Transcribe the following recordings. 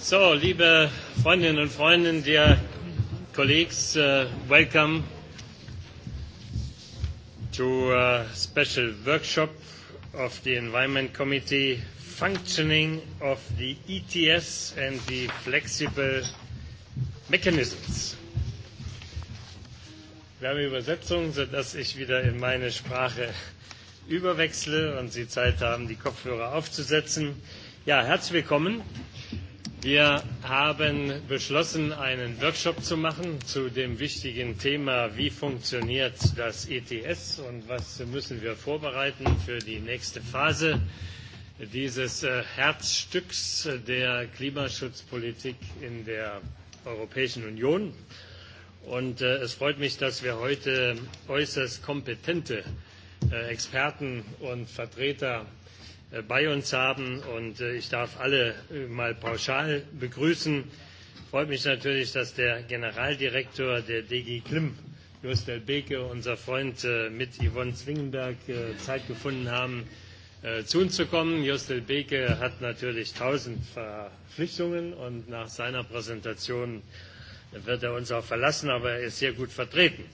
So, liebe Freundinnen und Freunde, dear colleagues, uh, welcome to a special workshop of the Environment Committee functioning of the ETS and the flexible mechanisms. Wir haben Übersetzung, sodass ich wieder in meine Sprache überwechsle und Sie Zeit haben, die Kopfhörer aufzusetzen. Ja, herzlich willkommen. Wir haben beschlossen, einen Workshop zu machen zu dem wichtigen Thema, wie funktioniert das ETS und was müssen wir vorbereiten für die nächste Phase dieses Herzstücks der Klimaschutzpolitik in der Europäischen Union. Und es freut mich, dass wir heute äußerst kompetente Experten und Vertreter bei uns haben. Und ich darf alle mal pauschal begrüßen. Freut mich natürlich, dass der Generaldirektor der DG Klim, Jos Del Beke, unser Freund mit Yvonne Zwingenberg Zeit gefunden haben, zu uns zu kommen. Jostel Beke hat natürlich tausend Verpflichtungen und nach seiner Präsentation wird er uns auch verlassen, aber er ist sehr gut vertreten.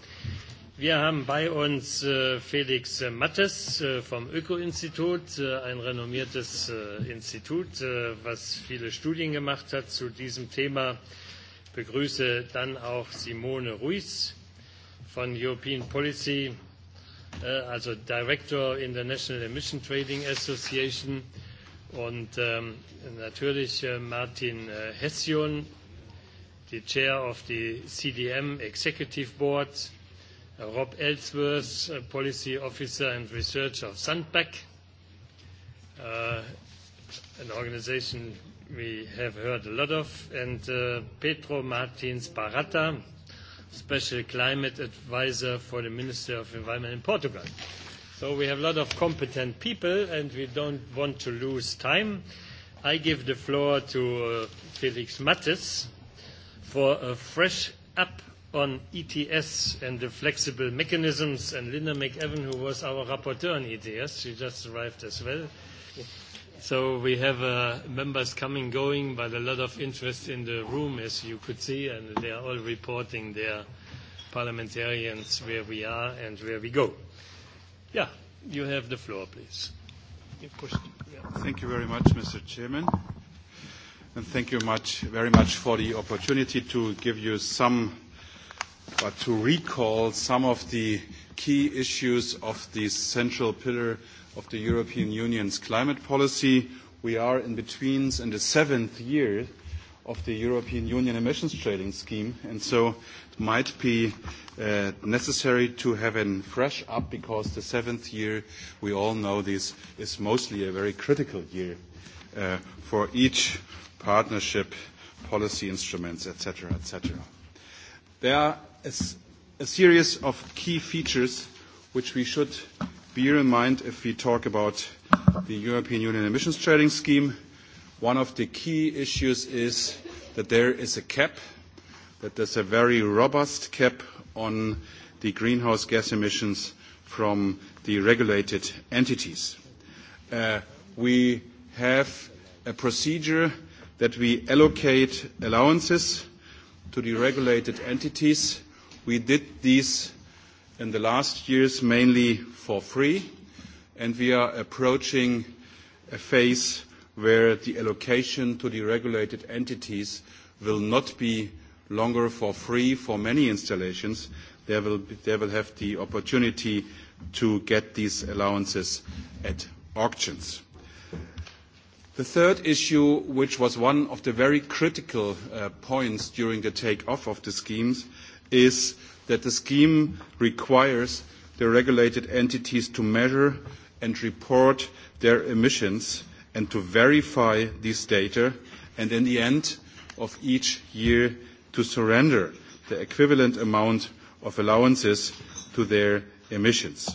Wir haben bei uns Felix Mattes vom Öko-Institut, ein renommiertes Institut, was viele Studien gemacht hat zu diesem Thema. Ich begrüße dann auch Simone Ruiz von European Policy, also Director International Emission Trading Association und natürlich Martin Hession, die Chair of the CDM Executive Board Rob Ellsworth, Policy Officer and Researcher of Sandbeck, an organization we have heard a lot of, and Pedro Martins Barata, Special Climate Advisor for the Minister of Environment in Portugal. So we have a lot of competent people, and we don't want to lose time. I give the floor to Felix Mattes for a fresh up on ETS and the flexible mechanisms, and Linda McEvan who was our rapporteur on ETS, she just arrived as well. So we have uh, members coming, going, but a lot of interest in the room, as you could see, and they are all reporting their parliamentarians where we are and where we go. Yeah, you have the floor, please. Thank you very much, Mr. Chairman. And thank you much, very much for the opportunity to give you some but to recall some of the key issues of the central pillar of the European Union's climate policy. We are in between in the seventh year of the European Union emissions trading scheme, and so it might be necessary to have a fresh up because the seventh year, we all know this, is mostly a very critical year for each partnership policy instruments, etc., etc. There are a series of key features which we should bear in mind if we talk about the European Union emissions trading scheme. One of the key issues is that there is a cap, that there's a very robust cap on the greenhouse gas emissions from the regulated entities. We have a procedure that we allocate allowances to the regulated entities We did these in the last years mainly for free, and we are approaching a phase where the allocation to the regulated entities will not be longer for free for many installations. They will have the opportunity to get these allowances at auctions. The third issue, which was one of the very critical points during the take-off of the schemes, is that the scheme requires the regulated entities to measure and report their emissions and to verify this data, and in the end of each year, to surrender the equivalent amount of allowances to their emissions.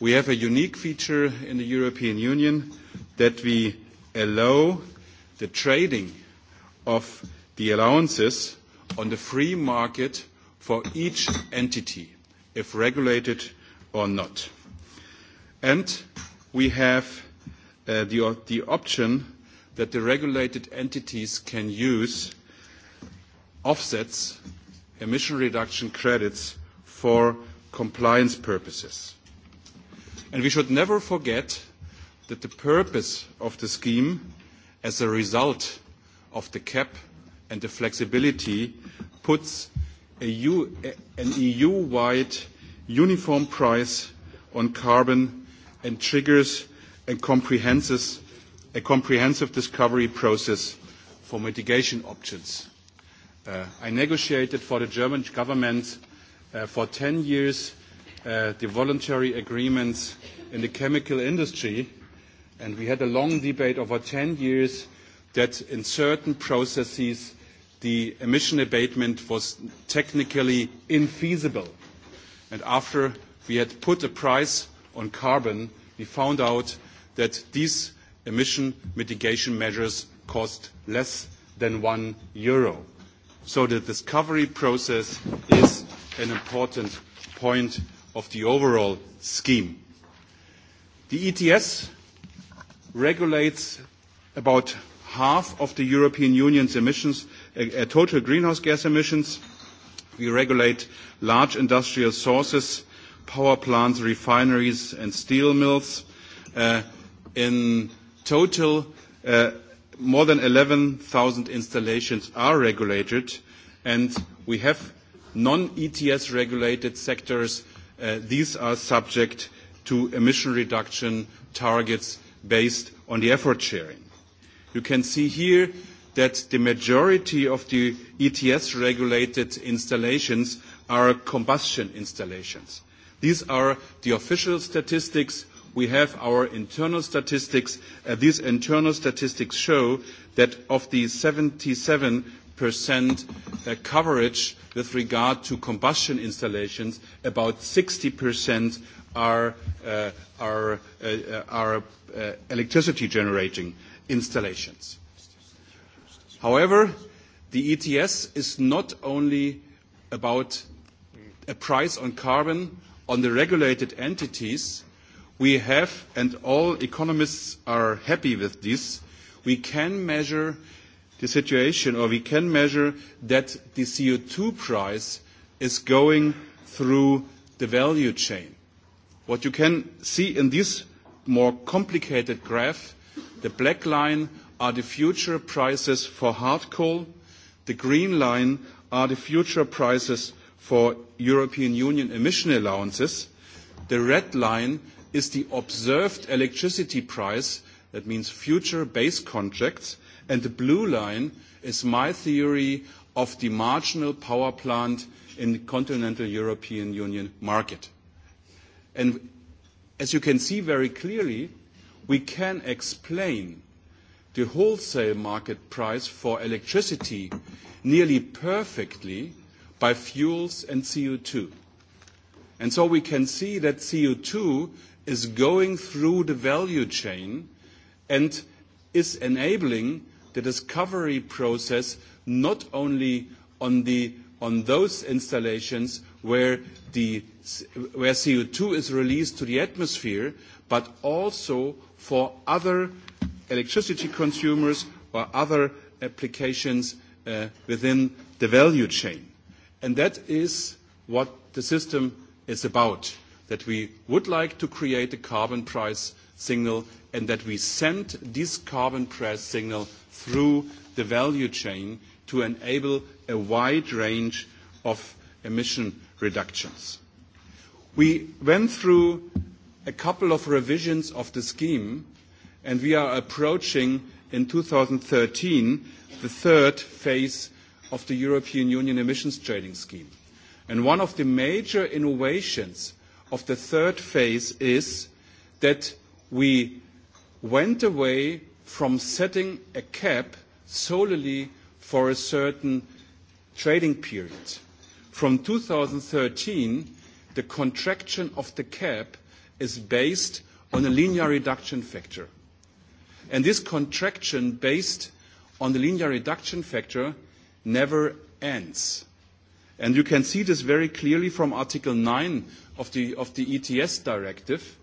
We have a unique feature in the European Union that we allow the trading of the allowances on the free market for each entity, if regulated or not. And we have the option that the regulated entities can use offsets, emission reduction credits, for compliance purposes. And we should never forget that the purpose of the scheme, as a result of the cap and the flexibility puts an EU-wide uniform price on carbon and triggers a comprehensive discovery process for mitigation options. I negotiated for the German government for ten years the voluntary agreements in the chemical industry, and we had a long debate over ten years that in certain processes the emission abatement was technically infeasible. And after we had put a price on carbon, we found out that these emission mitigation measures cost less than one euro. So the discovery process is an important point of the overall scheme. The ETS regulates about half of the European Union's emissions total greenhouse gas emissions. We regulate large industrial sources, power plants, refineries, and steel mills. In total, more than 11,000 installations are regulated, and we have non-ETS regulated sectors. These are subject to emission reduction targets based on the effort sharing. You can see here that the majority of the ETS-regulated installations are combustion installations. These are the official statistics. We have our internal statistics. These internal statistics show that of the 77% coverage with regard to combustion installations, about 60% are electricity generating installations. However, the ETS is not only about a price on carbon on the regulated entities. We have, and all economists are happy with this, we can measure the situation, or we can measure that the CO2 price is going through the value chain. What you can see in this more complicated graph, the black line are the future prices for hard coal. The green line are the future prices for European Union emission allowances. The red line is the observed electricity price, that means future base contracts, and the blue line is my theory of the marginal power plant in the continental European Union market. And As you can see very clearly, we can explain the wholesale market price for electricity nearly perfectly by fuels and CO2. And so we can see that CO2 is going through the value chain and is enabling the discovery process not only on the on those installations where the where CO2 is released to the atmosphere, but also for other electricity consumers or other applications within the value chain. And that is what the system is about, that we would like to create a carbon price signal and that we send this carbon price signal through the value chain to enable a wide range of emission reductions. We went through a couple of revisions of the scheme and we are approaching in 2013 the third phase of the European Union emissions trading scheme. And one of the major innovations of the third phase is that we went away from setting a cap solely for a certain trading period. From 2013, the contraction of the cap is based on a linear reduction factor. And this contraction based on the linear reduction factor never ends. And you can see this very clearly from Article 9 of the, of the ETS directive,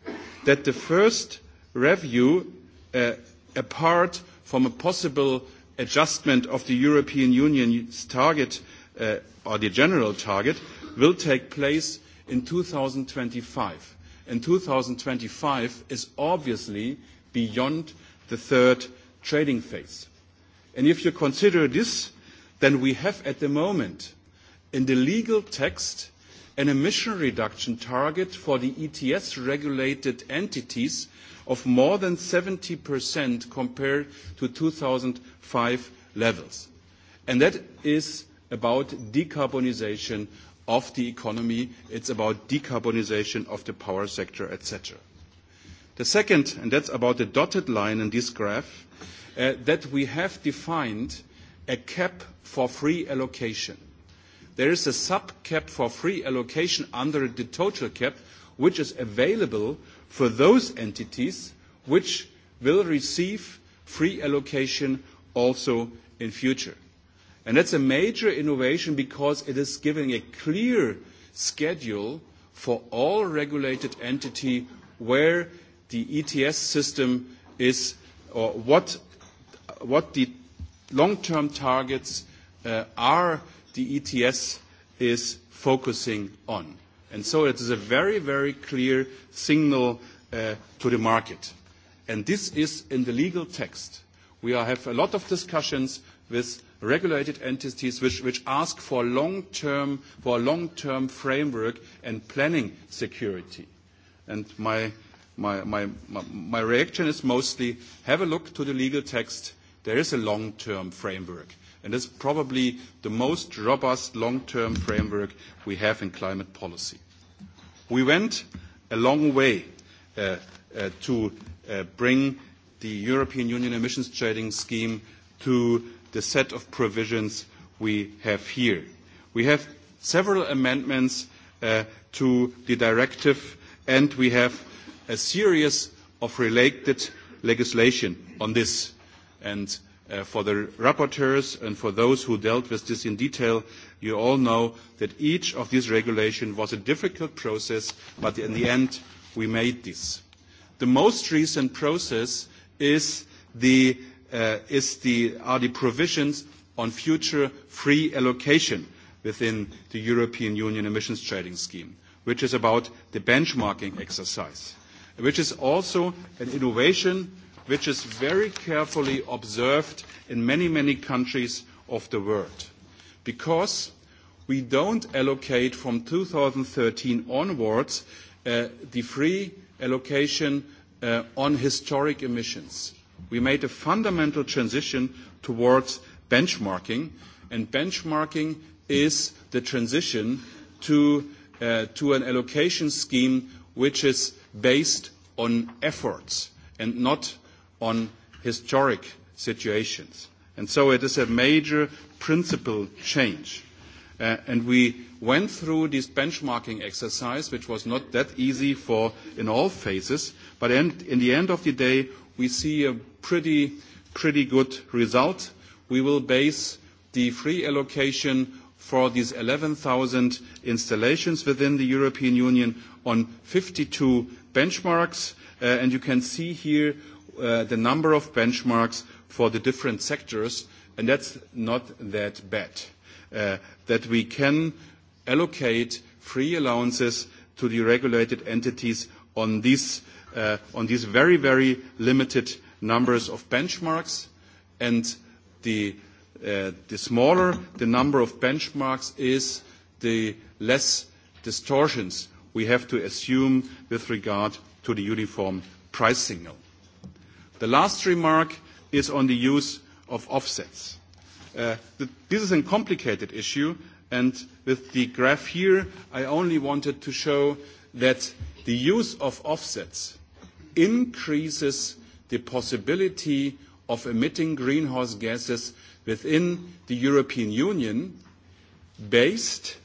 that the first review, uh, apart from a possible adjustment of the European Union's target, uh, or the general target, will take place in 2025. And 2025 is obviously beyond the third trading phase. And if you consider this, then we have at the moment in the legal text an emission reduction target for the ETS-regulated entities of more than 70% compared to 2005 levels. And that is about decarbonization of the economy. It's about decarbonization of the power sector, cetera. The second, and that's about the dotted line in this graph, that we have defined a cap for free allocation. There is a sub-cap for free allocation under the total cap, which is available for those entities which will receive free allocation also in future. And That's a major innovation because it is giving a clear schedule for all regulated entity where the ETS system is or what the long-term targets are the ETS is focusing on. And so it is a very, very clear signal to the market. And this is in the legal text. We have a lot of discussions with regulated entities which ask for long-term framework and planning security. And my my, my, my reaction is mostly have a look to the legal text. There is a long-term framework, and it's probably the most robust long-term framework we have in climate policy. We went a long way uh, uh, to uh, bring the European Union emissions trading scheme to the set of provisions we have here. We have several amendments uh, to the directive, and we have a series of related legislation on this. And for the rapporteurs and for those who dealt with this in detail, you all know that each of these regulations was a difficult process, but in the end, we made this. The most recent process is the, are the provisions on future free allocation within the European Union Emissions Trading Scheme, which is about the benchmarking exercise which is also an innovation which is very carefully observed in many, many countries of the world. Because we don't allocate from 2013 onwards the free allocation on historic emissions. We made a fundamental transition towards benchmarking, and benchmarking is the transition to an allocation scheme which is based on efforts and not on historic situations. And so it is a major principle change. and we went through this benchmarking exercise, which was not that easy for in all phases, but in, in the end of the day, we see a pretty, pretty good result. We will base the free allocation for these 11,000 installations within the European Union on 52 benchmarks, and you can see here the number of benchmarks for the different sectors, and that's not that bad. That we can allocate free allowances to the regulated entities on these very, very limited numbers of benchmarks. And the smaller the number of benchmarks is, the less distortions we have to assume with regard to the uniform price signal. The last remark is on the use of offsets. This is a complicated issue, and with the graph here, I only wanted to show that the use of offsets increases the possibility of emitting greenhouse gases within the European Union based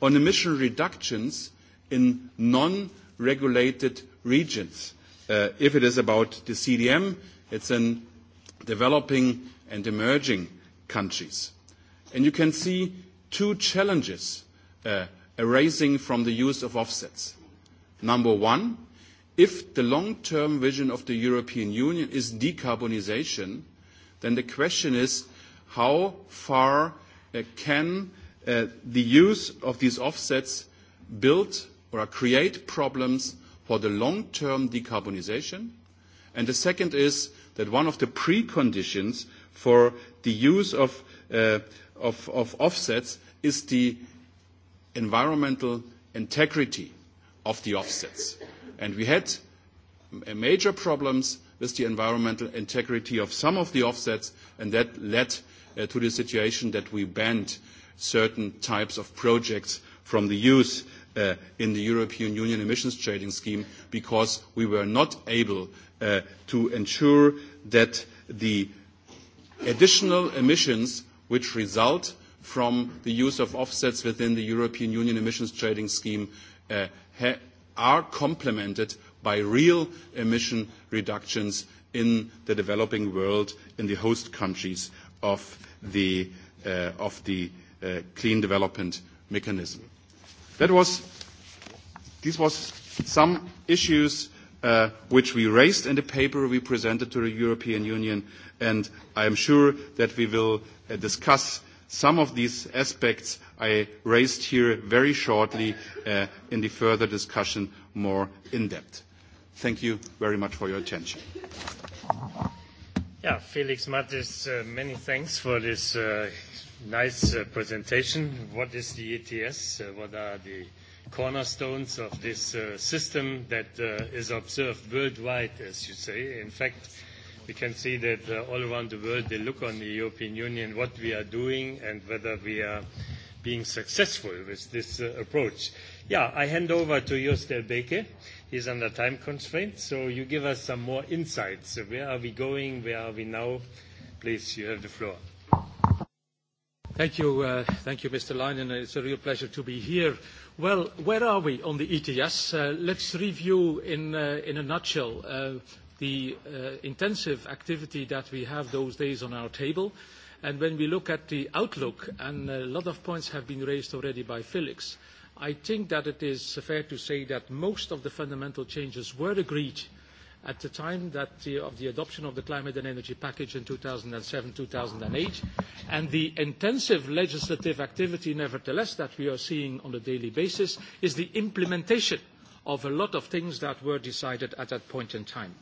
on emission reductions in non-regulated regions. If it is about the CDM, it's in developing and emerging countries. And You can see two challenges arising from the use of offsets. Number one, if the long-term vision of the European Union is decarbonisation, then the question is how far can the use of these offsets build or create problems for the long-term decarbonisation. And the second is that one of the preconditions for the use of, offsets is the environmental integrity of the offsets. we had major problems with the environmental integrity of some of the offsets, and that led to the situation that we banned certain types of projects from the use in the European Union emissions trading scheme because we were not able to ensure that the additional emissions which result from the use of offsets within the European Union emissions trading scheme are complemented by real emission reductions in the developing world, in the host countries of the clean development mechanism. That was, these was some issues uh, which we raised in the paper we presented to the European Union, and I am sure that we will uh, discuss some of these aspects I raised here very shortly uh, in the further discussion more in depth. Thank you very much for your attention. Yeah, Felix Mattis, uh, many thanks for this uh, nice presentation. What is the ETS? What are the cornerstones of this system that is observed worldwide, as you say? In fact, we can see that all around the world, they look on the European Union, what we are doing, and whether we are being successful with this approach. Yeah, I hand over to Jostel Delbeke. He's under time constraint, so you give us some more insights. Where are we going? Where are we now? Please, you have the floor. Thank you, thank you, Mr. Leinen. It's a real pleasure to be here. Well, where are we on the ETS? let's review in, a nutshell the intensive activity that we have those days on our table. And when we look at the outlook, and a lot of points have been raised already by Felix, I think that it is fair to say that most of the fundamental changes were agreed at the time that the, of the adoption of the climate and energy package in 2007-2008 and the intensive legislative activity nevertheless that we are seeing on a daily basis is the implementation of a lot of things that were decided at that point in time.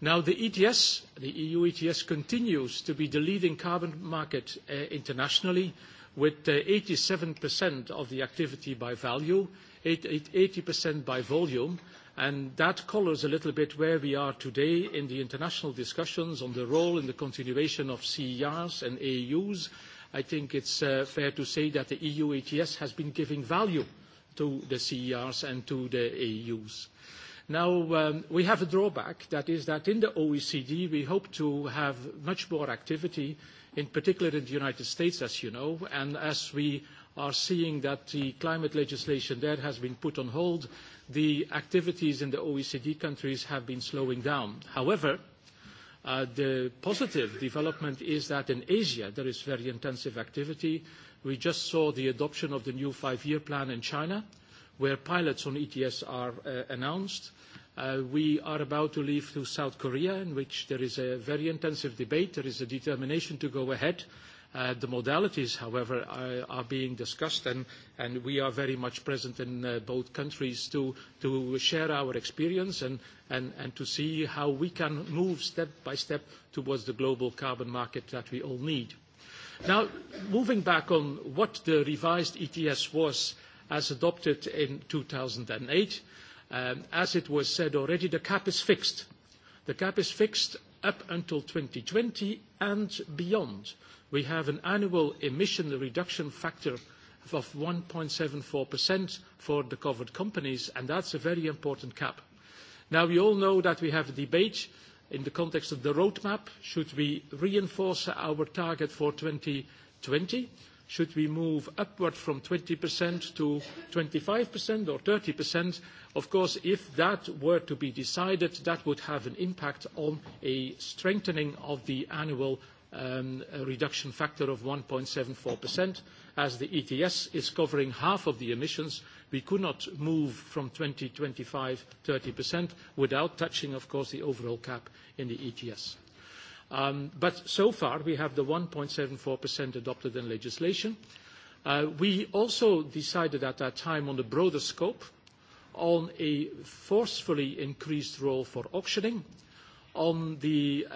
Now the ETS, the EU ETS continues to be the leading carbon market uh, internationally with uh, 87% of the activity by value, 80% by volume, and that colours a little bit where we are today in the international discussions on the role and the continuation of CERs and AUs. I think it's fair to say that the EU ETS has been giving value to the CERs and to the AUs. Now, we have a drawback. That is that in the OECD, we hope to have much more activity, in particular in the United States, as you know. and As we are seeing that the climate legislation there has been put on hold. The activities in the OECD countries have been slowing down. However, the positive development is that in Asia, there is very intensive activity. We just saw the adoption of the new five-year plan in China, where pilots on ETS are announced. We are about to leave to South Korea, in which there is a very intensive debate. There is a determination to go ahead The modalities, however, are being discussed, and we are very much present in both countries to share our experience and to see how we can move step by step towards the global carbon market that we all need. Now, moving back on what the revised ETS was as adopted in 2008, as it was said already, the cap is fixed. The cap is fixed up until 2020 and beyond we have an annual emission reduction factor of 1.74% for the covered companies, and that's a very important cap. Now, we all know that we have a debate in the context of the roadmap. Should we reinforce our target for 2020? Should we move upward from 20% to 25% or 30%? Of course, if that were to be decided, that would have an impact on a strengthening of the annual a reduction factor of one 1.74%. As the ETS is covering half of the emissions, we could not move from 2025 30% without touching, of course, the overall cap in the ETS. But so far, we have the 1.74% adopted in legislation. We also decided at that time on the broader scope, on a forcefully increased role for auctioning, on the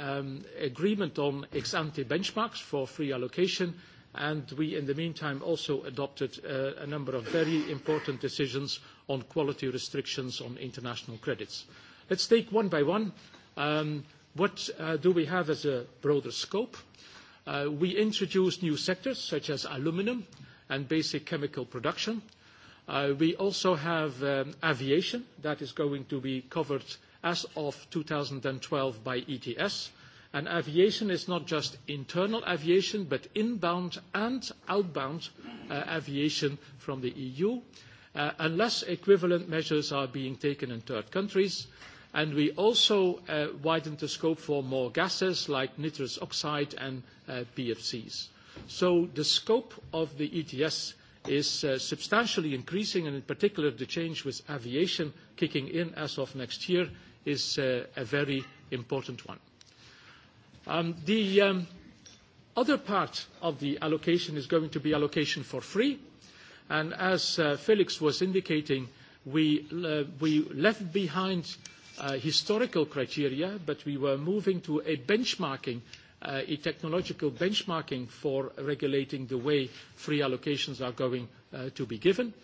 agreement on ex-ante benchmarks for free allocation, and we, in the meantime, also adopted a number of very important decisions on quality restrictions on international credits. Let's take one by one. What do we have as a broader scope? We introduced new sectors such as aluminum and basic chemical production. We also have aviation that is going to be covered as of 2012 by ETS. And aviation is not just internal aviation, but inbound and outbound aviation from the EU, unless equivalent measures are being taken in third countries. And we also widened the scope for more gases like nitrous oxide and PFCs. So the scope of the ETS is substantially increasing, and in particular, the change with aviation kicking in as of next year is a very important one. The other part of the allocation is going to be allocation for free. and As Felix was indicating, we left behind historical criteria, but we were moving to a benchmarking, a technological benchmarking for regulating the way free allocations are going to be given.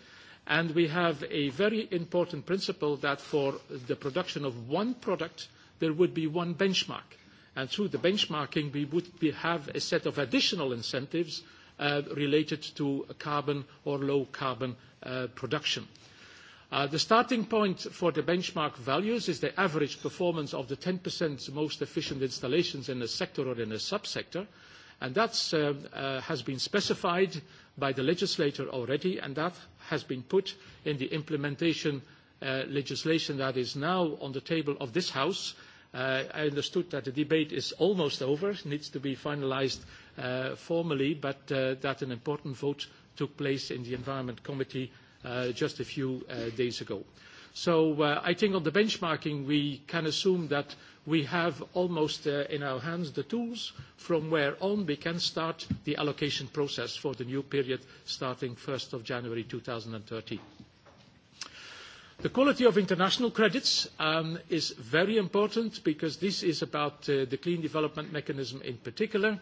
And we have a very important principle that for the production of one product, there would be one benchmark. And through the benchmarking, we would have a set of additional incentives related to carbon or low carbon production. the starting point for the benchmark values is the average performance of the 10% most efficient installations in a sector or in a subsector. And that has been specified by the legislator already, and that has been put in the implementation legislation that is now on the table of this House. I understood that the debate is almost over, needs to be finalised formally, but that an important vote took place in the Environment Committee just a few days ago. So I think on the benchmarking, we can assume that we have almost in our hands the tools from where on we can start the allocation process for the new period starting 1st of January 2013. The quality of international credits is very important because this is about the Clean Development Mechanism in particular,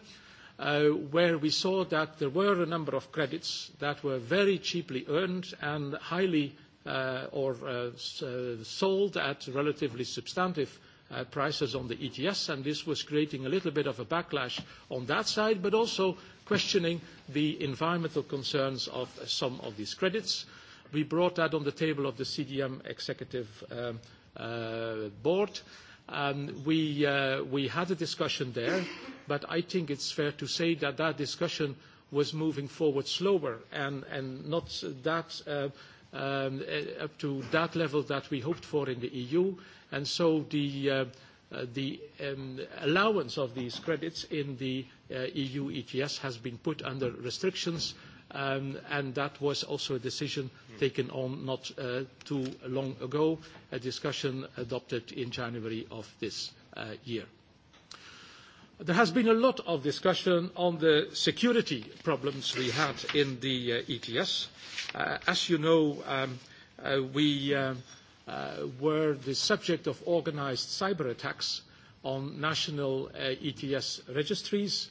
where we saw that there were a number of credits that were very cheaply earned and highly or sold at relatively substantive prices on the ETS, and this was creating a little bit of a backlash on that side, but also questioning the environmental concerns of some of these credits. We brought that on the table of the CDM Executive Board, and we had a discussion there, but I think it's fair to say that that discussion was moving forward slower and not that up to that level that we hoped for in the EU. And so the allowance of these credits in the EU ETS has been put under restrictions, and that was also a decision taken on not too long ago, a discussion adopted in January of this year. There has been a lot of discussion on the security problems we had in the ETS. As you know, we were the subject of organised cyber attacks on national ETS registries,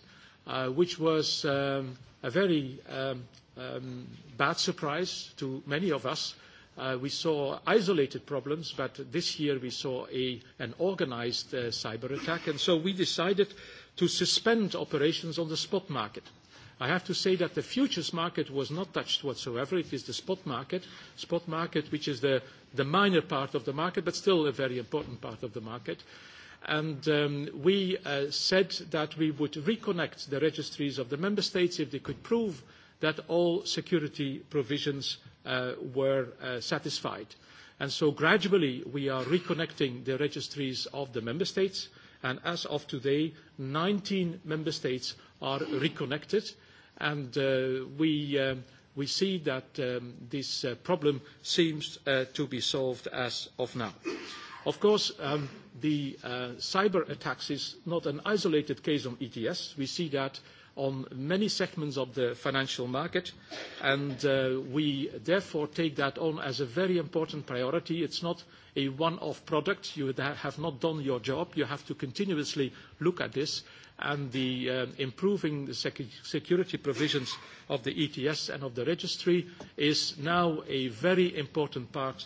which was a very bad surprise to many of us we saw isolated problems, but this year we saw an organized cyber attack, and so we decided to suspend operations on the spot market. I have to say that the futures market was not touched whatsoever. It is the spot market, spot market which is the, the minor part of the market, but still a very important part of the market. And we said that we would reconnect the registries of the member states if they could prove that all security provisions were satisfied. And so gradually we are reconnecting the registries of the member states, and as of today, 19 member states are reconnected, and we see that this problem seems to be solved as of now. Of course, the cyber attacks is not an isolated case on ETS. We see that on many segments of the financial market, and we therefore take that on as a very important priority. It's not a one-off product. You have not done your job. You have to continuously look at this, and the improving the security provisions of the ETS and of the registry is now a very important part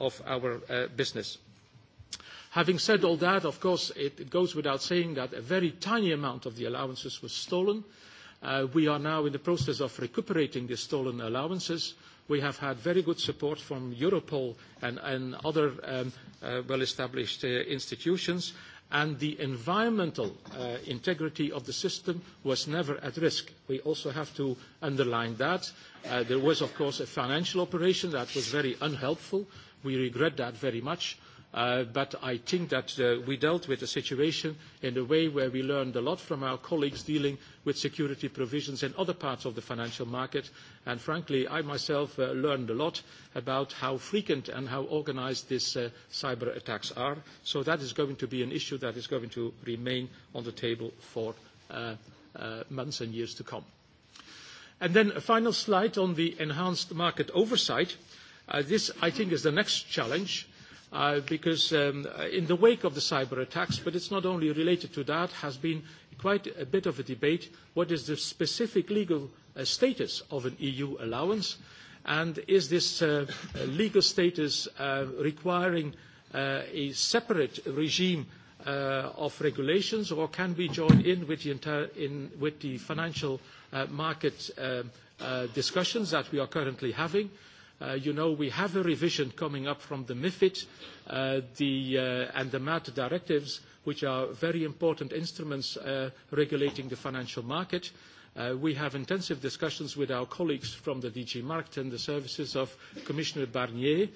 of our business. Having said all that, of course, it, goes without saying that a very tiny amount of the allowances was stolen. we are now in the process of recuperating the stolen allowances. We have had very good support from Europol and, other well-established institutions, and the environmental integrity of the system was never at risk. We also have to underline that. there was, of course, a financial operation that was very unhelpful. We regret that very much But I think that we dealt with the situation in a way where we learned a lot from our colleagues dealing with security provisions in other parts of the financial market. And frankly, I myself learned a lot about how frequent and how organised these cyber attacks are. So that is going to be an issue that is going to remain on the table for months and years to come. And then a final slide on the enhanced market oversight. This, I think, is the next challenge because in the wake of the cyber attacks, but it's not only related to that, has been quite a bit of a debate, what is the specific legal status of an EU allowance, and is this legal status requiring a separate regime of regulations, or can we join in with the entire with the financial market discussions that we are currently having? You know, we have a revision coming up from the MiFID and the MAD directives, which are very important instruments regulating the financial market. We have intensive discussions with our colleagues from the DG Markt and the services of Commissioner Barnier.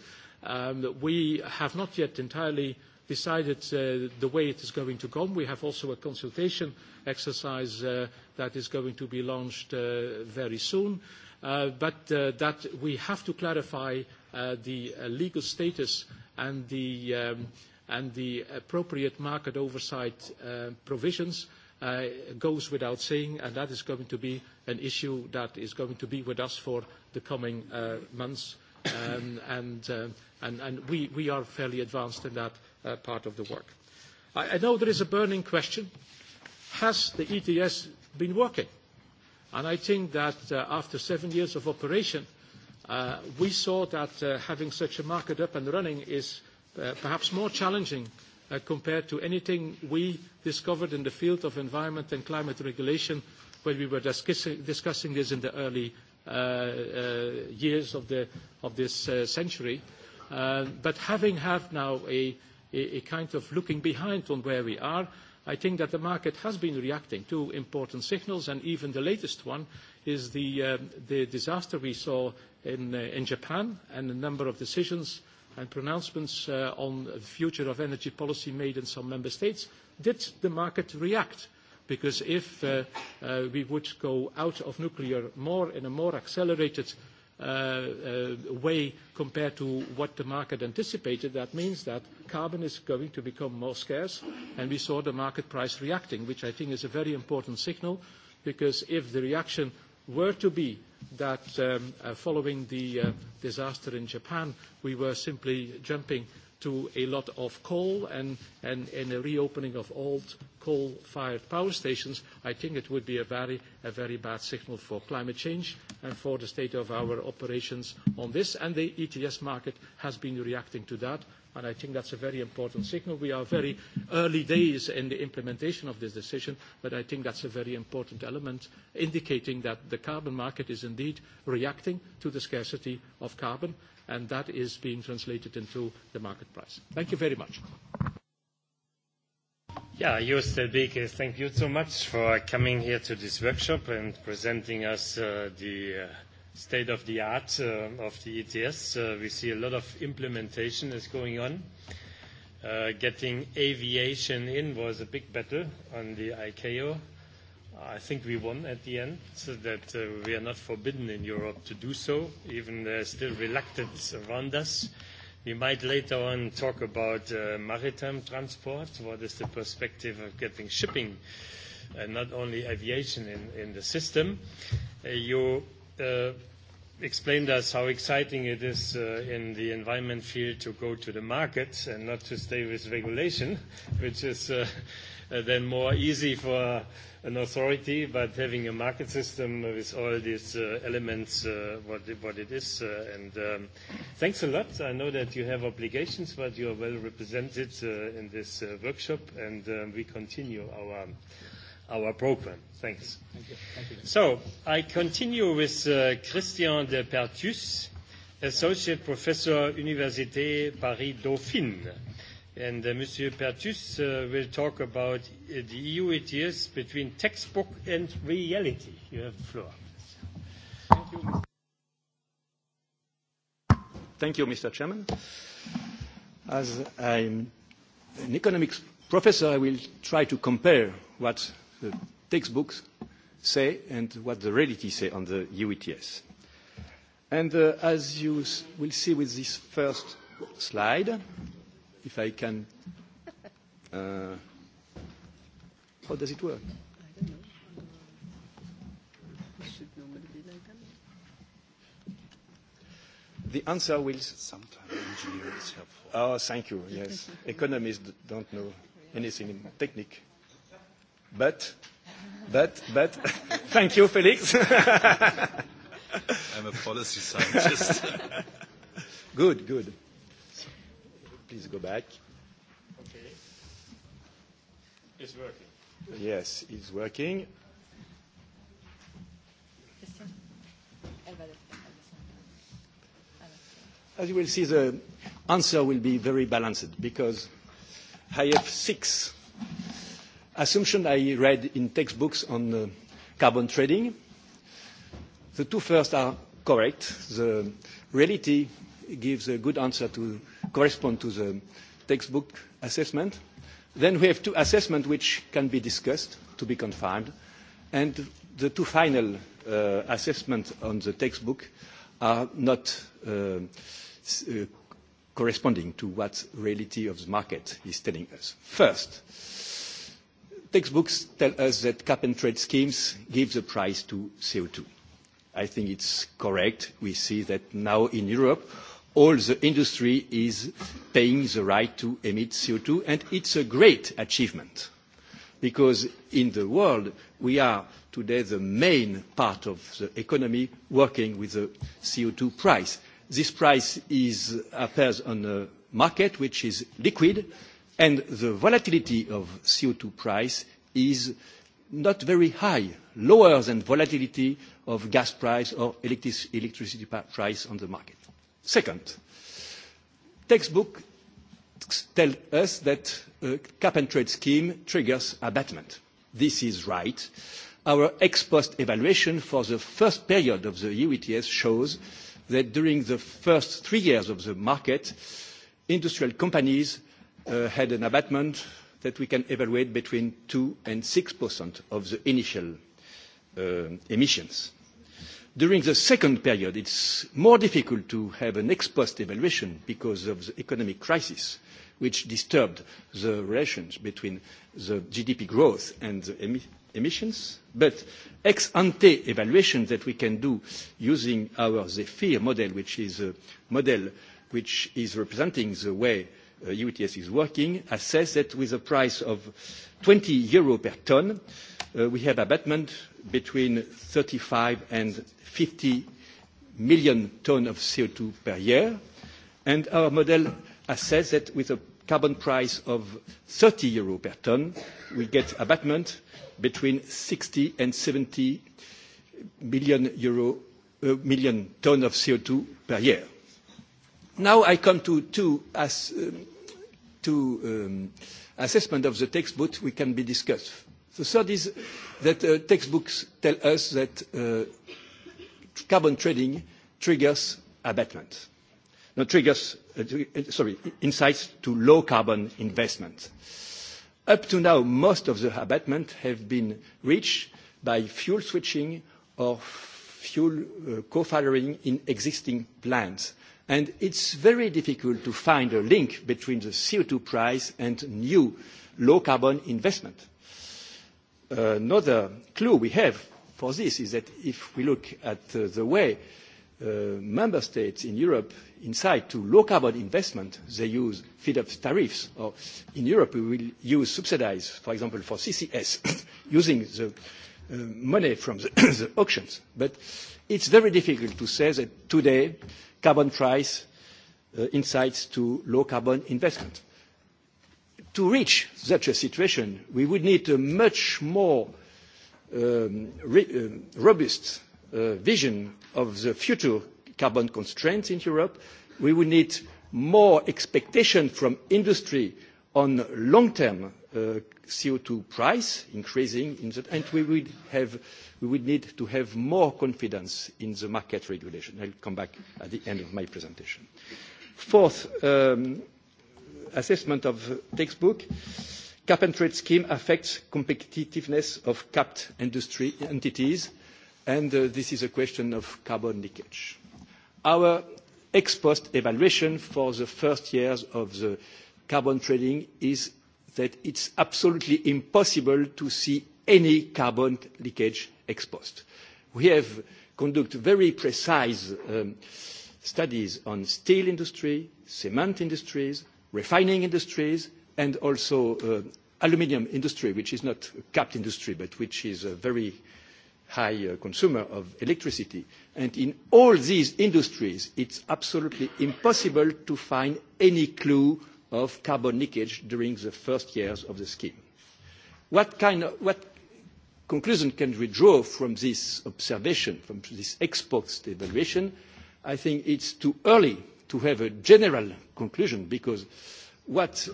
We have not yet entirely decided the way it is going to go. We have also a consultation exercise that is going to be launched very soon but that we have to clarify the legal status and the appropriate market oversight provisions goes without saying, and that is going to be an issue that is going to be with us for the coming months. and We are fairly advanced in that part of the work. I know there is a burning question. Has the ETS been working? And I think that uh, after seven years of operation, uh, we saw that uh, having such a market up and running is uh, perhaps more challenging uh, compared to anything we discovered in the field of environment and climate regulation when we were discussing, discussing this in the early uh, uh, years of, the, of this uh, century. Uh, but having had now a, a, a kind of looking behind on where we are, I think that the market has been reacting to important signals, and even the latest one is the disaster we saw in Japan and a number of decisions and pronouncements on the future of energy policy made in some member states. Did the market react? Because if we would go out of nuclear more in a more accelerated way compared to what the market anticipated, that means that carbon is going to become more scarce, and we saw the market price reacting, which I think is a very important signal, because if the reaction were to be that following the disaster in Japan, we were simply jumping to a lot of coal and, and, and a reopening of old coal-fired power stations, I think it would be a very, bad signal for climate change and for the state of our operations on this. And the ETS market has been reacting to that, and I think that's a very important signal. We are very early days in the implementation of this decision, but I think that's a very important element indicating that the carbon market is indeed reacting to the scarcity of carbon and that is being translated into the market price. Thank you very much. Yeah, Joost Delbeke, thank you so much for coming here to this workshop and presenting us the state of the art of the ETS. We see a lot of implementation is going on. Getting aviation in was a big battle on the ICAO I think we won at the end, so that uh, we are not forbidden in Europe to do so, even uh, still reluctance around us. We might later on talk about uh, maritime transport. What is the perspective of getting shipping and not only aviation in, in the system? Uh, you uh, explained us how exciting it is uh, in the environment field to go to the market and not to stay with regulation, which is. Uh, then more easy for an authority, but having a market system with all these uh, elements, uh, what, what it is. Uh, and um, thanks a lot. I know that you have obligations, but you are well represented uh, in this uh, workshop, and um, we continue our our program. Thanks. Thank you. Thank you. So I continue with uh, Christian de Pertus, Associate Professor, Université Paris-Dauphine and uh, Monsieur Pertus uh, will talk about uh, the EU ETS between textbook and reality. You have the floor. Thank you. Thank you, Mr. Chairman. As I'm an economics professor, I will try to compare what the textbooks say and what the reality say on the EU ETS. And uh, as you will see with this first slide, if I can. Uh, how does it work? I don't know. The answer will. Sometimes engineer is helpful. Oh, thank you. Yes, economists don't know anything in technique, but, but, but. thank you, Felix. I'm a policy scientist. good, good. Please go back. Okay. It's working. Yes, it's working. As you will see, the answer will be very balanced because I have six assumptions I read in textbooks on carbon trading. The two first are correct. The reality gives a good answer to correspond to the textbook assessment. Then we have two assessments which can be discussed, to be confirmed, and the two final assessments on the textbook are not corresponding to what reality of the market is telling us. First, textbooks tell us that cap and trade schemes give the price to co two. I think it's correct. We see that now in Europe, all the industry is paying the right to emit co two and it's a great achievement because in the world we are today the main part of the economy working with the co two price. This price is appears on a market which is liquid, and the volatility of co two price is not very high, lower than volatility of gas price or electricity price on the market. Second, textbooks tell us that a cap and trade scheme triggers abatement. This is right. Our ex post evaluation for the first period of the EU ETS shows that during the first three years of the market, industrial companies had an abatement that we can evaluate between 2% and 6% of the initial emissions. During the second period, it's more difficult to have an ex post evaluation because of the economic crisis, which disturbed the relations between the GDP growth and the emissions. But ex ante evaluation that we can do using our Zephyr model, which is a model which is representing the way ETS is working, assess that with a price of 20 euro per ton, we have abatement between thirty five and fifty million tonnes of co two per year. and Our model assesses that with a carbon price of EUR 30 euro per ton, we get abatement between 60 and 70 million ton of CO2 per year. Now I come to two assessment of the textbook we can be discussed. The third is that textbooks tell us that carbon trading triggers abatement. No, triggers, sorry, incites to low carbon investment. Up to now, most of the abatement have been reached by fuel switching or fuel co-firing in existing plants. and It's very difficult to find a link between the CO2 price and new low carbon investment Another clue we have for this is that if we look at the way member states in Europe incite to low carbon investment, they use feed-up tariffs. Or in Europe, we will use subsidies, for example, for CCS, using the money from the auctions. But it's very difficult to say that today carbon price incites to low carbon investment to reach such a situation, we would need a much more robust vision of the future carbon constraints in Europe. We would need more expectation from industry on long-term co two price increasing, in the and we would need to have more confidence in the market regulation. I'll come back at the end of my presentation. Fourth, assessment of textbook, cap and trade scheme affects competitiveness of capped industry entities, and this is a question of carbon leakage. Our ex post evaluation for the first years of the carbon trading is that it's absolutely impossible to see any carbon leakage ex post. We have conducted very precise studies on steel industry, cement industries, refining industries and also aluminum industry, which is not a capped industry, but which is a very high consumer of electricity. And in all these industries, it's absolutely impossible to find any clue of carbon leakage during the first years of the scheme. What kind of what conclusion can we draw from this observation, from this ex post evaluation? I think it's too early to have a general conclusion because what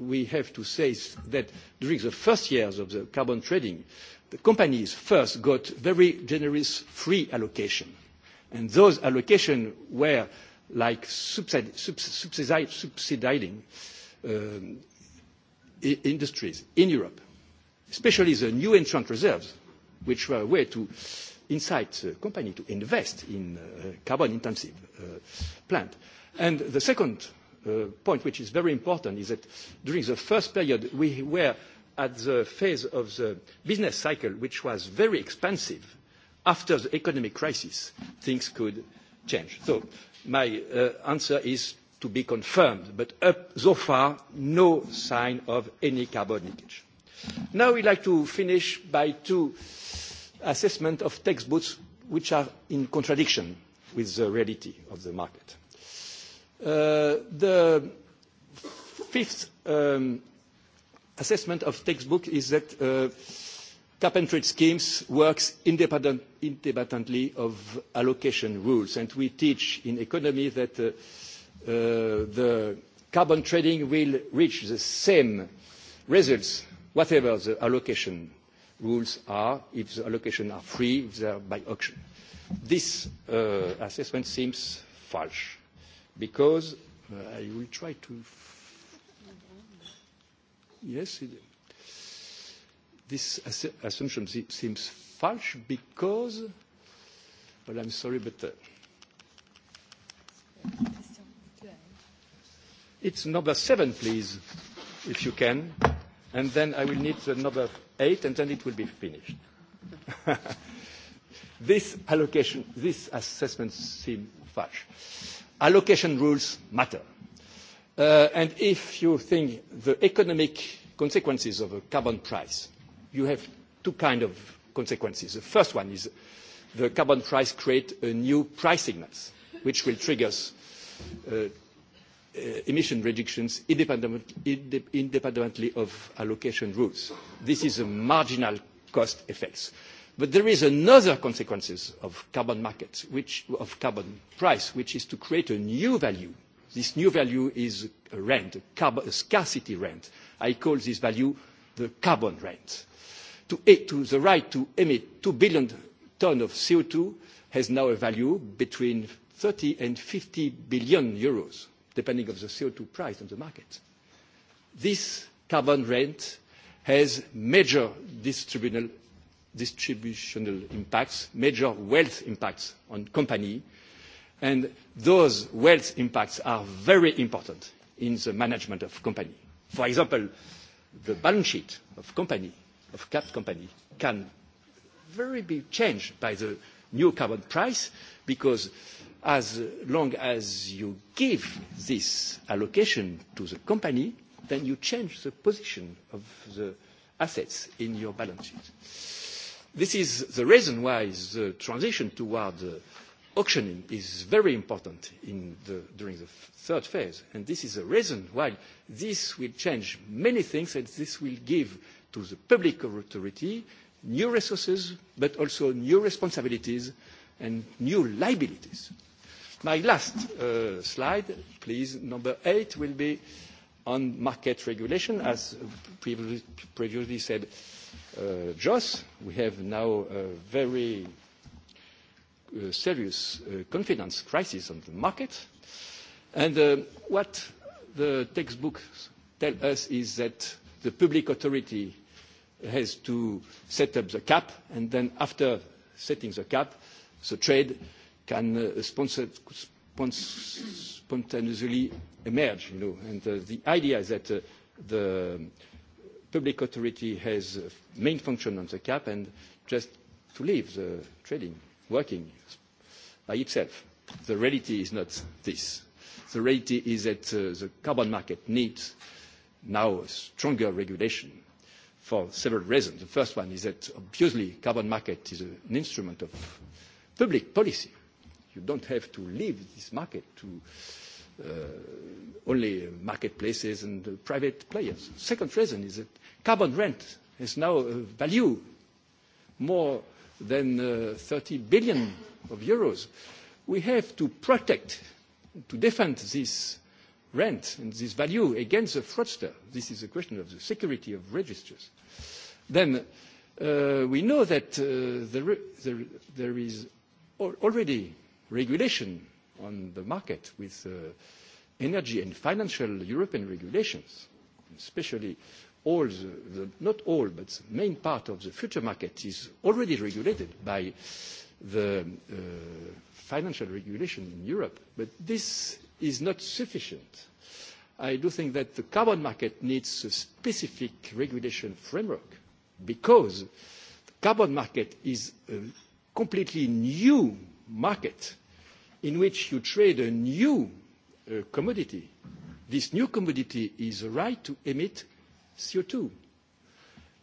we have to say is that during the first years of the carbon trading, the companies first got very generous free allocation. And those allocations were like subsidising industries in Europe, especially the new entrant reserves, which were a way to inside the company to invest in carbon-intensive plant. And the second point, which is very important, is that during the first period, we were at the phase of the business cycle, which was very expensive. After the economic crisis, things could change. So my answer is to be confirmed, but up so far, no sign of any carbon leakage. Now we'd like to finish by two assessment of textbooks which are in contradiction with the reality of the market. the fifth assessment of textbook is that cap and trade schemes work independently of allocation rules. And we teach in economy that the carbon trading will reach the same results whatever the allocation rules are if the allocations are free, if they are by auction. This assessment seems false because I will try to. Yes, it, this assumption seems false because. Well, I'm sorry, but. Uh, it's number seven, please, if you can and then I will need another eight, and then it will be finished. this allocation, this assessment seems fudge. Allocation rules matter. and if you think the economic consequences of a carbon price, you have two kinds of consequences. The first one is the carbon price creates a new price signals, which will trigger emission reductions independently of allocation rules. This is a marginal cost effect. But there is another consequence of carbon markets, which, of carbon price, which is to create a new value. This new value is a rent, a, scarcity rent. I call this value the carbon rent. To, to the right to emit two billion tonnes of co two has now a value between thirty and fifty billion euros depending on the co two price on the market. This carbon rent has major distributional impacts, major wealth impacts on companies, and those wealth impacts are very important in the management of company. For example, the balance sheet of company, of cap company, can very be changed by the new carbon price because as long as you give this allocation to the company, then you change the position of the assets in your balance sheet. This is the reason why the transition toward auctioning is very important in the, during the third phase. And this is the reason why this will change many things and this will give to the public authority new resources, but also new responsibilities and new liabilities. My last slide, please, number eight, will be on market regulation. As previously said, Jos, we have now a very serious confidence crisis on the market. And what the textbooks tell us is that the public authority has to set up the cap, and then after setting the cap, the trade can spontaneously emerge. You know, and the idea is that the public authority has a main function on the cap and just to leave the trading working by itself. The reality is not this. The reality is that the carbon market needs now stronger regulation for several reasons. The first one is that obviously carbon market is an instrument of public policy You don't have to leave this market to uh, only marketplaces and private players. Second reason is that carbon rent has now a value more than uh, 30 billion of euros. We have to protect, to defend this rent and this value against the fraudster. This is a question of the security of registers. Then we know that there, is already regulation on the market with energy and financial European regulations, especially all the, the not all, but the main part of the future market is already regulated by the financial regulation in Europe. But this is not sufficient. I do think that the carbon market needs a specific regulation framework because the carbon market is a completely new market in which you trade a new commodity, this new commodity is a right to emit co two,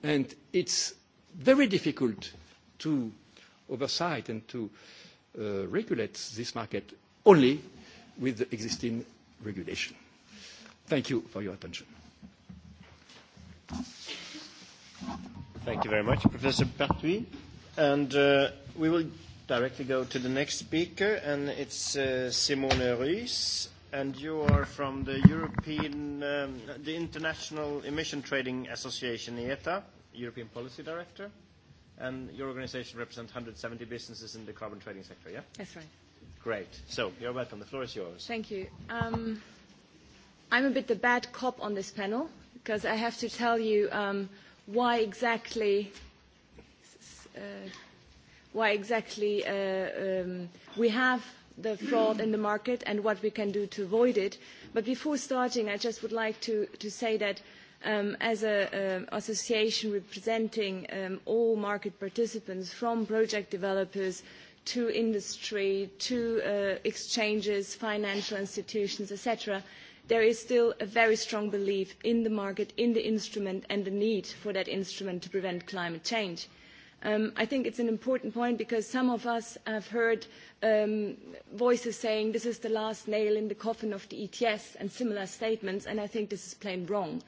And is very difficult to oversight and to regulate this market only with the existing regulation. Thank you for your attention. Thank you very much, Professor And we will directly go to the next speaker, and it's uh, Simone Ruiz, and you are from the European, um, the International Emission Trading Association, IETA, European Policy Director, and your organization represents 170 businesses in the carbon trading sector, yeah? That's right. Great. So you're welcome. The floor is yours. Thank you. Um, I'm a bit the bad cop on this panel because I have to tell you um, why exactly why exactly we have the fraud in the market and what we can do to avoid it. But before starting, I just would like to, say that as an association representing all market participants, from project developers to industry, to exchanges, financial institutions, etc., there is still a very strong belief in the market, in the instrument, and the need for that instrument to prevent climate change I think it's an important point because some of us have heard voices saying this is the last nail in the coffin of the ETS and similar statements, and I think this is plain wrong.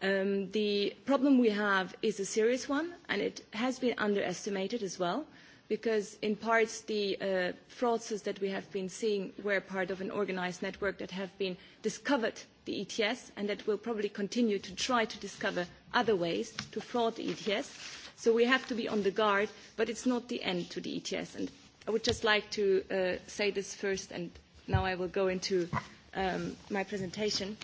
the problem we have is a serious one, and it has been underestimated as well, because in parts the fraudsters that we have been seeing were part of an organised network that have been discovered the ETS and that will probably continue to try to discover other ways to fraud the ETS So we have to be on the guard, but it's not the end to the ETS. And I would just like to uh, say this first, and now I will go into um, my presentation.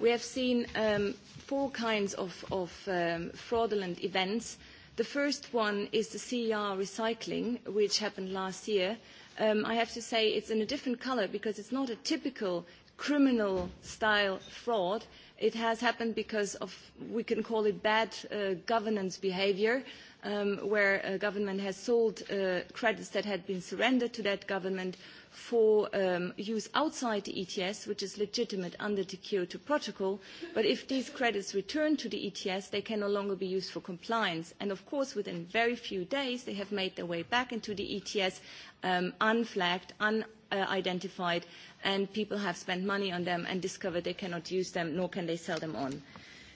We have seen um, four kinds of, of um, fraudulent events. The first one is the CER recycling, which happened last year. I have to say it's in a different colour because it's not a typical criminal style fraud. It has happened because of, we can call it bad uh, governance behavior, um, where a government has sold uh, credits that had been surrendered to that government for um, use outside the ETS, which is legitimate under the Kyoto Protocol. But if these credits return to the ETS, they can no longer be used for compliance. And of course, within very few days, they have made their way back into the ETS um, unflagged, un uh, identified, and people have spent money on them and discovered they cannot use them, nor can they sell them on.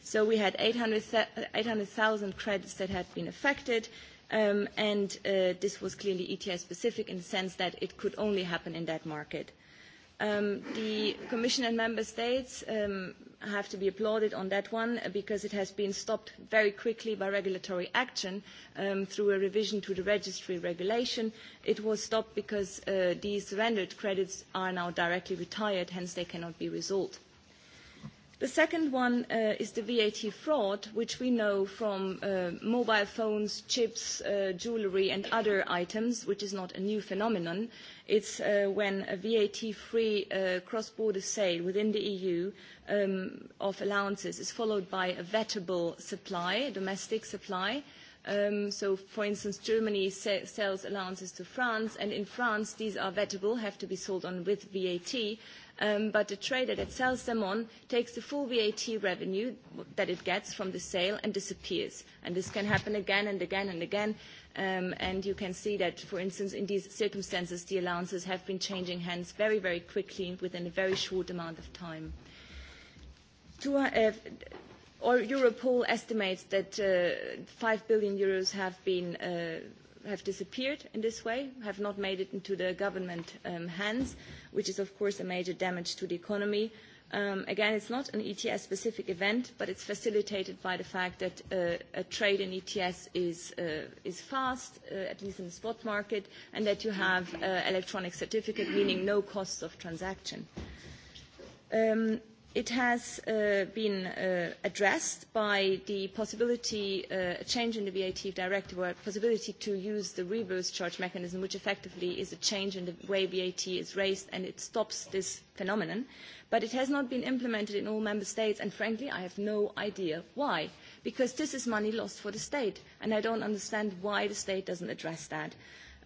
So we had 800,000 credits that had been affected, um, and uh, this was clearly ETS specific in the sense that it could only happen in that market the Commission and Member States have to be applauded on that one because it has been stopped very quickly by regulatory action through a revision to the registry regulation. It was stopped because these surrendered credits are now directly retired, hence they cannot be resolved The second one is the VAT fraud, which we know from mobile phones, chips, jewellery and other items, which is not a new phenomenon. It's when a VAT-free cross-border sale within the EU of allowances is followed by a vettable supply, domestic supply, Um, so, for instance, Germany se sells allowances to France, and in France, these are vettable, have to be sold on with VAT. Um, but the trader that sells them on takes the full VAT revenue that it gets from the sale and disappears. And this can happen again and again and again. Um, and you can see that, for instance, in these circumstances, the allowances have been changing hands very, very quickly within a very short amount of time. To, uh, Or Europol estimates that uh, 5 billion euros have been uh, have disappeared in this way, have not made it into the government um, hands, which is of course a major damage to the economy. Um, again, it's not an ETS-specific event, but it's facilitated by the fact that uh, a trade in ETS is, uh, is fast, uh, at least in the spot market, and that you have uh, electronic certificate, meaning no costs of transaction. Um, It has been addressed by the possibility, a change in the VAT directive, or a possibility to use the reverse charge mechanism, which effectively is a change in the way VAT is raised, and it stops this phenomenon. But it has not been implemented in all member states, and frankly, I have no idea why, because this is money lost for the state, and I don't understand why the state doesn't address that.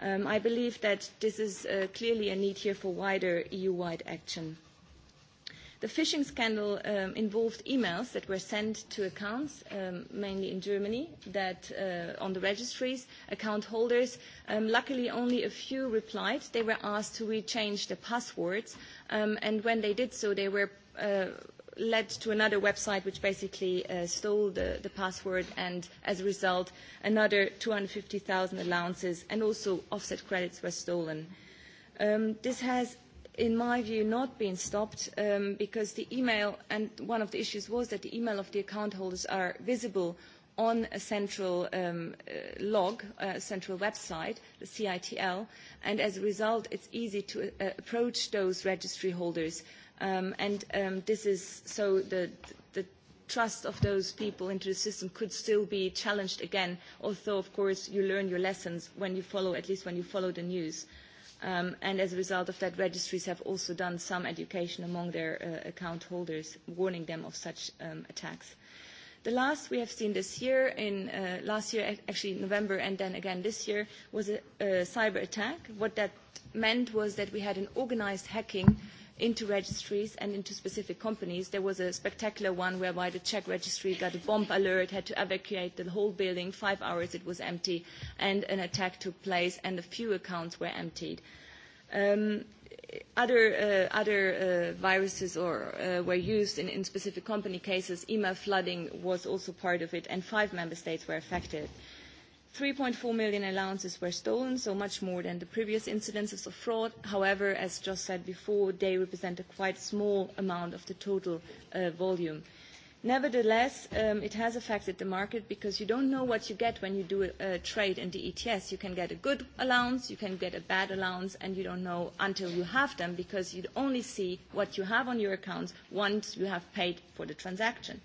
I believe that this is clearly a need here for wider EU-wide action. The phishing scandal um, involved emails that were sent to accounts, um, mainly in Germany, that uh, on the registries, account holders. Um, luckily, only a few replied. They were asked to rechange their passwords, um, and when they did so, they were uh, led to another website which basically uh, stole the, the password and as a result another 250,000 allowances and also offset credits were stolen. Um, this has in my view, not been stopped because the email, and one of the issues was that the email of the account holders are visible on a central log, a central website, the CITL, and as a result, it's easy to approach those registry holders. and this is so the, the trust of those people into the system could still be challenged again, although, of course, you learn your lessons when you follow, at least when you follow the news and as a result of that, registries have also done some education among their account holders, warning them of such attacks. The last we have seen this year, in uh, last year, actually November, and then again this year, was a, a cyber attack. What that meant was that we had an organized hacking into registries and into specific companies. There was a spectacular one whereby the Czech registry got a bomb alert, had to evacuate the whole building. Five hours it was empty, and an attack took place, and a few accounts were emptied. Um, other uh, other uh, viruses or uh, were used in, in specific company cases. Email flooding was also part of it, and five member states were affected. 3.4 million allowances were stolen, so much more than the previous incidences of fraud. However, as just said before, they represent a quite small amount of the total uh, volume. Nevertheless, um, it has affected the market because you don't know what you get when you do a, a trade in the ETS. You can get a good allowance, you can get a bad allowance, and you don't know until you have them because you only see what you have on your accounts once you have paid for the transaction.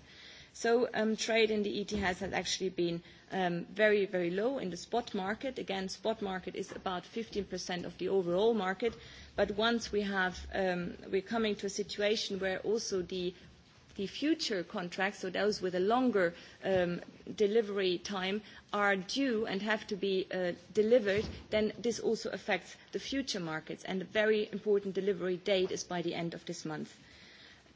So um, trade in the ETS has actually been – very, very low in the spot market. Again, spot market is about 15% of the overall market. But once we have, we're coming to a situation where also the future contracts, so those with a longer delivery time, are due and have to be delivered, then this also affects the future markets, and a very important delivery date is by the end of this month.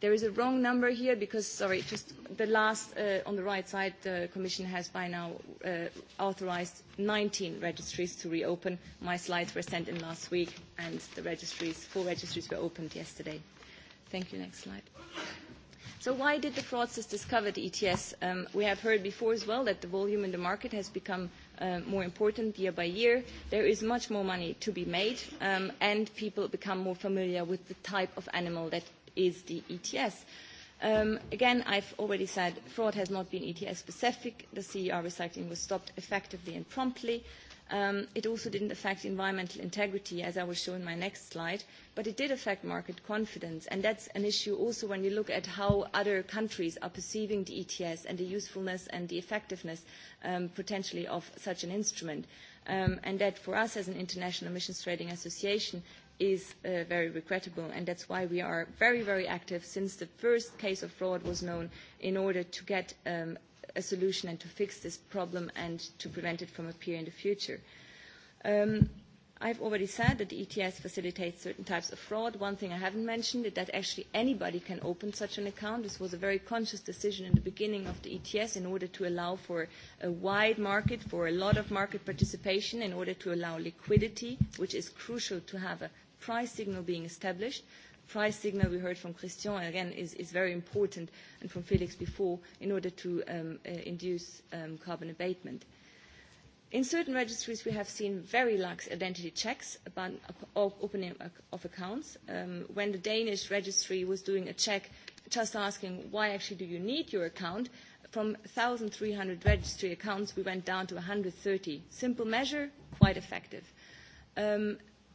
There is a wrong number here because, sorry, just the last uh, on the right side, the Commission has by now uh, authorized 19 registries to reopen. My slides were sent in last week and the registries, four registries were opened yesterday. Thank you. Next slide. So why did the fraudsters discover the ETS? Um, we have heard before as well that the volume in the market has become uh, more important year by year. There is much more money to be made, um, and people become more familiar with the type of animal that is the ETS. Um, again, I've already said fraud has not been ETS specific. The CER recycling was stopped effectively and promptly. Um, it also didn't affect environmental integrity, as I will show in my next slide, but it did affect market confidence. And that's an issue also when you look at how other countries are perceiving the ETS and the usefulness and the effectiveness um, potentially of such an instrument. Um, and that for us as an international emissions trading association is uh, very regrettable, and that's why we are very, very active since the first case of fraud was known in order to get um, a solution and to fix this problem and to prevent it from appearing in the future. Um, I've already said that the ETS facilitates certain types of fraud. One thing I haven't mentioned is that actually anybody can open such an account. This was a very conscious decision in the beginning of the ETS in order to allow for a wide market, for a lot of market participation, in order to allow liquidity, which is crucial to have a price signal being established price signal we heard from Christian again is, is very important and from Felix before in order to um, uh, induce um, carbon abatement. In certain registries, we have seen very lax identity checks about opening of accounts. when the Danish registry was doing a check, just asking, why actually do you need your account? From one three hundred registry accounts, we went down to one hundred thirty. Simple measure, quite effective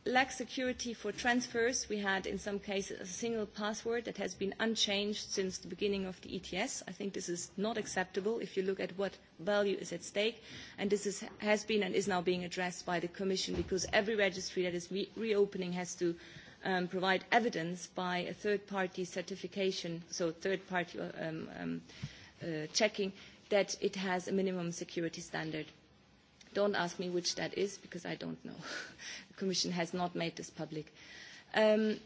lack security for transfers. We had, in some cases, a single password that has been unchanged since the beginning of the ETS. I think this is not acceptable if you look at what value is at stake. And this is, has been and is now being addressed by the Commission because every registry that is re reopening has to um, provide evidence by a third-party certification, so third-party um, um, uh, checking, that it has a minimum security standard Don't ask me which that is because I don't know. the Commission has not made this public. Um,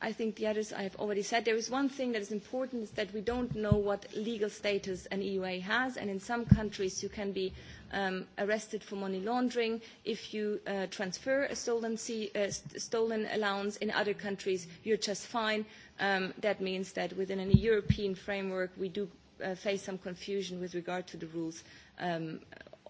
I think the others I have already said. There is one thing that is important is that we don't know what legal status an EUA has, and in some countries you can be um, arrested for money laundering if you uh, transfer a stolen, C, uh, stolen allowance. In other countries you're just fine. Um, that means that within a European framework we do uh, face some confusion with regard to the rules um,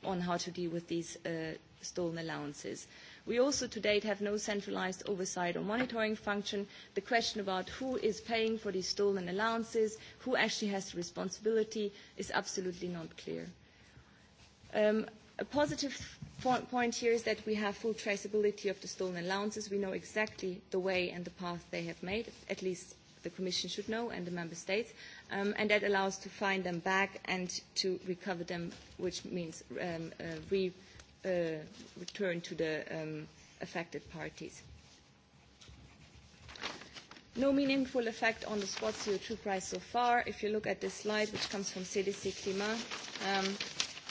on how to deal with these uh, stolen allowances. We also to date have no centralised oversight or monitoring function. The question about who is paying for these stolen allowances, who actually has the responsibility, is absolutely not clear. Um, a positive point here is that we have full traceability of the stolen allowances. We know exactly the way and the path they have made, at least the Commission should know and the Member States um, and that allows to find them back and to recover them, which means um, uh, re, uh, return to the um, affected parties. No meaningful effect on the spot CO2 price so far. If you look at this slide, which comes from CDC Climat, um,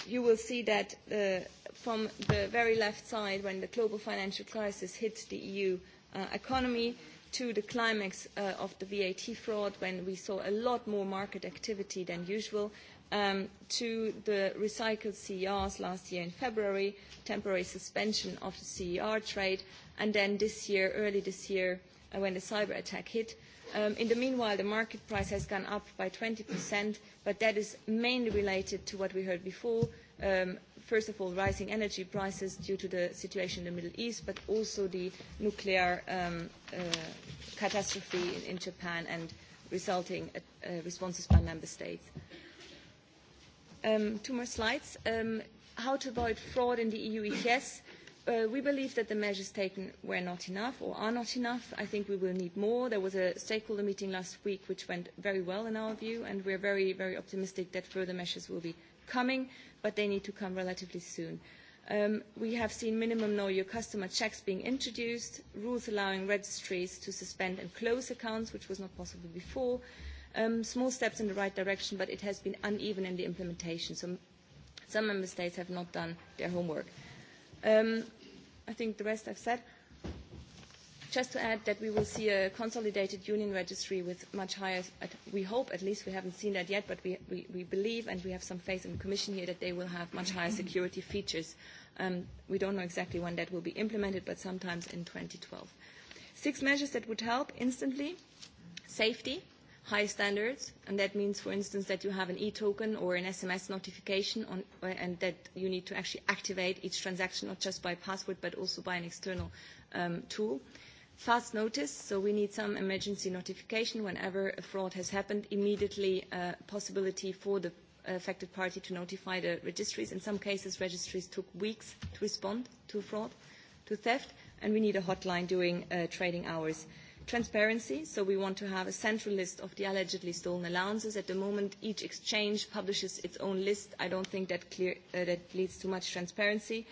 you will see that uh, from the very left side, when the global financial crisis hit the EU uh, economy, to the climax uh, of the VAT fraud when we saw a lot more market activity than usual, um, to the recycled CERs last year in February, temporary suspension of the CER trade, and then this year, early this year, uh, when the cyber attack hit. Um, in the meanwhile, the market price has gone up by 20%, but that is mainly related to what we heard before, um, first of all, rising energy prices due to the situation in the Middle East, but also the nuclear catastrophe in, Japan and resulting responses by member states. two more slides. how to avoid fraud in the EU ETS. we believe that the measures taken were not enough or are not enough. I think we will need more. There was a stakeholder meeting last week which went very well in our view, and we are very, very optimistic that further measures will be coming, but they need to come relatively soon. we have seen minimum know your customer checks being introduced, rules allowing registries to suspend and close accounts, which was not possible before. small steps in the right direction, but it has been uneven in the implementation. So some member states have not done their homework. I think the rest I've said. Just to add that we will see a consolidated union registry with much higher, we hope at least, we haven't seen that yet, but we, we, we believe and we have some faith in the Commission here that they will have much higher security features. Um, we don't know exactly when that will be implemented, but sometimes in 2012. Six measures that would help instantly. Safety, high standards, and that means, for instance, that you have an e-token or an SMS notification on, and that you need to actually activate each transaction, not just by password, but also by an external um, tool fast notice, so we need some emergency notification whenever a fraud has happened, immediately a possibility for the affected party to notify the registries. In some cases, registries took weeks to respond to fraud, to theft, and we need a hotline during uh, trading hours. Transparency, so we want to have a central list of the allegedly stolen allowances. At the moment, each exchange publishes its own list. I don't think that, clear, uh, that leads to much transparency.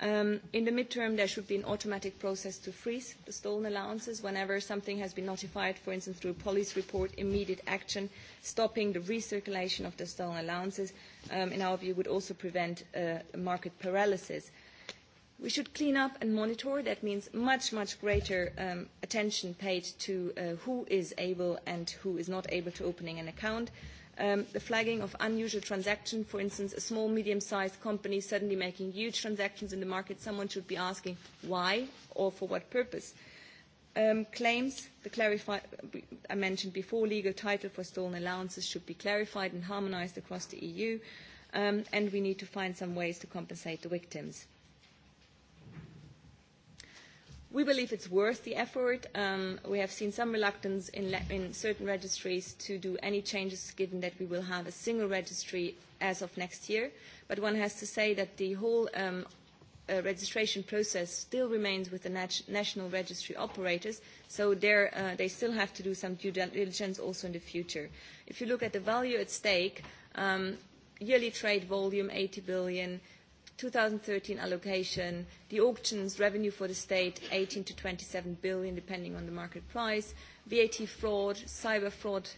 Um, in the midterm, there should be an automatic process to freeze the stolen allowances whenever something has been notified, for instance, through a police report, immediate action, stopping the recirculation of the stolen allowances, um, in our view, would also prevent uh, market paralysis. We should clean up and monitor. That means much, much greater um, attention paid to uh, who is able and who is not able to opening an account the flagging of unusual transactions, for instance, a small, medium-sized company suddenly making huge transactions in the market, someone should be asking why or for what purpose. claims, the clarify, I mentioned before, legal title for stolen allowances should be clarified and harmonised across the EU, and we need to find some ways to compensate the victims. We believe it's worth the effort. Um, we have seen some reluctance in, le- in certain registries to do any changes given that we will have a single registry as of next year. But one has to say that the whole um, uh, registration process still remains with the nat- national registry operators, so uh, they still have to do some due diligence also in the future. If you look at the value at stake, um, yearly trade volume, 80 billion, thirteen allocation, the auctions revenue for the state, eighteen to twenty seven billion, depending on the market price, VAT fraud, cyber fraud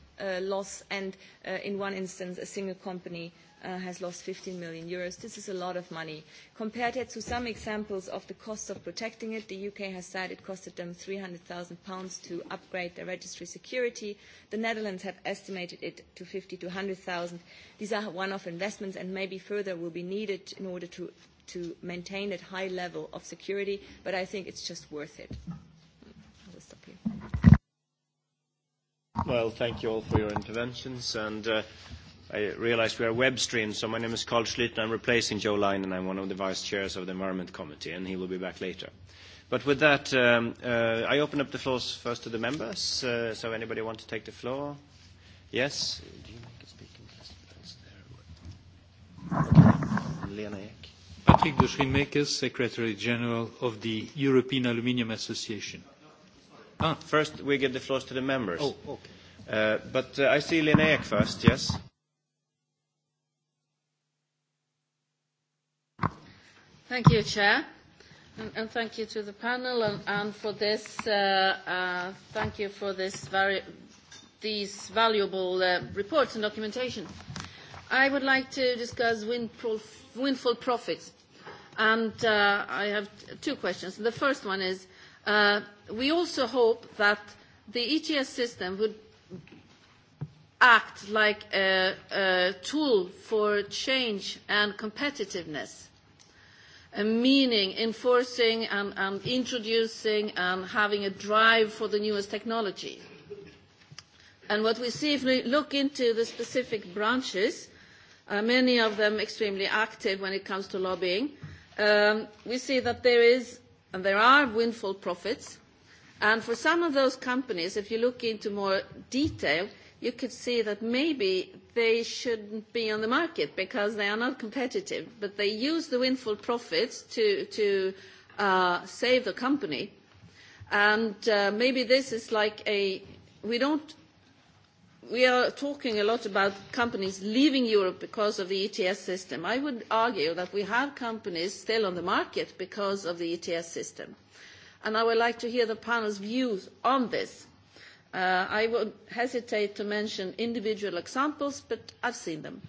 loss, and in one instance, a single company has lost 15 million euros. This is a lot of money. Compared that to some examples of the cost of protecting it, the UK has said it costed them 300,000 pounds to upgrade their registry security. The Netherlands have estimated it to 50 to 100,000. These are one-off investments and maybe further will be needed in order to, maintain that high level of security, but I think it's just worth it. I will stop here. Well, thank you all for your interventions and I realize we are web streamed, so my name is Carl Schlyter. I'm replacing Joe Line, and I'm one of the vice chairs of the Environment Committee, and he will be back later. But with that, um, uh, I open up the floors first to the members. Uh, so anybody want to take the floor? Yes? Do you make a speaking list? Lena Ek. Patrick de Schrinmakers, Secretary General of the European Aluminium Association. First, we give the floors to the members. Oh, okay. Uh, but uh, I see Lena Ek first, yes? Thank you, Chair. And thank you to the panel and and for this. uh Thank you for this very these valuable uh reports and documentation. I would like to discuss windfall profits, and uh I have two questions. The first one is, uh we also hope that the ETS system would act like a tool for change and competitiveness meaning enforcing and, and introducing and having a drive for the newest technology. And what we see if we look into the specific branches, uh, many of them extremely active when it comes to lobbying, um, we see that there is and there are windfall profits. And for some of those companies, if you look into more detail, you could see that maybe they shouldn't be on the market because they are not competitive. But they use the windfall profits to, save the company. And maybe this is like a, we don't, we are talking a lot about companies leaving Europe because of the ETS system. I would argue that we have companies still on the market because of the ETS system. And I would like to hear the panel's views on this I would hesitate to mention individual examples, but I've seen them.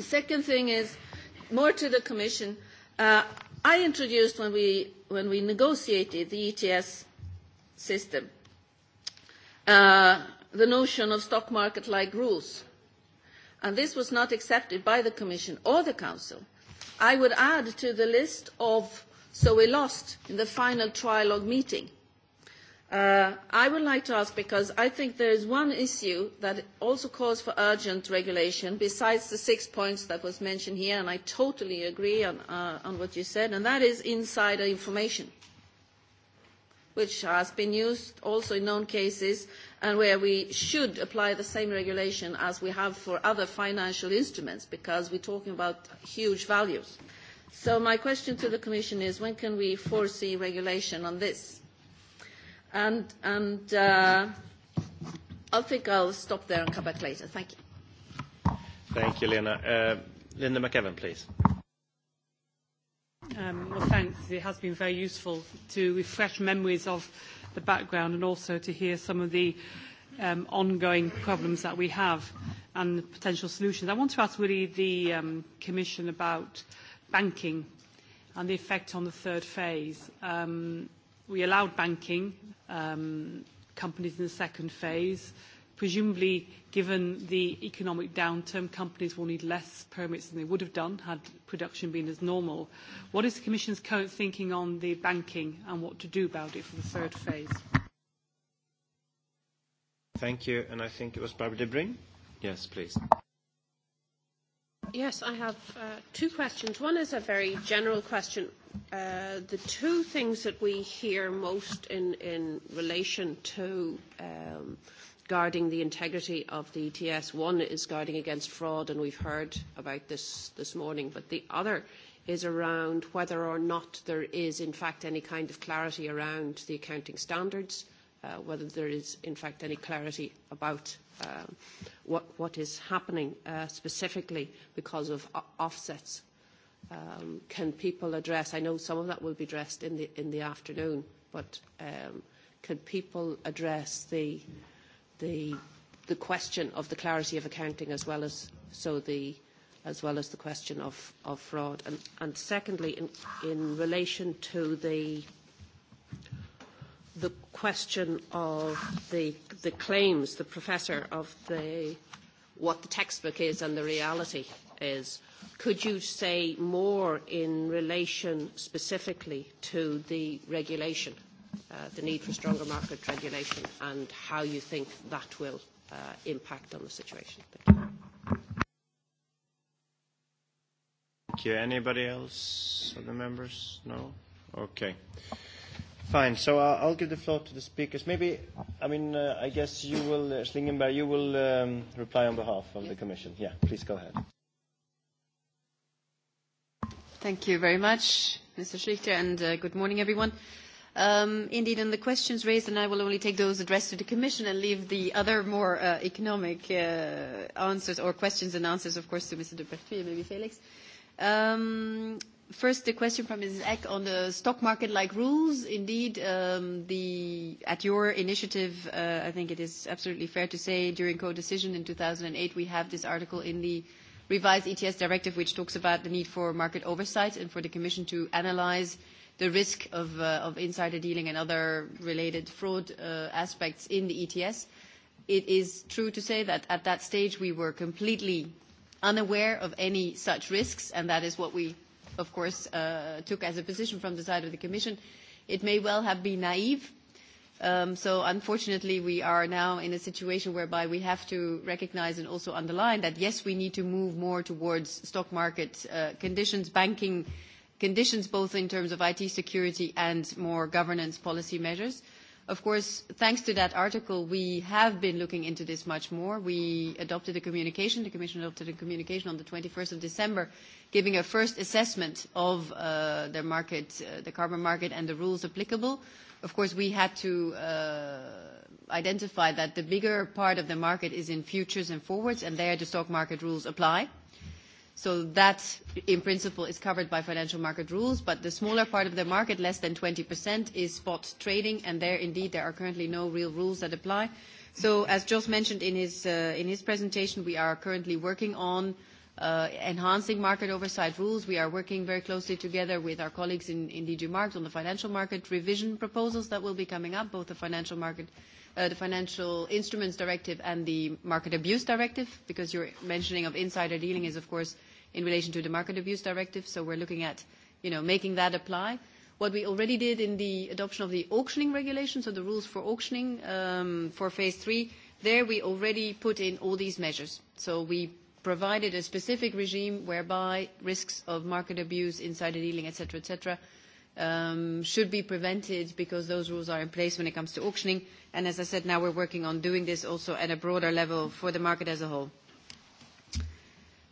Second thing is, more to the Commission, I introduced when we, when we negotiated the ETS system, the notion of stock market-like rules. And this was not accepted by the Commission or the Council. I would add to the list of, so we lost in the final trilogue meeting, I would like to ask, because I think there is one issue that also calls for urgent regulation, besides the six points that was mentioned here, and I totally agree on, what you said, and that is insider information, which has been used also in known cases, and where we should apply the same regulation as we have for other financial instruments, because we are talking about huge values. So my question to the Commission is, when can we foresee regulation on this? And, and uh, I think I'll stop there and come back later. Thank you. Thank you, Lena. Uh, Linda McEvan, please. Um, well, thanks. It has been very useful to refresh memories of the background and also to hear some of the um, ongoing problems that we have and the potential solutions. I want to ask really the um, Commission about banking and the effect on the third phase. Um, We allowed banking um, companies in the second phase. Presumably, given the economic downturn, companies will need less permits than they would have done had production been as normal. What is the Commission's current thinking on the banking and what to do about it for the third phase? Thank you, and I think it was Barbara Debrin. Yes, please. Yes, I have uh, two questions. One is a very general question. Uh, the two things that we hear most in, in relation to um, guarding the integrity of the ETS, one is guarding against fraud, and we've heard about this this morning, but the other is around whether or not there is, in fact, any kind of clarity around the accounting standards, uh, whether there is, in fact, any clarity about what, what is happening uh, specifically because of offsets. can people address, I know some of that will be addressed in the, in the afternoon, but can people address the, the, the question of the clarity of accounting as well as, so the, as well as the question of, of fraud? And, and secondly, in, in relation to the, the question of the, the claims, the professor of the, what the textbook is and the reality is. Could you say more in relation specifically to the regulation, uh, the need for stronger market regulation, and how you think that will uh, impact on the situation? Thank you. Thank you. Anybody else Other members? No? Okay. Fine. So uh, I'll give the floor to the speakers. Maybe, I mean, uh, I guess you will, uh, Schlingenberg, you will um, reply on behalf of the Commission. Yeah, please go ahead. Thank you very much, Mr. Schlichter, and uh, good morning, everyone. Um, indeed, on the questions raised, and I will only take those addressed to the Commission and leave the other more uh, economic uh, answers or questions and answers, of course, to Mr. Dupertuy and maybe Felix. Um, First, a question from Mrs. Eck on the stock market-like rules. Indeed, at your initiative, I think it is absolutely fair to say during co-decision in 2008, we have this article in the revised ETS directive, which talks about the need for market oversight and for the Commission to analyze the risk of insider dealing and other related fraud aspects in the ETS. It is true to say that at that stage, we were completely unaware of any such risks, and that is what we of course, uh, took as a position from the side of the Commission. It may well have been naive. Um, so unfortunately, we are now in a situation whereby we have to recognize and also underline that, yes, we need to move more towards stock market uh, conditions, banking conditions, both in terms of IT security and more governance policy measures – Of course, thanks to that article, we have been looking into this much more. We adopted a communication, the Commission adopted a communication on the 21st of December, giving a first assessment of uh, the market, uh, the carbon market and the rules applicable. Of course, we had to uh, identify that the bigger part of the market is in futures and forwards, and there the stock market rules apply. Uh, So that, in principle, is covered by financial market rules, but the smaller part of the market, less than 20%, is spot trading, and there, indeed, there are currently no real rules that apply. So as Jos mentioned in his, uh, in his presentation, we are currently working on uh, enhancing market oversight rules. We are working very closely together with our colleagues in, in DG Markets on the financial market revision proposals that will be coming up, both the financial market the Financial Instruments Directive and the Market Abuse Directive, because your mentioning of insider dealing is, of course, in relation to the Market Abuse Directive, so we're looking at you know, making that apply. What we already did in the adoption of the auctioning regulation, so the rules for auctioning for phase three, there we already put in all these measures. So we provided a specific regime whereby risks of market abuse, insider dealing, etc., etc., should be prevented because those rules are in place when it comes to auctioning. And as I said, now we're working on doing this also at a broader level for the market as a whole.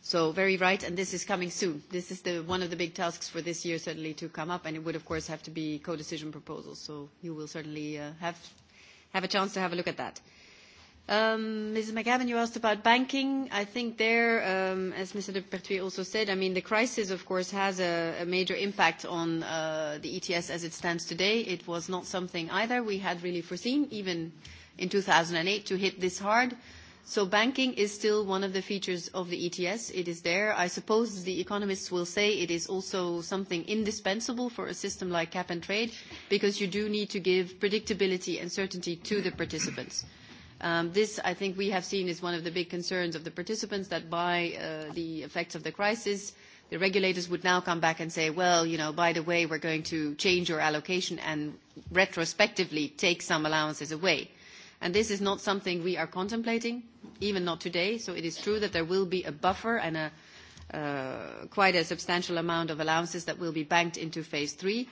So very right, and this is coming soon. This is the one of the big tasks for this year, certainly, to come up, and it would, of course, have to be co-decision proposals. So you will certainly uh, have have a chance to have a look at that. Um, Mrs. McGavin, you asked about banking. I think there, um, as Mr. de Pertuis also said, I mean, the crisis, of course, has a, a major impact on uh, the ETS as it stands today. It was not something either we had really foreseen, even in 2008, to hit this hard. So banking is still one of the features of the ETS. It is there. I suppose the economists will say it is also something indispensable for a system like cap and trade because you do need to give predictability and certainty to the participants. This, I think we have seen, is one of the big concerns of the participants, that by the effects of the crisis, the regulators would now come back and say, "Well, you know, by the way, we're going to change your allocation and retrospectively take some allowances away." And This is not something we are contemplating even not today. So it is true that there will be a buffer and a quite a substantial amount of allowances that will be banked into phase three.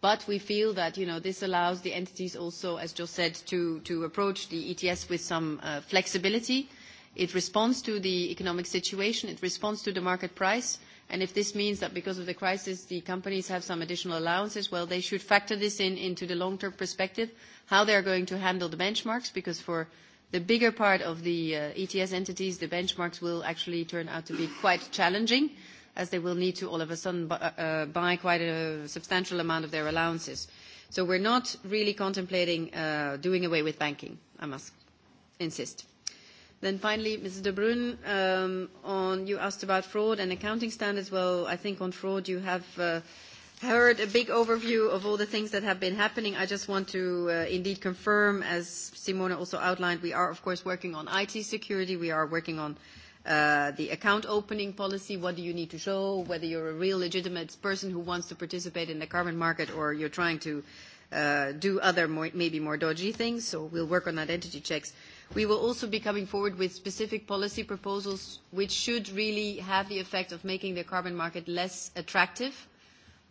But we feel that, you know, this allows the entities also, as Jos said, to approach the ETS with some flexibility. It responds to the economic situation, it responds to the market price, and if this means that because of the crisis, the companies have some additional allowances, well, they should factor this in into the long-term perspective, how they are going to handle the benchmarks, because for the bigger part of the ETS entities, the benchmarks will actually turn out to be quite challenging, as they will need to all of a sudden buy quite a substantial amount of their allowances. So we're not really contemplating doing away with banking, I must insist. Then finally, Mrs. De Bruijn, you asked about fraud and accounting standards. Well, I think on fraud, you have heard a big overview of all the things that have been happening. I just want to uh, indeed confirm, as Simona also outlined, we are of course working on IT security. We are working on uh, the account opening policy. What do you need to show? Whether you're a real legitimate person who wants to participate in the carbon market or you're trying to uh, do other more, maybe more dodgy things. So we'll work on identity checks. We will also be coming forward with specific policy proposals which should really have the effect of making the carbon market less attractive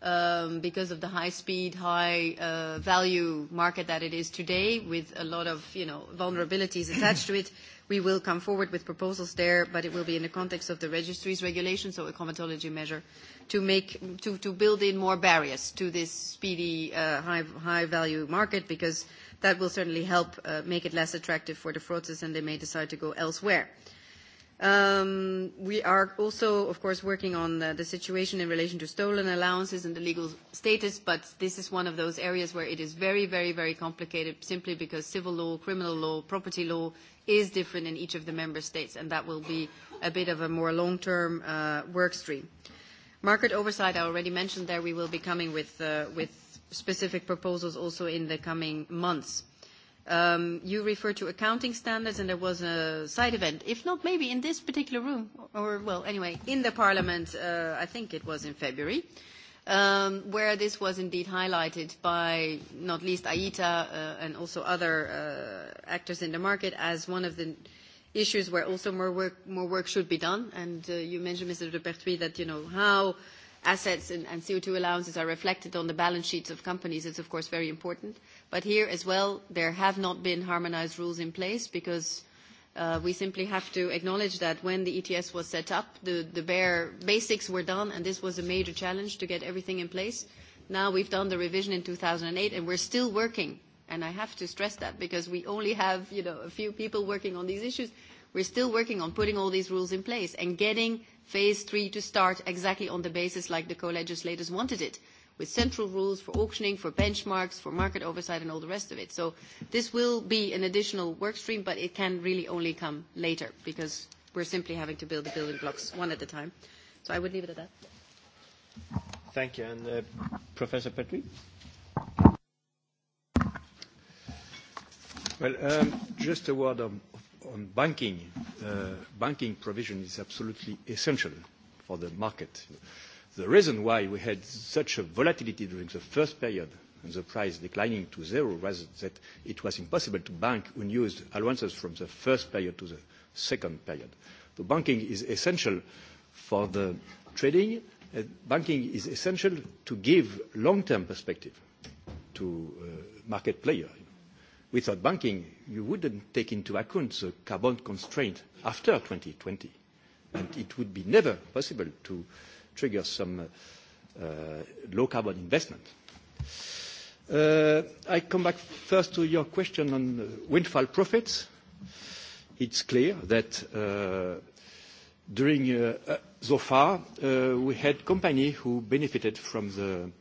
um, because of the high speed, high value market that it is today with a lot of, you know, vulnerabilities attached to it. We will come forward with proposals there, but it will be in the context of the registries regulation, so a comitology measure to make, to, build in more barriers to this speedy, high, value market because that will certainly help make it less attractive for the fraudsters and they may decide to go elsewhere we are also, of course, working on the, the situation in relation to stolen allowances and the legal status, but this is one of those areas where it is very, very, very complicated simply because civil law, criminal law, property law is different in each of the member states, and that will be a bit of a more long-term uh, work stream. Market oversight, I already mentioned there, we will be coming with, uh, with specific proposals also in the coming months. Um, you referred to accounting standards, and there was a side event, if not maybe in this particular room, or well, anyway, in the Parliament, uh, I think it was in February, um, where this was indeed highlighted by not least AITA uh, and also other uh, actors in the market as one of the issues where also more work, more work should be done. And uh, you mentioned, Mr. de Pertuis, that you know how assets and CO2 allowances are reflected on the balance sheets of companies, it's of course very important. But here as well, there have not been harmonized rules in place because we simply have to acknowledge that when the ETS was set up, the the bare basics were done, and this was a major challenge to get everything in place. Now we've done the revision in 2008, and we're still working. And I have to stress that because we only have, you know, a few people working on these issues. We're still working on putting all these rules in place and getting phase three to start exactly on the basis like the co-legislators wanted it, with central rules for auctioning, for benchmarks, for market oversight, and all the rest of it. So this will be an additional work stream, but it can really only come later because we're simply having to build the building blocks one at a time. So I would leave it at that. Thank you. And uh, Professor Well, um, just a word on on banking, banking provision is absolutely essential for the market. The reason why we had such a volatility during the first period and the price declining to zero was that it was impossible to bank unused allowances from the first period to the second period. So banking is essential for the trading. Banking is essential to give long-term perspective to market players Without banking, you wouldn't take into account the carbon constraint after 2020, and it would be never possible to trigger some low carbon investment. I come back first to your question on windfall profits. It's clear that during so far, we had company who benefited from the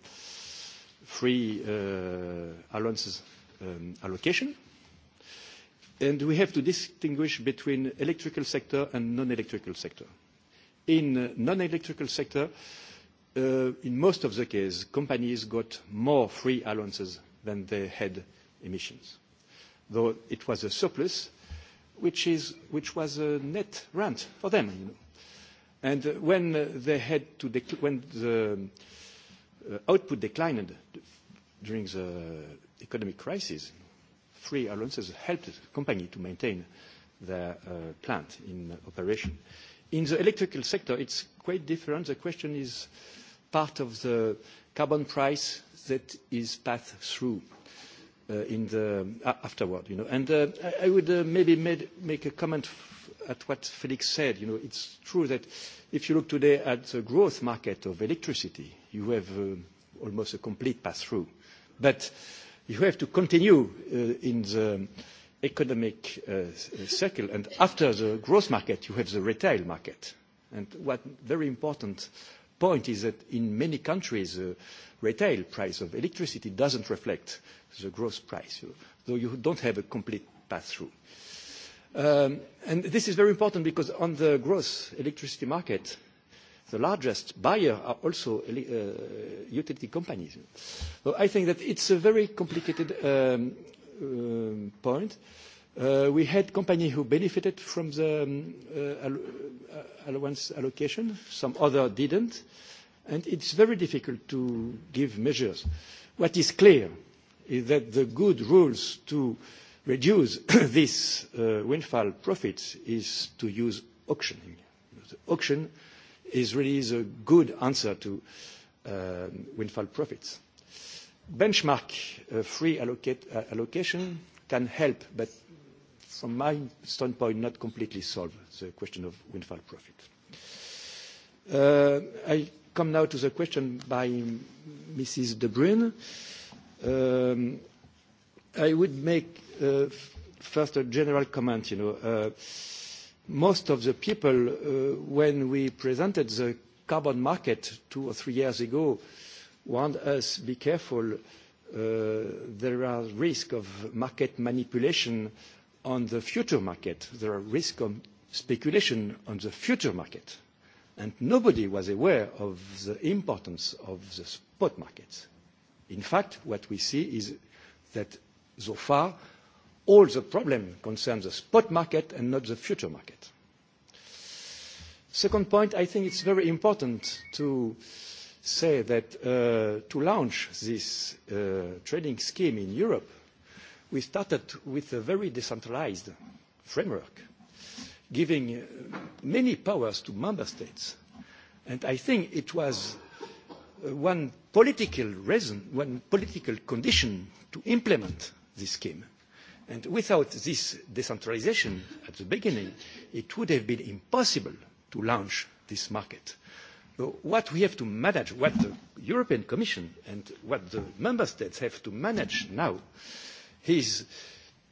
free allowances allocation. And we have to distinguish between electrical sector and non-electrical sector. In non-electrical sector, in most of the cases, companies got more free allowances than they had emissions. Though it was a surplus, which was a net rent for them, you know. And when they had to when the output declined during the economic crisis, free allowances helped the company to maintain their plant in operation. In the electrical sector, it's quite different. The question is part of the carbon price that is passed through in the afterward. You know. And I would maybe make a comment at what Felix said. You know, it's true that if you look today at the growth market of electricity, you have almost a complete pass-through. But you have to continue in the economic circle And after the growth market, you have the retail market. And one very important point is that in many countries, the retail price of electricity doesn't reflect the growth price, though you don't have a complete pass-through. And this is very important because on the growth electricity market, the largest buyer are also utility companies. So I think that it's a very complicated point. We had companies who benefited from the allowance allocation, some other didn't, and it's very difficult to give measures. What is clear is that the good rules to reduce this windfall profits is to use auctioning. Auction is really the good answer to windfall profits. Benchmark free allocation can help, but from my standpoint, not completely solve the question of windfall profit. I come now to the question by Mrs. De Bruyn. I would make first a general comment. You know, most of the people, when we presented the carbon market two or three years ago, warned us, "Be careful, there are risk of market manipulation on the future market. There are risk of speculation on the future market." And nobody was aware of the importance of the spot markets. In fact, what we see is that so far, all the problem concerns the spot market and not the future market. Second point, I think it's very important to say that to launch this trading scheme in Europe, we started with a very decentralized framework, giving many powers to member states. And I think it was one political reason, one political condition to implement this scheme And without this decentralization at the beginning, it would have been impossible to launch this market. What we have to manage, what the European Commission and what the member states have to manage now is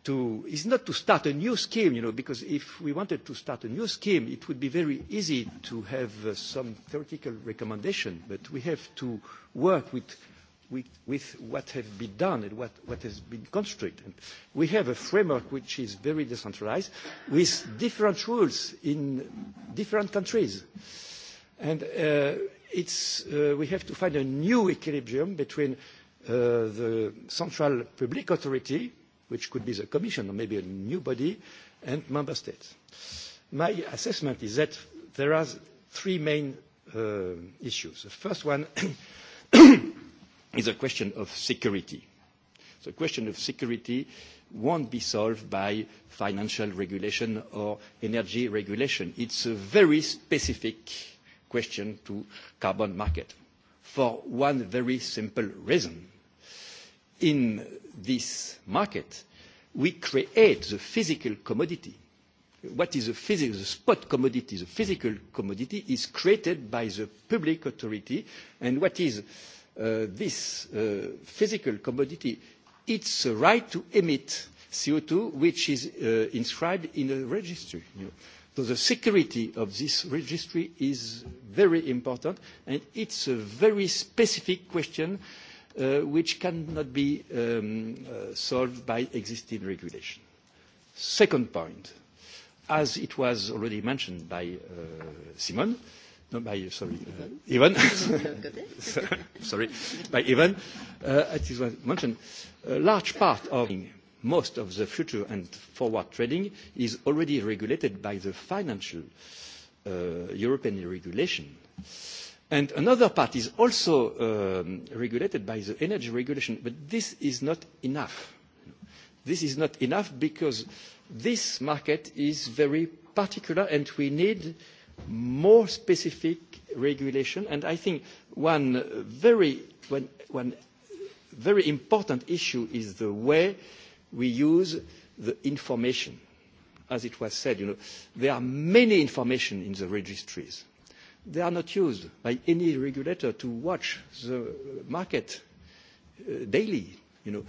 to is not to start a new scheme, you know, because if we wanted to start a new scheme, it would be very easy to have some theoretical recommendation, but we have to work with with what has been done and what, what has been constructed. We have a framework which is very decentralized with different rules in different countries. And uh, it's, uh, we have to find a new equilibrium between uh, the central public authority, which could be the Commission or maybe a new body, and member states. My assessment is that there are three main uh, issues. The first one is a question of security. The question of security won't be solved by financial regulation or energy regulation. It's a very specific question to carbon market for one very simple reason. In this market, we create the physical commodity. What is a physical, the spot commodity, the physical commodity is created by the public authority, and what is this physical commodity its right to emit co two, which is inscribed in a registry. So the security of this registry is very important, and it's a very specific question which cannot be solved by existing regulation. Second point, as it was already mentioned by Simone no, by, sorry, uh, Ivan. sorry, by Ivan, uh, it is mentioned, a large part of most of the future and forward trading is already regulated by the financial uh, European regulation. And another part is also um, regulated by the energy regulation, but this is not enough. This is not enough because this market is very particular and we need more specific regulation. And I think one very, one, one very important issue is the way we use the information. As it was said, you know, there are many information in the registries. They are not used by any regulator to watch the market uh, daily. You know,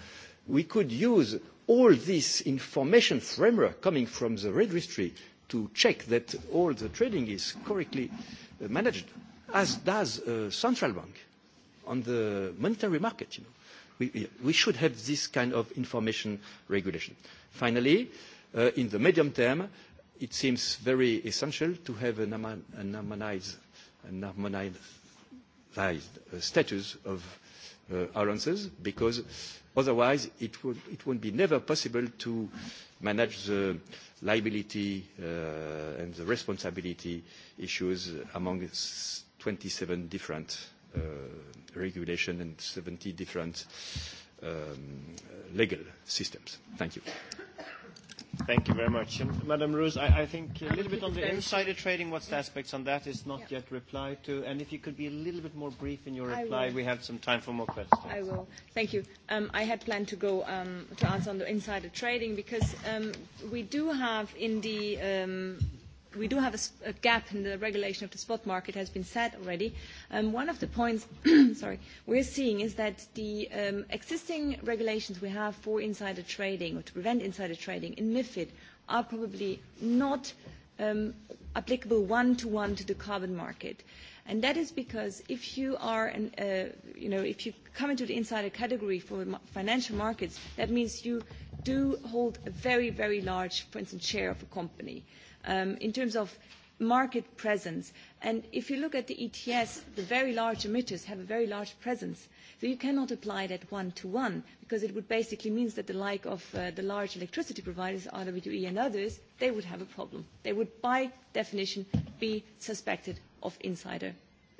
we could use all this information framework coming from the registry to check that all the trading is correctly managed, as does a central bank on the monetary market. we, should have this kind of information regulation. Finally, in the medium term, it seems very essential to have an, harmonised harmonized, status of allowances because Otherwise, it would it would be never possible to manage the liability and the responsibility issues among 27 different regulation and 70 different legal systems. Thank you. Thank you very much. Madam Roos, I think a little bit on the insider trading, what's the aspects on that is not yet replied to. And if you could be a little bit more brief in your reply, we have some time for more questions. I will. Thank you. I had planned to go to answer on the insider trading because we do have in the we do have a, a gap in the regulation of the spot market, has been said already. Um, one of the points sorry, we're seeing is that the um, existing regulations we have for insider trading or to prevent insider trading in MIFID are probably not um, applicable one-to-one to the carbon market. And that is because if you are, an, uh, you know, if you come into the insider category for financial markets, that means you do hold a very, very large, for instance, share of a company um, in terms of market presence. And if you look at the ETS, the very large emitters have a very large presence. So you cannot apply that one-to-one because it would basically mean that the like of uh, the large electricity providers, RWE and others, they would have a problem. They would, by definition, be suspected of insider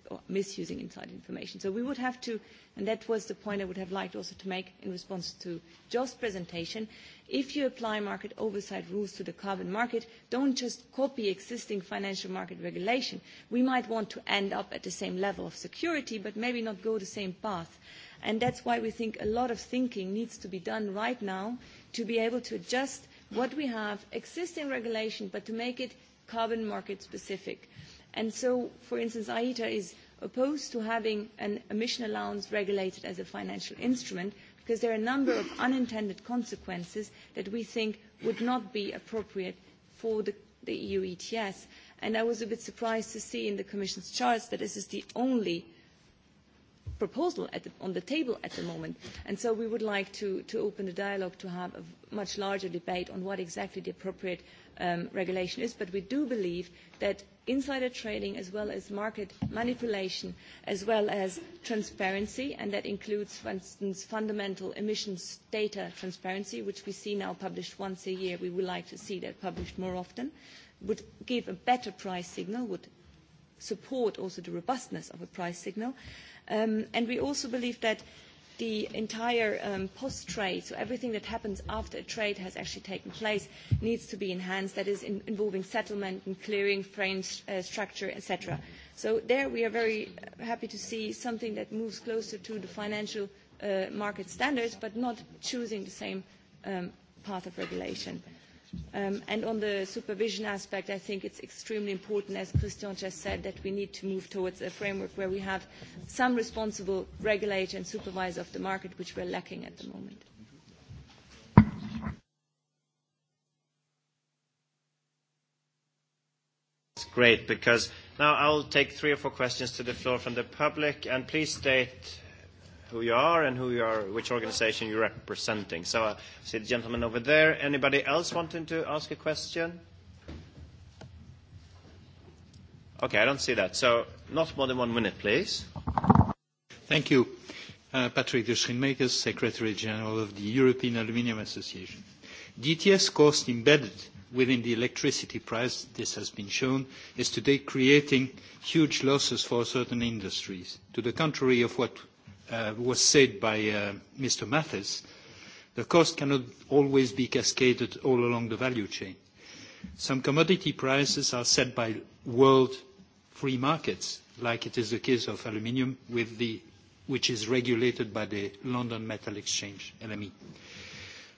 or misusing inside information. So we would have to, and that was the point I would have liked also to make in response to Joe's presentation, if you apply market oversight rules to the carbon market, don't just copy existing financial market regulation. We might want to end up at the same level of security, but maybe not go the same path. And that's why we think a lot of thinking needs to be done right now to be able to adjust what we have, existing regulation, but to make it carbon market specific And so, for instance, AITA is opposed to having an emission allowance regulated as a financial instrument because there are a number of unintended consequences that we think would not be appropriate for the, the EU ETS. And I was a bit surprised to see in the Commission's charts that this is the only proposal at the, on the table at the moment. And so we would like to, to open the dialogue to have a much larger debate on what exactly the appropriate um, regulation is. But we do believe that insider trading as well as market manipulation as well as transparency and that includes for instance fundamental emissions data transparency which we see now published once a year we would like to see that published more often would give a better price signal would support also the robustness of a price signal and we also believe that the entire um, post-trade, so everything that happens after a trade has actually taken place, needs to be enhanced. That is in, involving settlement and clearing, frame uh, structure, etc. So there we are very happy to see something that moves closer to the financial uh, market standards, but not choosing the same um, path of regulation and on the supervision aspect, I think it's extremely important, as Christian just said, that we need to move towards a framework where we have some responsible regulator and supervisor of the market, which we're lacking at the moment. That's great, because now I'll take three or four questions to the floor from the public, and please state who you are and who you are, which organization you're representing. So I see the gentleman over there. Anybody else wanting to ask a question? Okay, I don't see that. So not more than one minute, please. Thank you. Uh, Patrick de Schoenmakers, Secretary General of the European Aluminium Association. DTS cost embedded within the electricity price, this has been shown, is today creating huge losses for certain industries, to the contrary of what was said by Mr. Mathis, the cost cannot always be cascaded all along the value chain. Some commodity prices are set by world free markets, like it is the case of aluminium, which is regulated by the London Metal Exchange, LME.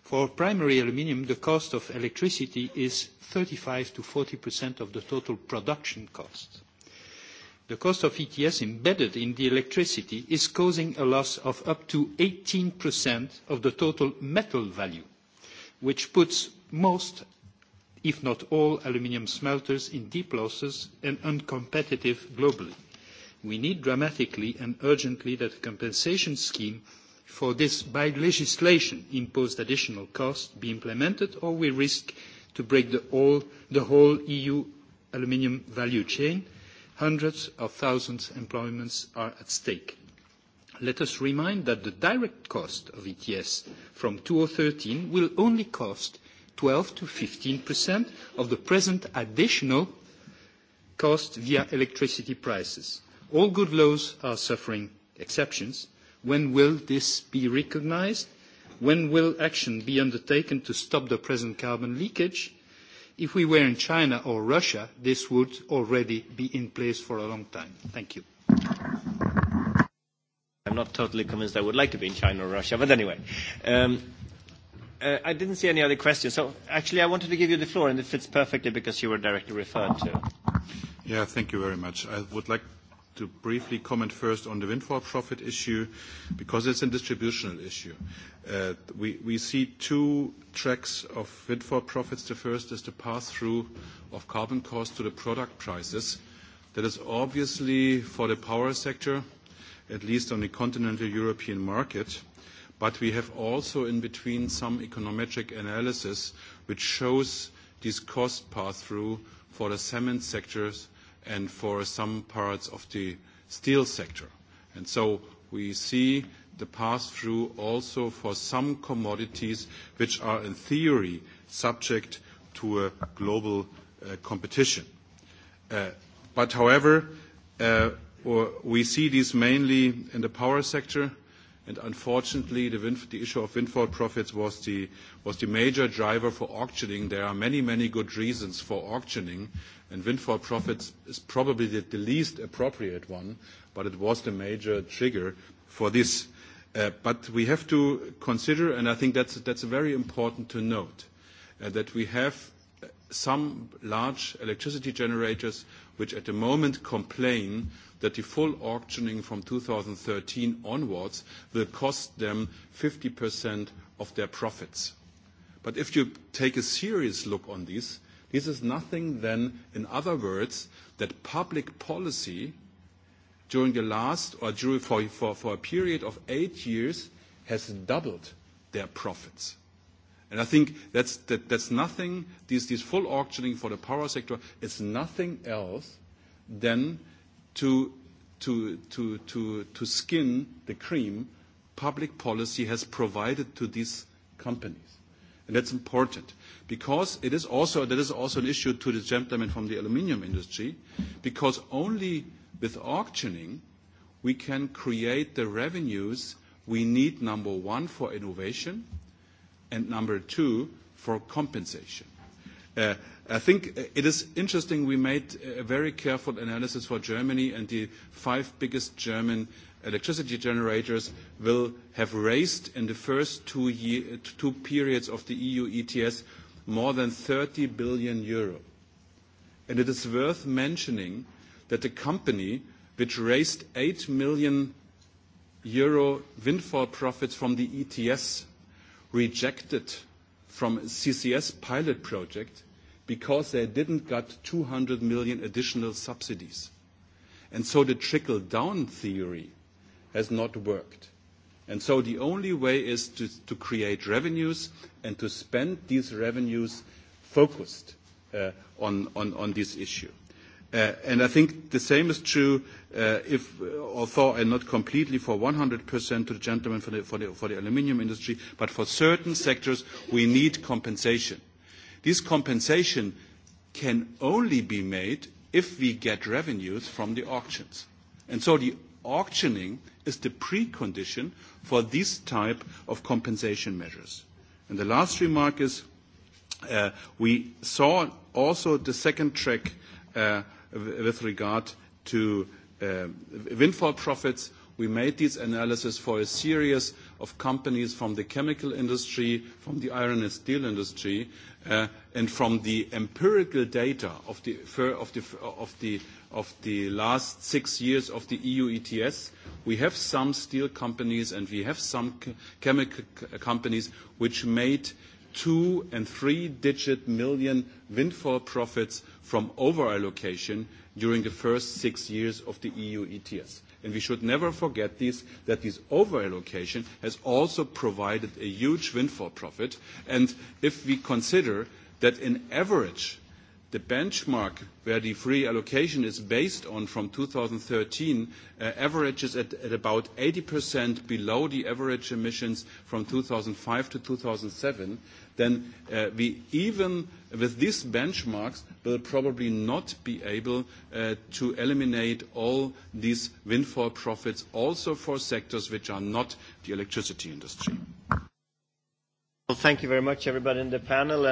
For primary aluminium, the cost of electricity is thirty five to 40% of the total production cost the cost of ETS embedded in the electricity is causing a loss of up to 18% of the total metal value, which puts most, if not all, aluminium smelters in deep losses and uncompetitive globally. We need dramatically and urgently that a compensation scheme for this by legislation imposed additional cost be implemented, or we risk to break the whole EU aluminium value chain – Hundreds of thousands of employments are at stake. Let us remind that the direct cost of ETS from thirteen will only cost twelve to 15% of the present additional cost via electricity prices. All good laws are suffering exceptions. When will this be recognised? When will action be undertaken to stop the present carbon leakage? If we were in China or Russia, this would already be in place for a long time. Thank you. I'm not totally convinced I would like to be in China or Russia, but anyway. Um, I didn't see any other questions, so actually I wanted to give you the floor, and it fits perfectly because you were directly referred to. Yeah, thank you very much. I would like to briefly comment first on the windfall profit issue, because it's a distributional issue. We see two tracks of windfall profits. The first is the pass-through of carbon costs to the product prices. That is obviously for the power sector, at least on the continental European market. But we have also in between some econometric analysis which shows this cost pass-through for the cement sectors and for some parts of the steel sector. And so we see the pass-through also for some commodities which are, in theory, subject to a global competition. But however, we see this mainly in the power sector, unfortunately, the issue of windfall profits was the major driver for auctioning. There are many, many good reasons for auctioning, and windfall profits is probably the least appropriate one, but it was the major trigger for this. But we have to consider, and I think that's very important to note, that we have some large electricity generators which at the moment complain that the full auctioning from 2013 onwards will cost them 50% of their profits. But if you take a serious look on this, this is nothing then, in other words, that public policy during the last or during for, for, for a period of eight years has doubled their profits. And I think that's, that, that's nothing, this, this full auctioning for the power sector is nothing else than to, to, to, to, to skin the cream public policy has provided to these companies. And that's important because it is also, that is also an issue to the gentleman from the aluminium industry because only with auctioning we can create the revenues we need, number one, for innovation and number two, for compensation. I think it is interesting we made a very careful analysis for Germany, and the five biggest German electricity generators will have raised in the first two year two periods of the EU ETS more than 30 billion euro. And It is worth mentioning that the company which raised 8 million euro windfall profits from the ETS rejected from CCS pilot project because they didn't get 200 million additional subsidies. And so the trickle-down theory has not worked. And so the only way is to, to create revenues and to spend these revenues focused uh, on, on, on this issue. Uh, and I think the same is true, uh, if, although and not completely for 100% to the gentleman for the, for, the, for the aluminium industry, but for certain sectors we need compensation This compensation can only be made if we get revenues from the auctions. And so the auctioning is the precondition for this type of compensation measures. And the last remark is uh, we saw also the second track uh, with regard to uh, windfall profits We made this analysis for a series of companies from the chemical industry, from the iron and steel industry, and from the empirical data of the last six years of the EU ETS, we have some steel companies and we have some chemical companies which made two and three-digit million windfall profits from over allocation during the first six years of the EU ETS. And we should never forget this, that this over-allocation has also provided a huge windfall profit. And if we consider that in average, the benchmark where the free allocation is based on from 2013 averages at about 80% below the average emissions from 2005 to 2007, then we even with these benchmarks will probably not be able to eliminate all these windfall profits also for sectors which are not the electricity industry. Well, thank you very much, everybody in the panel.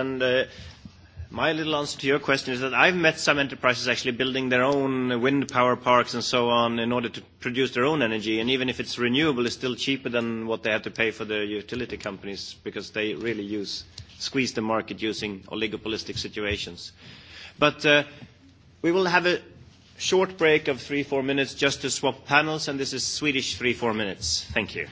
My little answer to your question is that I've met some enterprises actually building their own wind power parks and so on in order to produce their own energy. And even if it's renewable, it's still cheaper than what they have to pay for the utility companies because they really use, squeeze the market using oligopolistic situations. But uh, we will have a short break of three, four minutes just to swap panels. And this is Swedish three, four minutes. Thank you.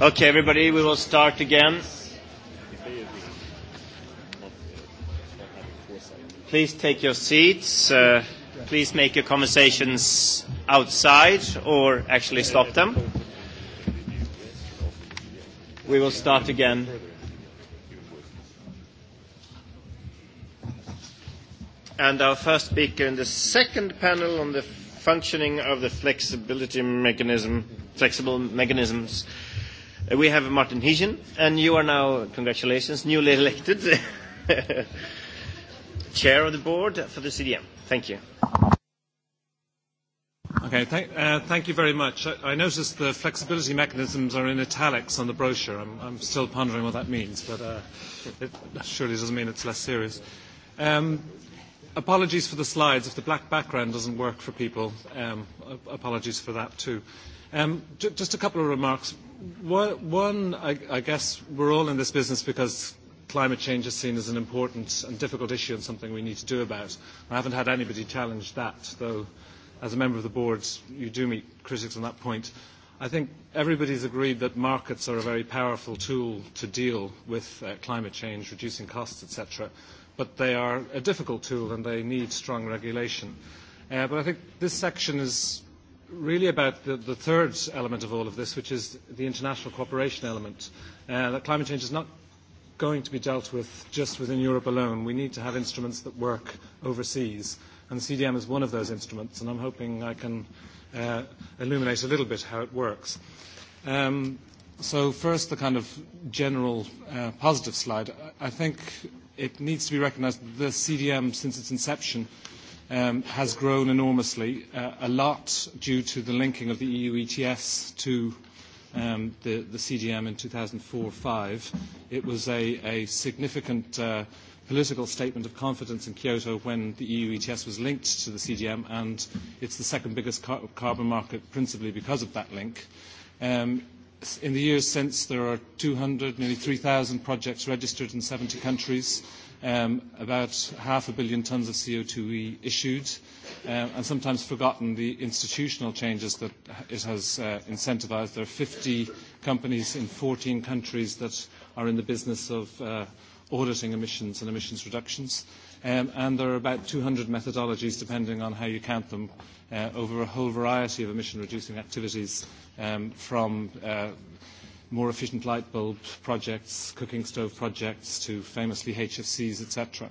Okay, everybody, we will start again. Please take your seats. Uh, please make your conversations outside or actually stop them. We will start again. And our first speaker in the second panel on the functioning of the flexibility mechanism, flexible mechanisms, we have Martin Hijin, and you are now, congratulations, newly elected chair of the board for the CDM. Thank you. Okay. Thank you very much. I noticed the flexibility mechanisms are in italics on the brochure. I'm still pondering what that means, but it surely doesn't mean it's less serious. Apologies for the slides. If the black background doesn't work for people, apologies for that too. Just a couple of remarks. One, I guess we're all in this business because climate change is seen as an important and difficult issue and something we need to do about. I haven't had anybody challenge that, though as a member of the board, you do meet critics on that point. I think everybody has agreed that markets are a very powerful tool to deal with climate change, reducing costs, etc. But they are a difficult tool and they need strong regulation. but I think this section is really about the, the third element of all of this, which is the international cooperation element. that climate change is not going to be dealt with just within Europe alone. We need to have instruments that work overseas and CDM is one of those instruments, and I'm hoping I can uh, illuminate a little bit how it works. Um, so first, the kind of general uh, positive slide. I think it needs to be recognized that the CDM, since its inception, um, has grown enormously, uh, a lot due to the linking of the EU ETS to um, the, the CDM in 2004 05 It was a, a significant uh, political statement of confidence in Kyoto when the EU ETS was linked to the CDM, and it's the second biggest car- carbon market principally because of that link. Um, in the years since, there are 200, nearly 3,000 projects registered in 70 countries, um, about half a billion tonnes of CO2e issued, um, and sometimes forgotten the institutional changes that it has uh, incentivised. There are 50 companies in 14 countries that are in the business of uh, auditing emissions and emissions reductions. and there are about 200 methodologies, depending on how you count them, over a whole variety of emission-reducing activities from more efficient light bulb projects, cooking stove projects, to famously HFCs, etc.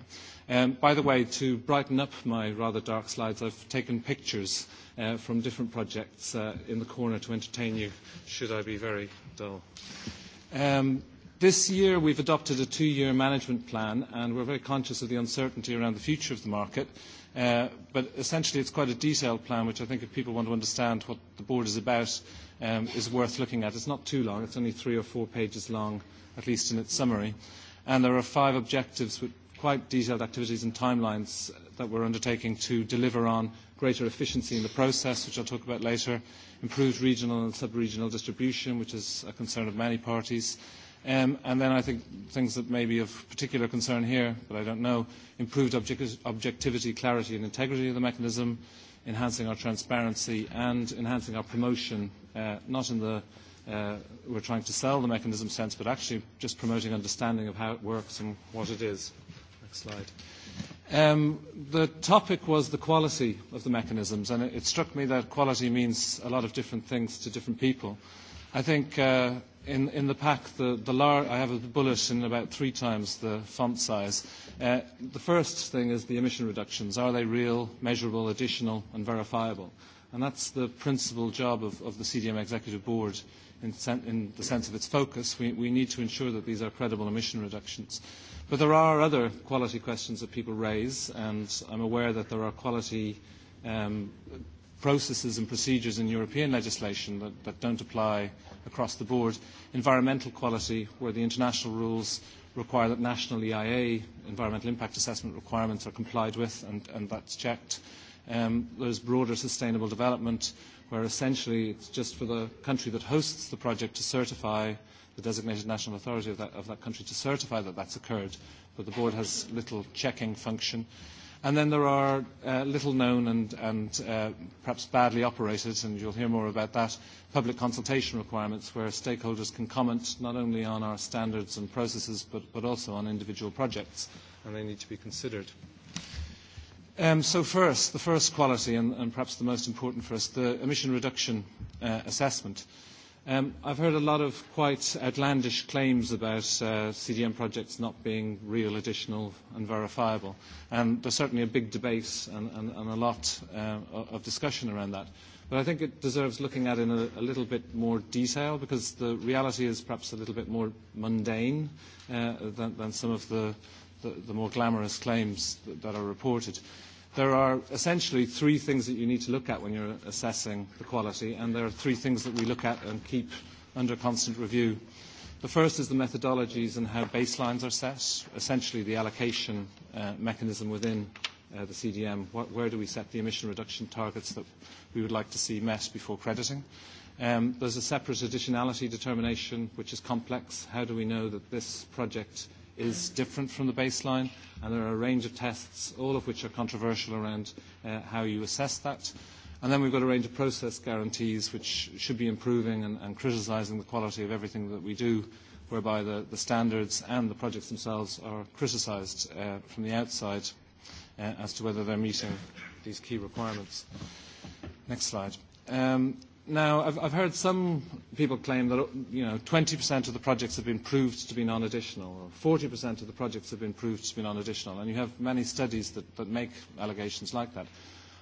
Um, by the way, to brighten up my rather dark slides, I've taken pictures uh, from different projects uh, in the corner to entertain you, should I be very dull. Um, This year, we've adopted a two-year management plan, and we're very conscious of the uncertainty around the future of the market. But essentially, it's quite a detailed plan, which I think if people want to understand what the board is about, is worth looking at. It's not too long. It's only three or four pages long, at least in its summary. And there are five objectives with quite detailed activities and timelines that we're undertaking to deliver on greater efficiency in the process, which I'll talk about later, improved regional and sub-regional distribution, which is a concern of many parties, Um, and then I think things that may be of particular concern here, but I don't know, improved object objectivity, clarity and integrity of the mechanism, enhancing our transparency and enhancing our promotion, uh, not in the uh, we're trying to sell the mechanism sense, but actually just promoting understanding of how it works and what it is. Next slide. Um, the topic was the quality of the mechanisms, and it, it struck me that quality means a lot of different things to different people. I think uh, in, in the pack, the, the lar- I have a bullet in about three times the font size. Uh, the first thing is the emission reductions. Are they real, measurable, additional, and verifiable? And that's the principal job of, of the CDM Executive Board in, sen- in the sense of its focus. We, we need to ensure that these are credible emission reductions. But there are other quality questions that people raise, and I'm aware that there are quality um, processes and procedures in European legislation that, that don't apply across the board. Environmental quality, where the international rules require that national EIA, environmental impact assessment requirements, are complied with, and, and that's checked. Um, there's broader sustainable development, where essentially it's just for the country that hosts the project to certify, the designated national authority of that, of that country to certify that that's occurred, but the board has little checking function. And then there are little known and, and perhaps badly operated, and you'll hear more about that, public consultation requirements where stakeholders can comment not only on our standards and processes but, but also on individual projects, and they need to be considered. Um, so first, the first quality, and, and perhaps the most important for us, the emission reduction uh, assessment. Um, I've heard a lot of quite outlandish claims about uh, CDM projects not being real, additional and verifiable. And there's certainly a big debate and, and, and a lot uh, of discussion around that. But I think it deserves looking at in a, a little bit more detail because the reality is perhaps a little bit more mundane uh, than, than some of the, the, the more glamorous claims that, that are reported. There are essentially three things that you need to look at when you're assessing the quality, and there are three things that we look at and keep under constant review. The first is the methodologies and how baselines are set, essentially the allocation mechanism within the CDM. Where do we set the emission reduction targets that we would like to see met before crediting? There's a separate additionality determination, which is complex. How do we know that this project is different from the baseline, and there are a range of tests, all of which are controversial around how you assess that. And then we've got a range of process guarantees which should be improving and, criticizing criticising the quality of everything that we do, whereby the, standards and the projects themselves are criticised from the outside as to whether they're meeting these key requirements. Next slide. Now, I've, I've heard some people claim that you know, 20% of the projects have been proved to be non-additional, or 40% of the projects have been proved to be non-additional, and you have many studies that, that make allegations like that.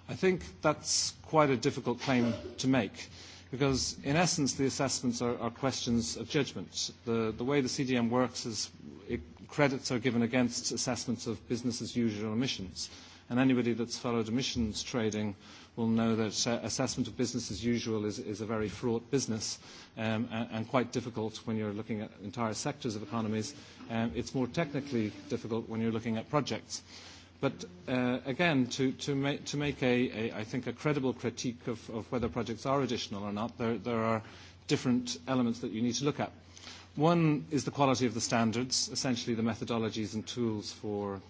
I think that's quite a difficult claim to make, because in essence the assessments are, are questions of judgment. The, the way the CDM works is it, credits are given against assessments of business as usual emissions, and anybody that's followed emissions trading – will know that assessment of business as usual is, a very fraught business and, quite difficult when you're looking at entire sectors of economies. it's more technically difficult when you're looking at projects. But again, to, make, a, I think, a credible critique of, whether projects are additional or not, there, are different elements that you need to look at. One is the quality of the standards, essentially the methodologies and tools for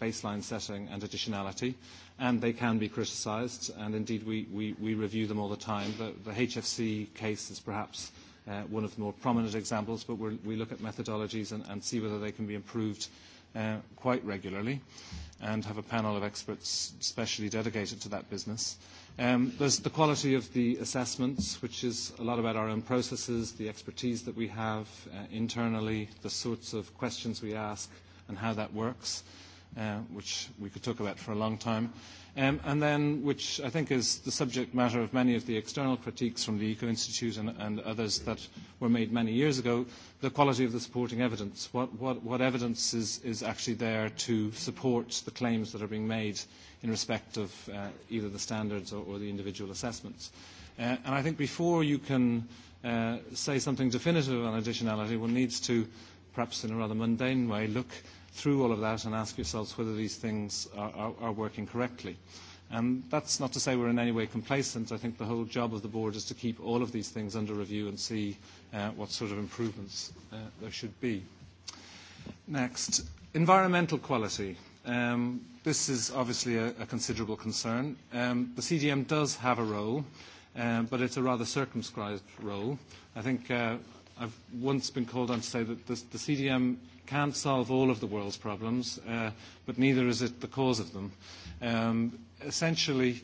baseline setting and additionality and they can be criticised, and indeed we, we, we review them all the time. The, the HFC case is perhaps uh, one of the more prominent examples, but we're, we look at methodologies and, and see whether they can be improved uh, quite regularly and have a panel of experts specially dedicated to that business. Um, there's the quality of the assessments, which is a lot about our own processes, the expertise that we have uh, internally, the sorts of questions we ask, and how that works which we could talk about for a long time, and then which I think is the subject matter of many of the external critiques from the Eco Institute and, and others that were made many years ago, the quality of the supporting evidence. What, what, what evidence is, is actually there to support the claims that are being made in respect of uh, either the standards or, or the individual assessments? Uh, and I think before you can uh, say something definitive on additionality, one needs to, perhaps in a rather mundane way, look through all of that and ask yourselves whether these things are, are, are working correctly. And that's not to say we're in any way complacent. I think the whole job of the board is to keep all of these things under review and see uh, what sort of improvements uh, there should be. Next, environmental quality. Um, this is obviously a, a considerable concern. Um, the CDM does have a role, um, but it's a rather circumscribed role. I think uh, I've once been called on to say that the, the CDM can't solve all of the world's problems, uh, but neither is it the cause of them. Um, essentially,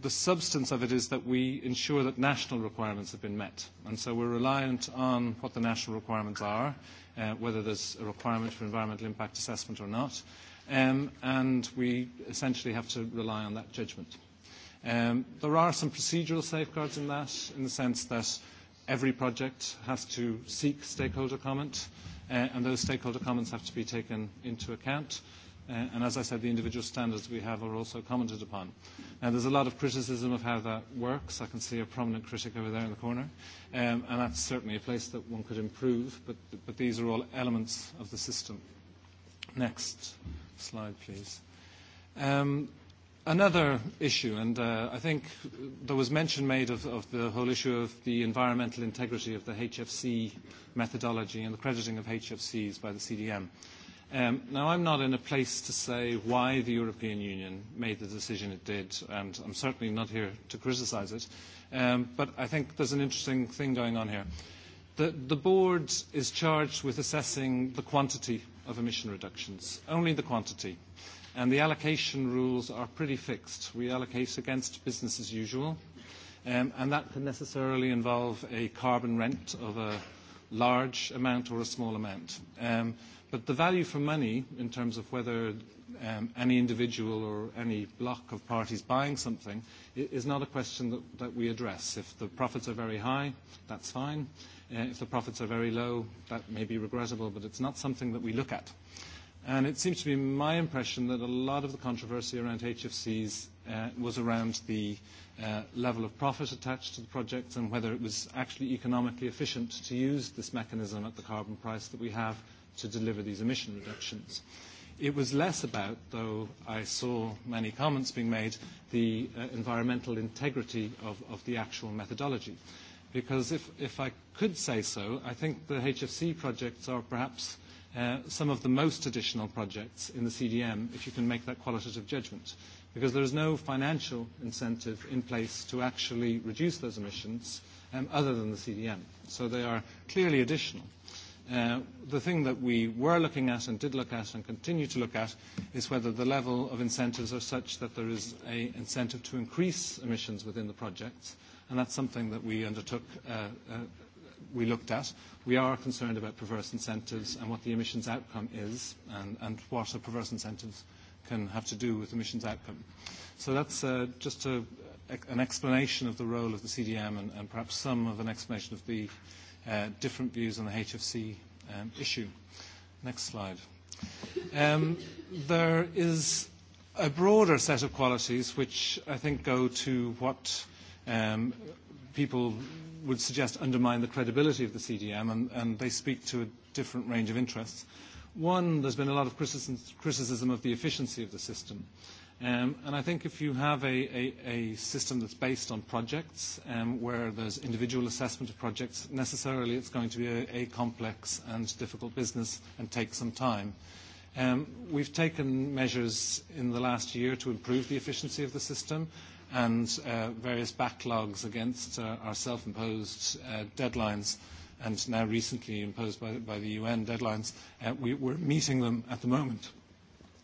the substance of it is that we ensure that national requirements have been met. And so we're reliant on what the national requirements are, uh, whether there's a requirement for environmental impact assessment or not. Um, and we essentially have to rely on that judgment. Um, there are some procedural safeguards in that, in the sense that every project has to seek stakeholder comment, and those stakeholder comments have to be taken into account. And as I said, the individual standards we have are also commented upon. Now, there's a lot of criticism of how that works. I can see a prominent critic over there in the corner. and that's certainly a place that one could improve, but, but these are all elements of the system. Next slide, please. Another issue, and uh, I think there was mention made of, of the whole issue of the environmental integrity of the HFC methodology and the crediting of HFCs by the CDM. Um, now, I'm not in a place to say why the European Union made the decision it did, and I'm certainly not here to criticise it, um, but I think there's an interesting thing going on here. The, the board is charged with assessing the quantity of emission reductions, only the quantity and the allocation rules are pretty fixed. We allocate against business as usual, and that can necessarily involve a carbon rent of a large amount or a small amount. But the value for money, in terms of whether any individual or any block of parties buying something, is not a question that we address. If the profits are very high, that's fine. If the profits are very low, that may be regrettable, but it's not something that we look at. And it seems to be my impression that a lot of the controversy around HFCs uh, was around the uh, level of profit attached to the projects and whether it was actually economically efficient to use this mechanism at the carbon price that we have to deliver these emission reductions. It was less about, though I saw many comments being made, the uh, environmental integrity of, of the actual methodology. Because if, if I could say so, I think the HFC projects are perhaps some of the most additional projects in the CDM if you can make that qualitative judgment. Because there is no financial incentive in place to actually reduce those emissions um, other than the CDM. So they are clearly additional. Uh, the thing that we were looking at and did look at and continue to look at is whether the level of incentives are such that there is an incentive to increase emissions within the project. And that's something that we undertook uh, uh, we looked at. We are concerned about perverse incentives and what the emissions outcome is and, and what a perverse incentive can have to do with emissions outcome. So that's uh, just an explanation of the role of the CDM and, and perhaps some of an explanation of the uh, different views on the HFC um, issue. Next slide. Um, there is a broader set of qualities which I think go to what um, people would suggest undermine the credibility of the CDM, and, and they speak to a different range of interests. One, there's been a lot of criticism of the efficiency of the system. Um, and I think if you have a, a, a system that's based on projects, um, where there's individual assessment of projects, necessarily it's going to be a, a complex and difficult business and take some time. Um, we've taken measures in the last year to improve the efficiency of the system and various backlogs against our self-imposed deadlines, and now recently imposed by the UN deadlines. We're meeting them at the moment,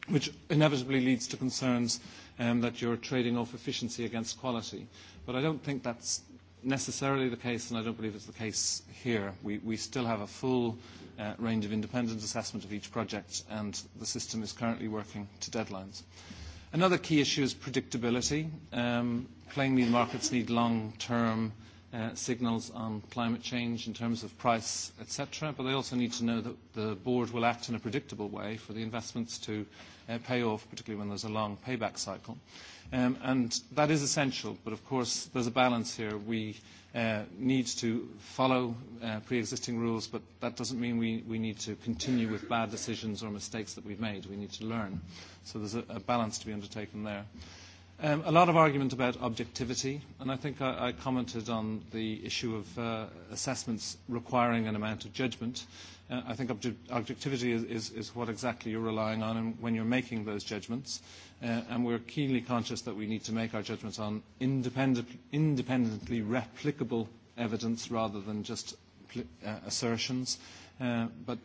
which inevitably leads to concerns that you're trading off efficiency against quality. But I don't think that's necessarily the case, and I don't believe it's the case here. We, still have a full range of independent assessment of each project, and the system is currently working to deadlines. Another key issue is predictability. Plainly, the markets need long-term signals on climate change in terms of price, et cetera, but they also need to know that the board will act in a predictable way for the investments to pay off, particularly when there's a long payback cycle. And that is essential, but of course, there's a balance here. We need to follow pre-existing rules, but that doesn't mean we need to continue with bad decisions or mistakes that we've made. We need to learn. So there's a balance to be undertaken there a lot of argument about objectivity, and I think I, I commented on the issue of assessments requiring an amount of judgment. I think objectivity is, what exactly you're relying on and when you're making those judgments, and we're keenly conscious that we need to make our judgments on independently replicable evidence rather than just uh, assertions. but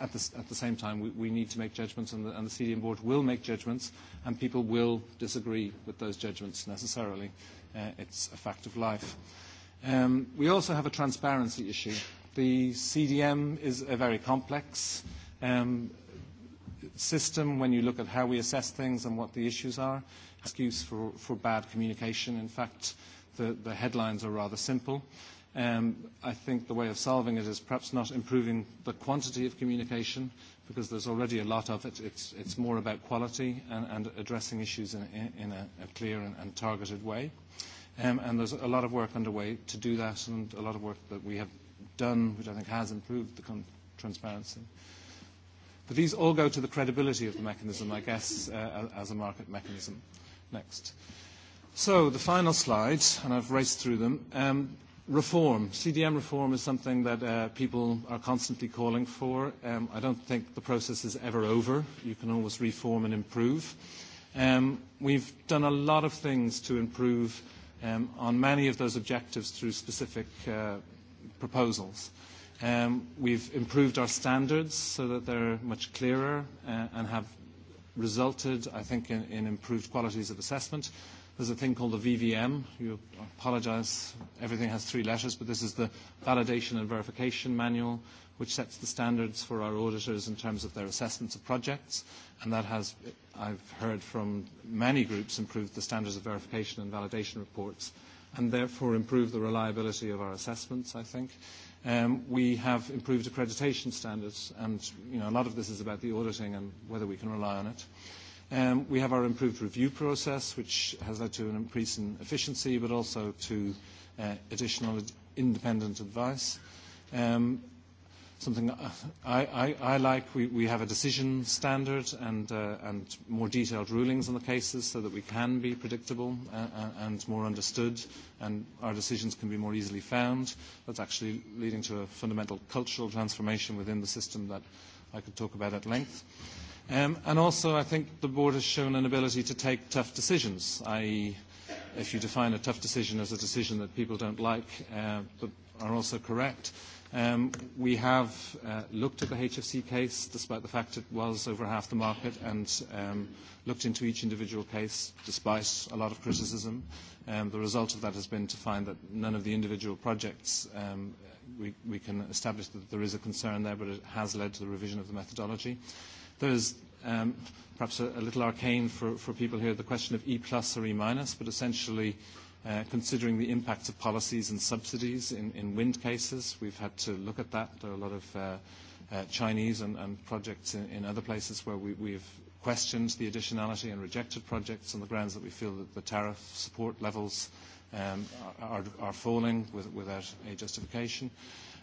at the, at the same time, we, we need to make judgments, and the, and the CDM board will make judgments, and people will disagree with those judgments necessarily. it's a fact of life. we also have a transparency issue. The CDM is a very complex system when you look at how we assess things and what the issues are. Excuse for, for bad communication. In fact, the, the headlines are rather simple. Um, I think the way of solving it is perhaps not improving the quantity of communication, because there's already a lot of it. It's, it's more about quality and, and addressing issues in, in, in a, a clear and, and targeted way. Um, and there's a lot of work underway to do that, and a lot of work that we have done, which I think has improved the con- transparency. But these all go to the credibility of the mechanism, I guess, uh, as a market mechanism. Next. So the final slide, and I've raced through them. Um, reform, CDM reform is something that uh, people are constantly calling for. Um, I don't think the process is ever over. You can always reform and improve. Um, we've done a lot of things to improve um, on many of those objectives through specific uh, proposals. Um, we've improved our standards so that they're much clearer uh, and have resulted, I think, in, in improved qualities of assessment. There's a thing called the VVM. You apologize, everything has three letters, but this is the Validation and Verification Manual, which sets the standards for our auditors in terms of their assessments of projects. And that has, I've heard from many groups, improved the standards of verification and validation reports and therefore improved the reliability of our assessments, I think. we have improved accreditation standards, and you know, a lot of this is about the auditing and whether we can rely on it. We have our improved review process, which has led to an increase in efficiency, but also to additional independent advice. Something I like, we have a decision standard and more detailed rulings on the cases so that we can be predictable and more understood, and our decisions can be more easily found. That's actually leading to a fundamental cultural transformation within the system that I could talk about at length and also, I think the board has shown an ability to take tough decisions, i.e., if you define a tough decision as a decision that people don't like uh, but are also correct. Um, we have uh, looked at the HFC case, despite the fact it was over half the market, and um, looked into each individual case, despite a lot of criticism. Um, the result of that has been to find that none of the individual projects um, we, we can establish that there is a concern there, but it has led to the revision of the methodology. There's perhaps a, a little arcane for, for people here, the question of E plus or E minus, but essentially considering the impact of policies and subsidies in, wind cases, we've had to look at that. There are a lot of Chinese and, projects in, other places where we, we've questioned the additionality and rejected projects on the grounds that we feel that the tariff support levels are, are falling without a justification.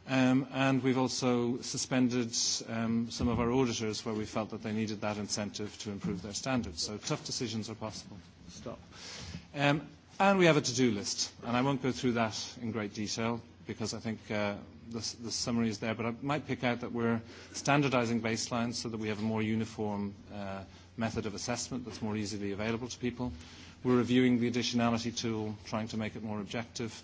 And we've also suspended some of our auditors where we felt that they needed that incentive to improve their standards. So tough decisions are possible. Stop. And we have a to-do list, and I won't go through that in great detail because I think the summary is there, but I might pick out that we're standardizing baselines so that we have a more uniform method of assessment that's more easily available to people. We're reviewing the additionality tool, trying to make it more objective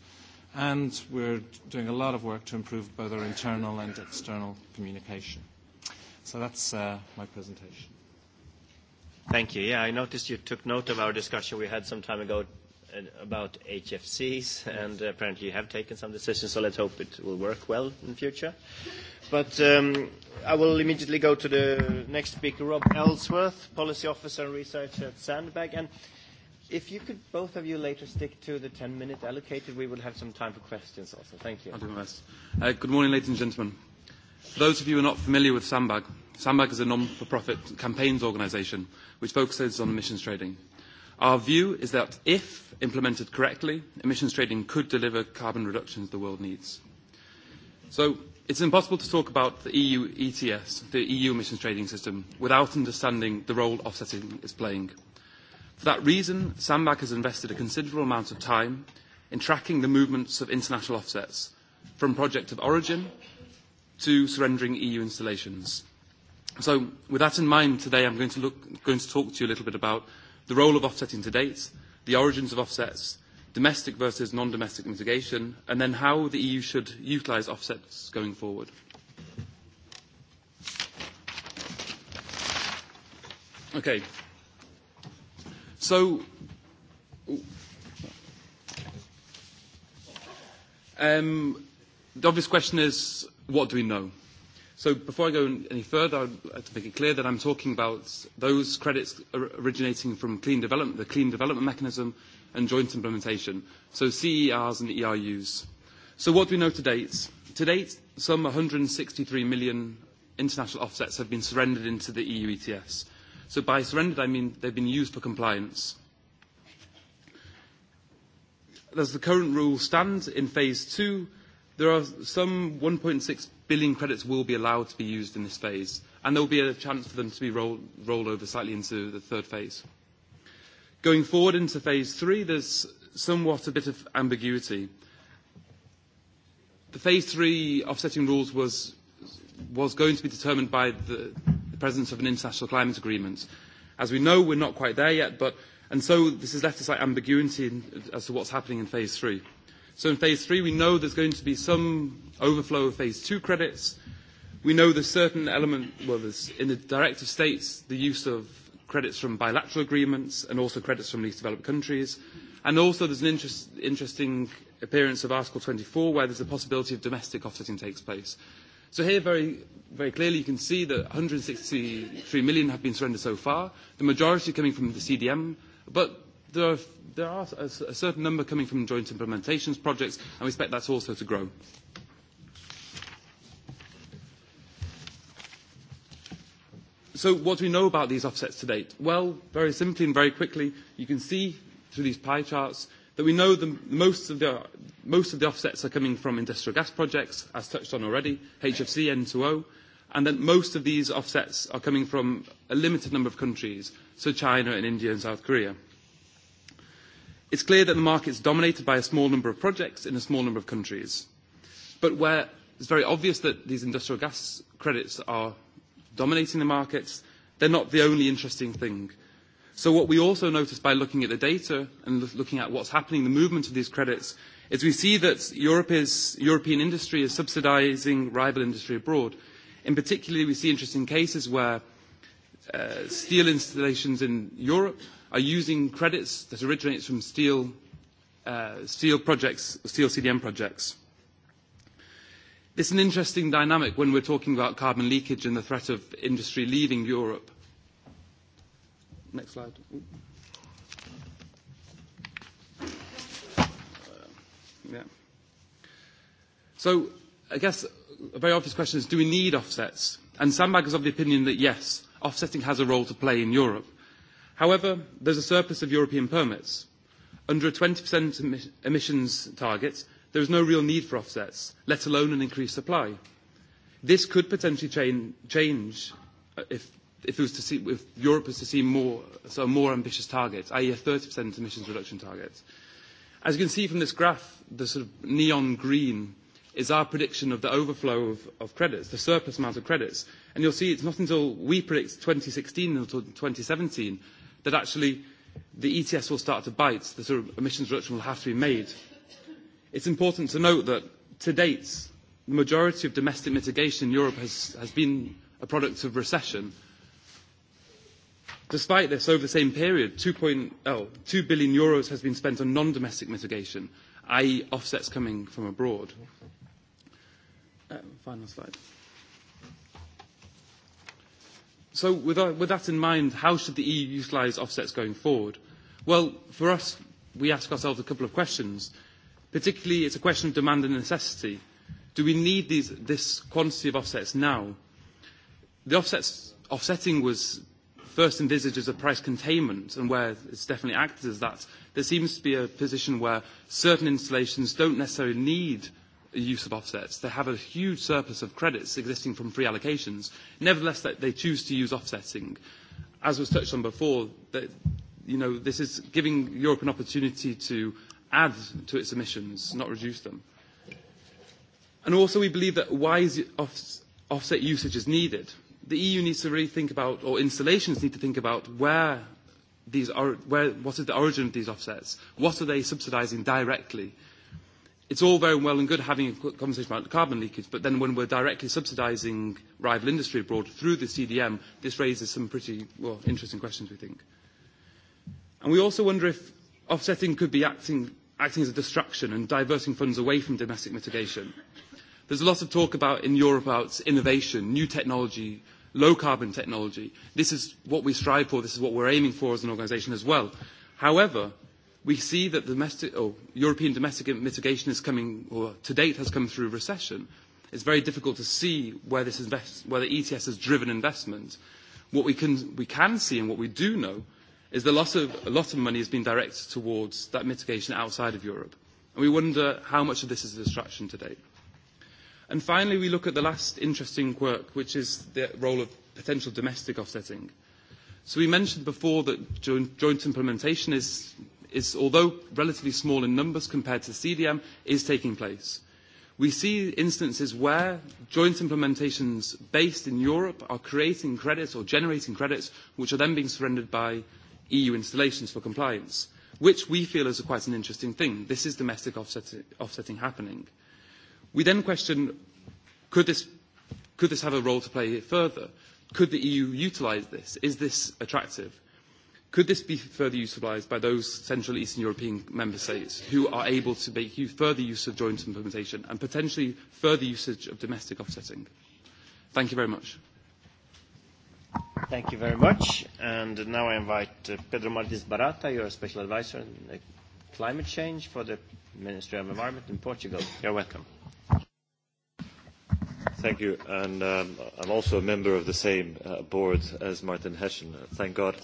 and we're doing a lot of work to improve both our internal and external communication. So that's uh, my presentation. Thank you. Yeah, I noticed you took note of our discussion we had some time ago about HFCs, and apparently you have taken some decisions, so let's hope it will work well in the future. But um, I will immediately go to the next speaker, Rob Ellsworth, Policy Officer and Researcher at Sandbag. And if you could both of you later stick to the 10 minutes allocated, we will have some time for questions also. Thank you. I'll do my best. good morning, ladies and gentlemen. For those of you who are not familiar with Sandbag, Sandbag is a non-for-profit campaigns organisation which focuses on emissions trading. Our view is that if implemented correctly, emissions trading could deliver carbon reductions the world needs. So it's impossible to talk about the EU ETS, the EU emissions trading system, without understanding the role offsetting is playing For that reason, SAMBAC has invested a considerable amount of time in tracking the movements of international offsets from project of origin to surrendering EU installations. So with that in mind, today I'm going to, look, going to talk to you a little bit about the role of offsetting to date, the origins of offsets, domestic versus non-domestic mitigation, and then how the EU should utilise offsets going forward. Okay, So, um, the obvious question is, what do we know? So before I go any further, I'd like to make it clear that I'm talking about those credits originating from clean development, the clean development mechanism, and joint implementation, so CERs and ERUs. So what do we know to date? To date, some 163 million international offsets have been surrendered into the EU ETS, So by surrendered, I mean they've been used for compliance. As the current rule stands in phase two, there are some 1.6 billion credits will be allowed to be used in this phase, and there will be a chance for them to be rolled over slightly into the third phase. Going forward into phase three, there's somewhat a bit of ambiguity. The phase three offsetting rules was was going to be determined by the presence of an international climate agreement. As we know, we're not quite there yet, but, and so this has left a slight ambiguity in, as to what's happening in phase three. So in phase three, we know there's going to be some overflow of phase two credits. We know there's certain element, well, there's, in the directive states, the use of credits from bilateral agreements and also credits from least developed countries. And also there's an interest, interesting appearance of Article 24 where there's a possibility of domestic offsetting takes place. So here, very, very clearly, you can see that 163 million have been surrendered so far, the majority coming from the CDM, but there are, there are a, a certain number coming from joint implementations projects, and we expect that also to grow. So what do we know about these offsets to date? Well, very simply and very quickly, you can see through these pie charts that we know the, most, of the, most of the offsets are coming from industrial gas projects, as touched on already, HFC, N2O, and that most of these offsets are coming from a limited number of countries, so China and India and South Korea. It's clear that the market is dominated by a small number of projects in a small number of countries. But where it's very obvious that these industrial gas credits are dominating the markets, they're not the only interesting thing. So what we also notice by looking at the data and looking at what's happening, the movement of these credits, is we see that Europe is, European industry is subsidising rival industry abroad. In particular, we see interesting cases where uh, steel installations in Europe are using credits that originate from steel, uh, steel projects, steel CDM projects. It's an interesting dynamic when we're talking about carbon leakage and the threat of industry leaving Europe Next slide. Yeah. So I guess a very obvious question is, do we need offsets? And Sandbag is of the opinion that yes, offsetting has a role to play in Europe. However, there's a surplus of European permits. Under a 20% emissions target, there is no real need for offsets, let alone an increased supply. This could potentially change if if, it was to see, if Europe was to see more, sort of more ambitious targets, i.e. a 30% emissions reduction target. As you can see from this graph, the sort of neon green is our prediction of the overflow of, of credits, the surplus amount of credits. And you'll see it's not until we predict 2016 until 2017 that actually the ETS will start to bite, the sort of emissions reduction will have to be made. It's important to note that to date, the majority of domestic mitigation in Europe has, has been a product of recession Despite this, over the same period, 2, two billion euros has been spent on non-domestic mitigation, i.e. offsets coming from abroad. final slide. So with, that in mind, how should the EU utilise offsets going forward? Well, for us, we ask ourselves a couple of questions. Particularly, it's a question of demand and necessity. Do we need these, this quantity of offsets now? The offsetting was first envisaged as a price containment and where it's definitely acted as that, there seems to be a position where certain installations don't necessarily need use of offsets. They have a huge surplus of credits existing from free allocations. Nevertheless, they choose to use offsetting. As was touched on before, that, you know, this is giving Europe an opportunity to add to its emissions, not reduce them. And also we believe that wise offset usage is needed the EU needs to really think about, or installations need to think about where these are, where, what is the origin of these offsets? What are they subsidising directly? It's all very well and good having a conversation about carbon leakage, but then when we're directly subsidising rival industry abroad through the CDM, this raises some pretty well, interesting questions, we think. And we also wonder if offsetting could be acting, acting as a distraction and diverting funds away from domestic mitigation. There's a lot of talk about in Europe about innovation, new technology, low carbon technology. This is what we strive for, this is what we're aiming for as an organisation as well. However, we see that domestic, or European domestic mitigation is coming, or to date has come through recession. It's very difficult to see where, this invest, where the ETS has driven investment. What we can, we can see and what we do know is that of, a lot of money has been directed towards that mitigation outside of Europe. And we wonder how much of this is a distraction to date. And finally, we look at the last interesting quirk, which is the role of potential domestic offsetting. So we mentioned before that joint implementation is, is, although relatively small in numbers compared to CDM, is taking place. We see instances where joint implementations based in Europe are creating credits or generating credits which are then being surrendered by EU installations for compliance, which we feel is quite an interesting thing. This is domestic offsetting happening. We then question, could this, could this have a role to play here further? Could the EU utilise this? Is this attractive? Could this be further utilised by those Central Eastern European member states who are able to make further use of joint implementation and potentially further usage of domestic offsetting? Thank you very much. Thank you very much. And now I invite Pedro Martins Barata, your special advisor on climate change for the Ministry of Environment in Portugal. You're welcome. Thank you. And um, I'm also a member of the same uh, board as Martin Hessian. Thank God.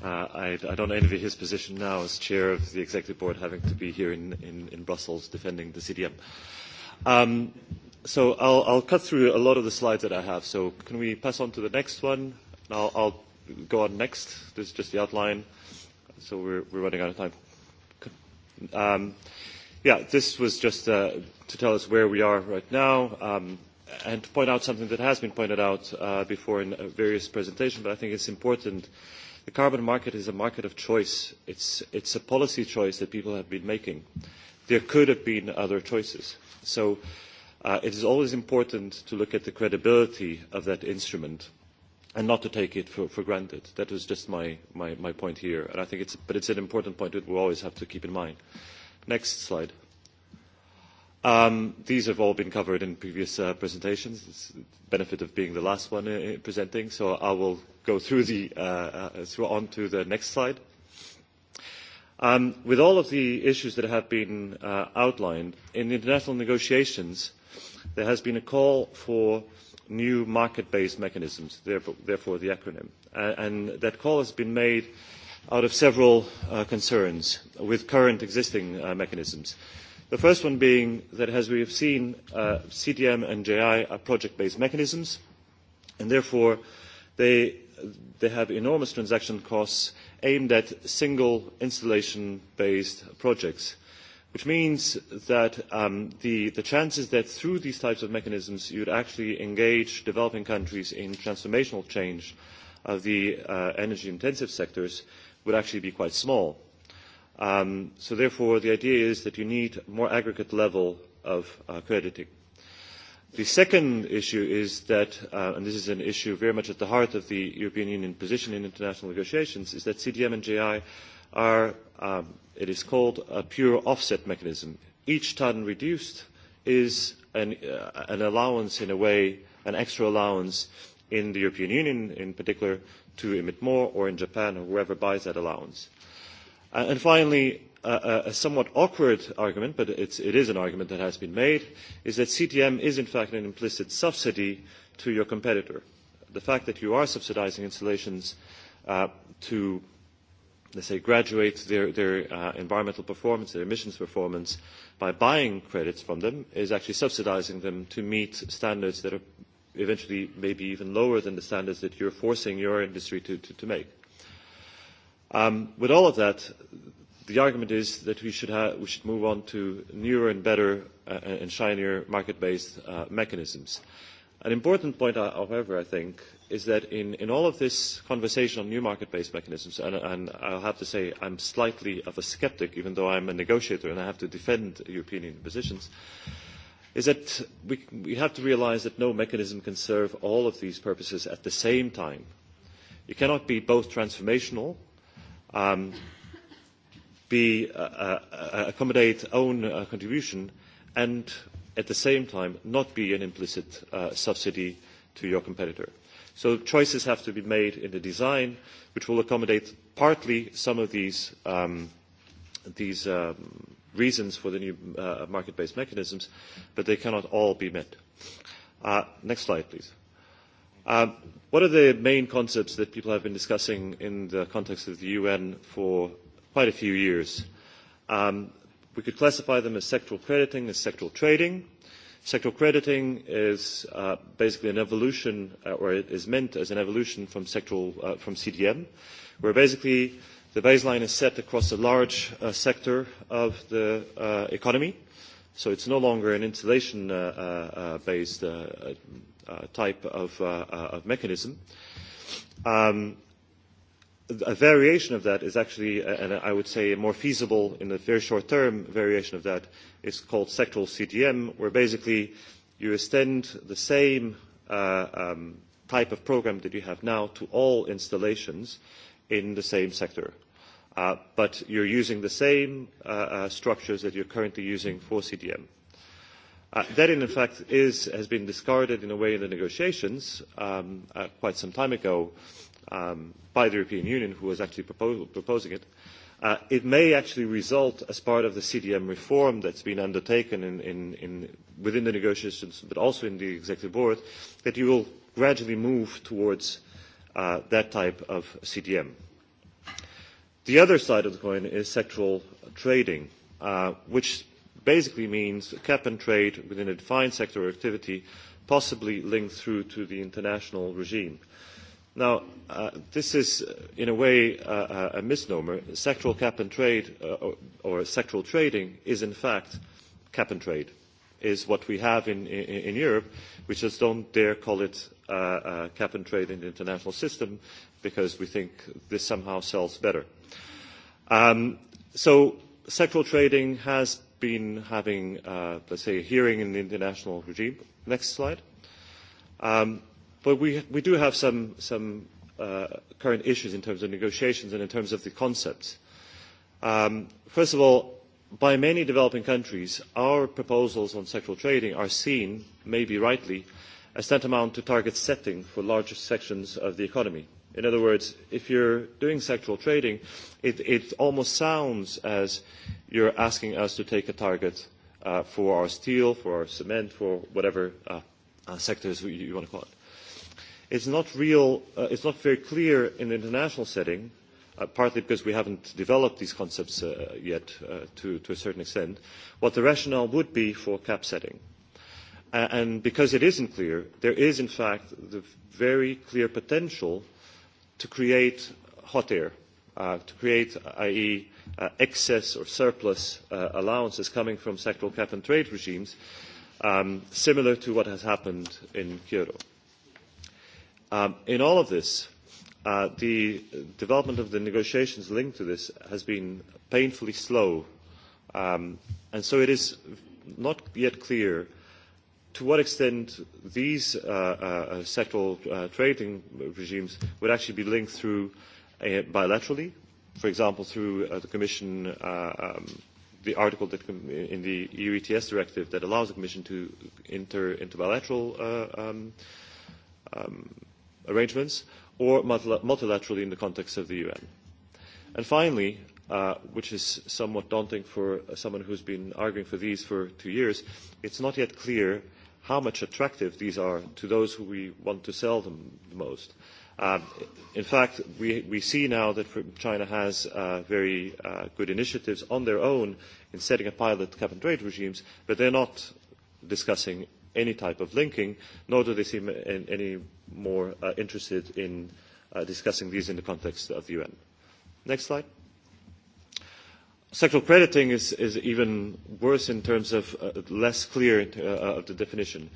Uh, I, I don't envy his position now as chair of the executive board, having to be here in, in, in Brussels defending the CDM. Um, so I'll, I'll cut through a lot of the slides that I have. So can we pass on to the next one? I'll, I'll go on next. This is just the outline. So we're, we're running out of time. Um, yeah, this was just uh, to tell us where we are right now. Um, and to point out something that has been pointed out uh, before in various presentations, but I think it's important. The carbon market is a market of choice. It's, it's a policy choice that people have been making. There could have been other choices. So uh, it is always important to look at the credibility of that instrument and not to take it for, for granted. That was just my, my, my point here. And I think it's, but it's an important point that we always have to keep in mind. Next slide Um, these have all been covered in previous uh, presentations. It's the benefit of being the last one uh, presenting, so I will go through the uh, uh, through on to the next slide. Um, with all of the issues that have been uh, outlined in international negotiations, there has been a call for new market-based mechanisms, therefore, therefore the acronym, and that call has been made out of several uh, concerns with current existing uh, mechanisms The first one being that, as we have seen, CDM and JI are project-based mechanisms, and therefore they, they have enormous transaction costs aimed at single installation-based projects, which means that the, the chances that through these types of mechanisms you would actually engage developing countries in transformational change of the energy-intensive sectors would actually be quite small Um, so therefore, the idea is that you need more aggregate level of uh, crediting. The second issue is that, uh, and this is an issue very much at the heart of the European Union position in international negotiations, is that CDM and JI are, um, it is called a pure offset mechanism. Each ton reduced is an, uh, an allowance in a way, an extra allowance in the European Union in particular to emit more or in Japan or whoever buys that allowance and finally, a somewhat awkward argument, but it is an argument that has been made, is that CTM is in fact an implicit subsidy to your competitor. The fact that you are subsidizing installations to, let's say, graduate their, environmental performance, their emissions performance, by buying credits from them is actually subsidizing them to meet standards that are eventually maybe even lower than the standards that you're forcing your industry to make. Um, with all of that, the argument is that we should, ha- we should move on to newer and better uh, and shinier market-based uh, mechanisms. An important point, however, I think, is that in, in all of this conversation on new market-based mechanisms, and, and I'll have to say I'm slightly of a skeptic, even though I'm a negotiator and I have to defend European Union positions, is that we, we have to realise that no mechanism can serve all of these purposes at the same time. It cannot be both transformational um, be, uh, accommodate own uh, contribution and at the same time not be an implicit uh, subsidy to your competitor. So choices have to be made in the design, which will accommodate partly some of these, um, these um, reasons for the new uh, market-based mechanisms, but they cannot all be met. Uh, next slide, please. What are the main concepts that people have been discussing in the context of the UN for quite a few years? Um, we could classify them as sectoral crediting, as sectoral trading. Sectoral crediting is uh, basically an evolution, uh, or it is meant as an evolution from sectoral uh, from CDM, where basically the baseline is set across a large uh, sector of the uh, economy. So it's no longer an insulation-based uh, uh, uh, type of, uh of mechanism. Um, a variation of that is actually, and I would say a more feasible in the very short term variation of that, is called sectoral CDM, where basically you extend the same uh, um, type of program that you have now to all installations in the same sector. Uh, but you're using the same uh, uh, structures that you're currently using for CDM that, in fact, is, has been discarded in a way in the negotiations um, uh, quite some time ago um, by the European Union, who was actually propo- proposing it. Uh, it may actually result as part of the CDM reform that's been undertaken in, in, in, within the negotiations, but also in the executive board, that you will gradually move towards uh, that type of CDM. The other side of the coin is sectoral trading, uh, which basically means a cap and trade within a defined sector of activity, possibly linked through to the international regime. Now, this is in a way a misnomer. Sectoral cap and trade or, sectoral trading is in fact cap and trade, is what we have in, in, Europe. We just don't dare call it cap and trade in the international system because we think this somehow sells better. so sectoral trading has been having, uh, let's say, a hearing in the international regime. Next slide. Um, but we, we do have some, some uh, current issues in terms of negotiations and in terms of the concepts. Um, first of all, by many developing countries, our proposals on sexual trading are seen, maybe rightly, as tantamount to target setting for larger sections of the economy In other words, if you're doing sectoral trading, it, it almost sounds as you're asking us to take a target uh, for our steel, for our cement, for whatever uh, uh, sectors you, you want to call it. It's not real, uh, it's not very clear in the international setting, uh, partly because we haven't developed these concepts uh, yet uh, to, to a certain extent, what the rationale would be for cap setting. And because it isn't clear, there is in fact the very clear potential to create hot air, uh, to create, i.e., uh, excess or surplus uh, allowances coming from sectoral cap and trade regimes, um, similar to what has happened in Kyoto. Um, in all of this, uh, the development of the negotiations linked to this has been painfully slow, um, and so it is not yet clear to what extent these uh, uh, sectoral uh, trading regimes would actually be linked through uh, bilaterally, for example, through uh, the Commission, uh, um, the article that in the EU ETS directive that allows the Commission to enter into bilateral uh, um, um, arrangements, or multilaterally in the context of the UN. And finally, uh, which is somewhat daunting for someone who's been arguing for these for two years, it's not yet clear how much attractive these are to those who we want to sell them the most. in fact, we, we see now that China has uh, very uh, good initiatives on their own in setting up pilot cap and trade regimes, but they're not discussing any type of linking, nor do they seem any more uh, interested in uh, discussing these in the context of the UN. Next slide. Sexual crediting is, is even worse in terms of uh, less clear uh, of the definition.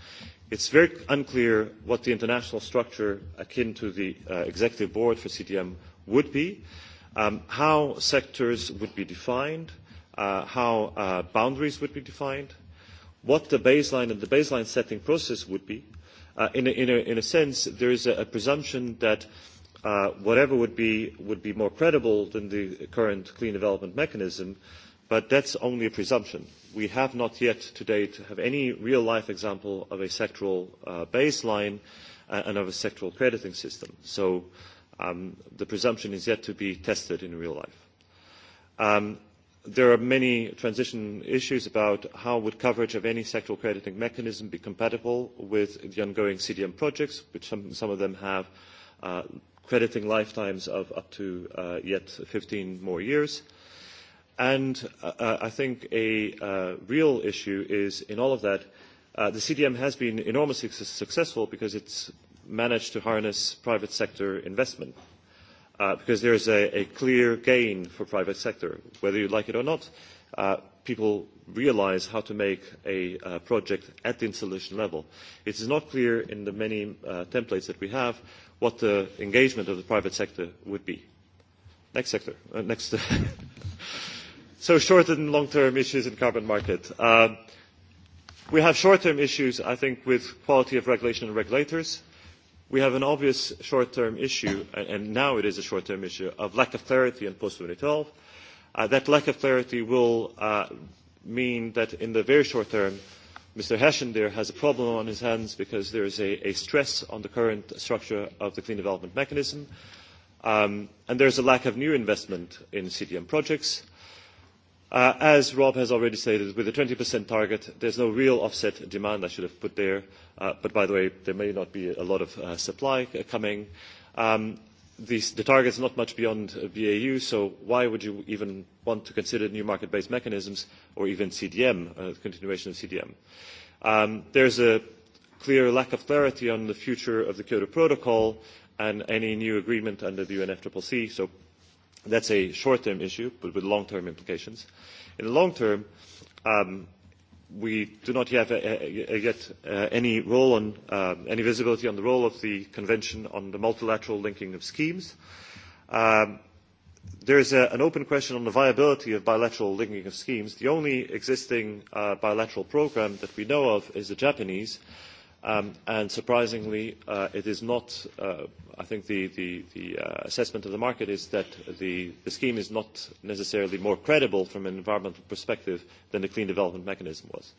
It's very unclear what the international structure akin to the uh, executive board for CTM would be, um, how sectors would be defined, uh, how uh, boundaries would be defined, what the baseline and the baseline setting process would be. Uh, in, a, in, a, in a sense, there is a, a presumption that uh, whatever would be, would be more credible than the current clean development mechanism, but that's only a presumption. We have not yet to date have any real-life example of a sectoral uh, baseline and of a sectoral crediting system. So um, the presumption is yet to be tested in real life. Um, there are many transition issues about how would coverage of any sectoral crediting mechanism be compatible with the ongoing CDM projects, which some, some of them have uh, crediting lifetimes of up to uh, yet 15 more years. And uh, I think a uh, real issue is in all of that, uh, the CDM has been enormously su- successful because it's managed to harness private sector investment. Uh, because there is a, a clear gain for private sector, whether you like it or not. Uh, people realise how to make a uh, project at the installation level. It is not clear in the many uh, templates that we have what the engagement of the private sector would be. Next sector. Uh, next. so short and long-term issues in carbon market. Um, we have short-term issues, I think, with quality of regulation and regulators. We have an obvious short-term issue, and now it is a short-term issue, of lack of clarity in post-2012. Uh, that lack of clarity will uh, mean that in the very short term, Mr. Heshen there has a problem on his hands because there is a, a stress on the current structure of the clean development mechanism, um, and there is a lack of new investment in CDM projects. Uh, as Rob has already stated, with a 20% target, there's no real offset demand I should have put there, uh, but by the way, there may not be a lot of uh, supply coming. Um, these, the is not much beyond BAU, so why would you even want to consider new market-based mechanisms or even CDM, uh, continuation of CDM? Um, there's a clear lack of clarity on the future of the Kyoto Protocol and any new agreement under the UNFCCC, so that's a short-term issue, but with long-term implications. In the long term, um, we do not have yet any role on any visibility on the role of the convention on the multilateral linking of schemes. there is an open question on the viability of bilateral linking of schemes. The only existing bilateral programme that we know of is the Japanese, uh, and surprisingly, it is not, I think the, the, the assessment of the market is that the, the scheme is not necessarily more credible from an environmental perspective than the clean development mechanism was.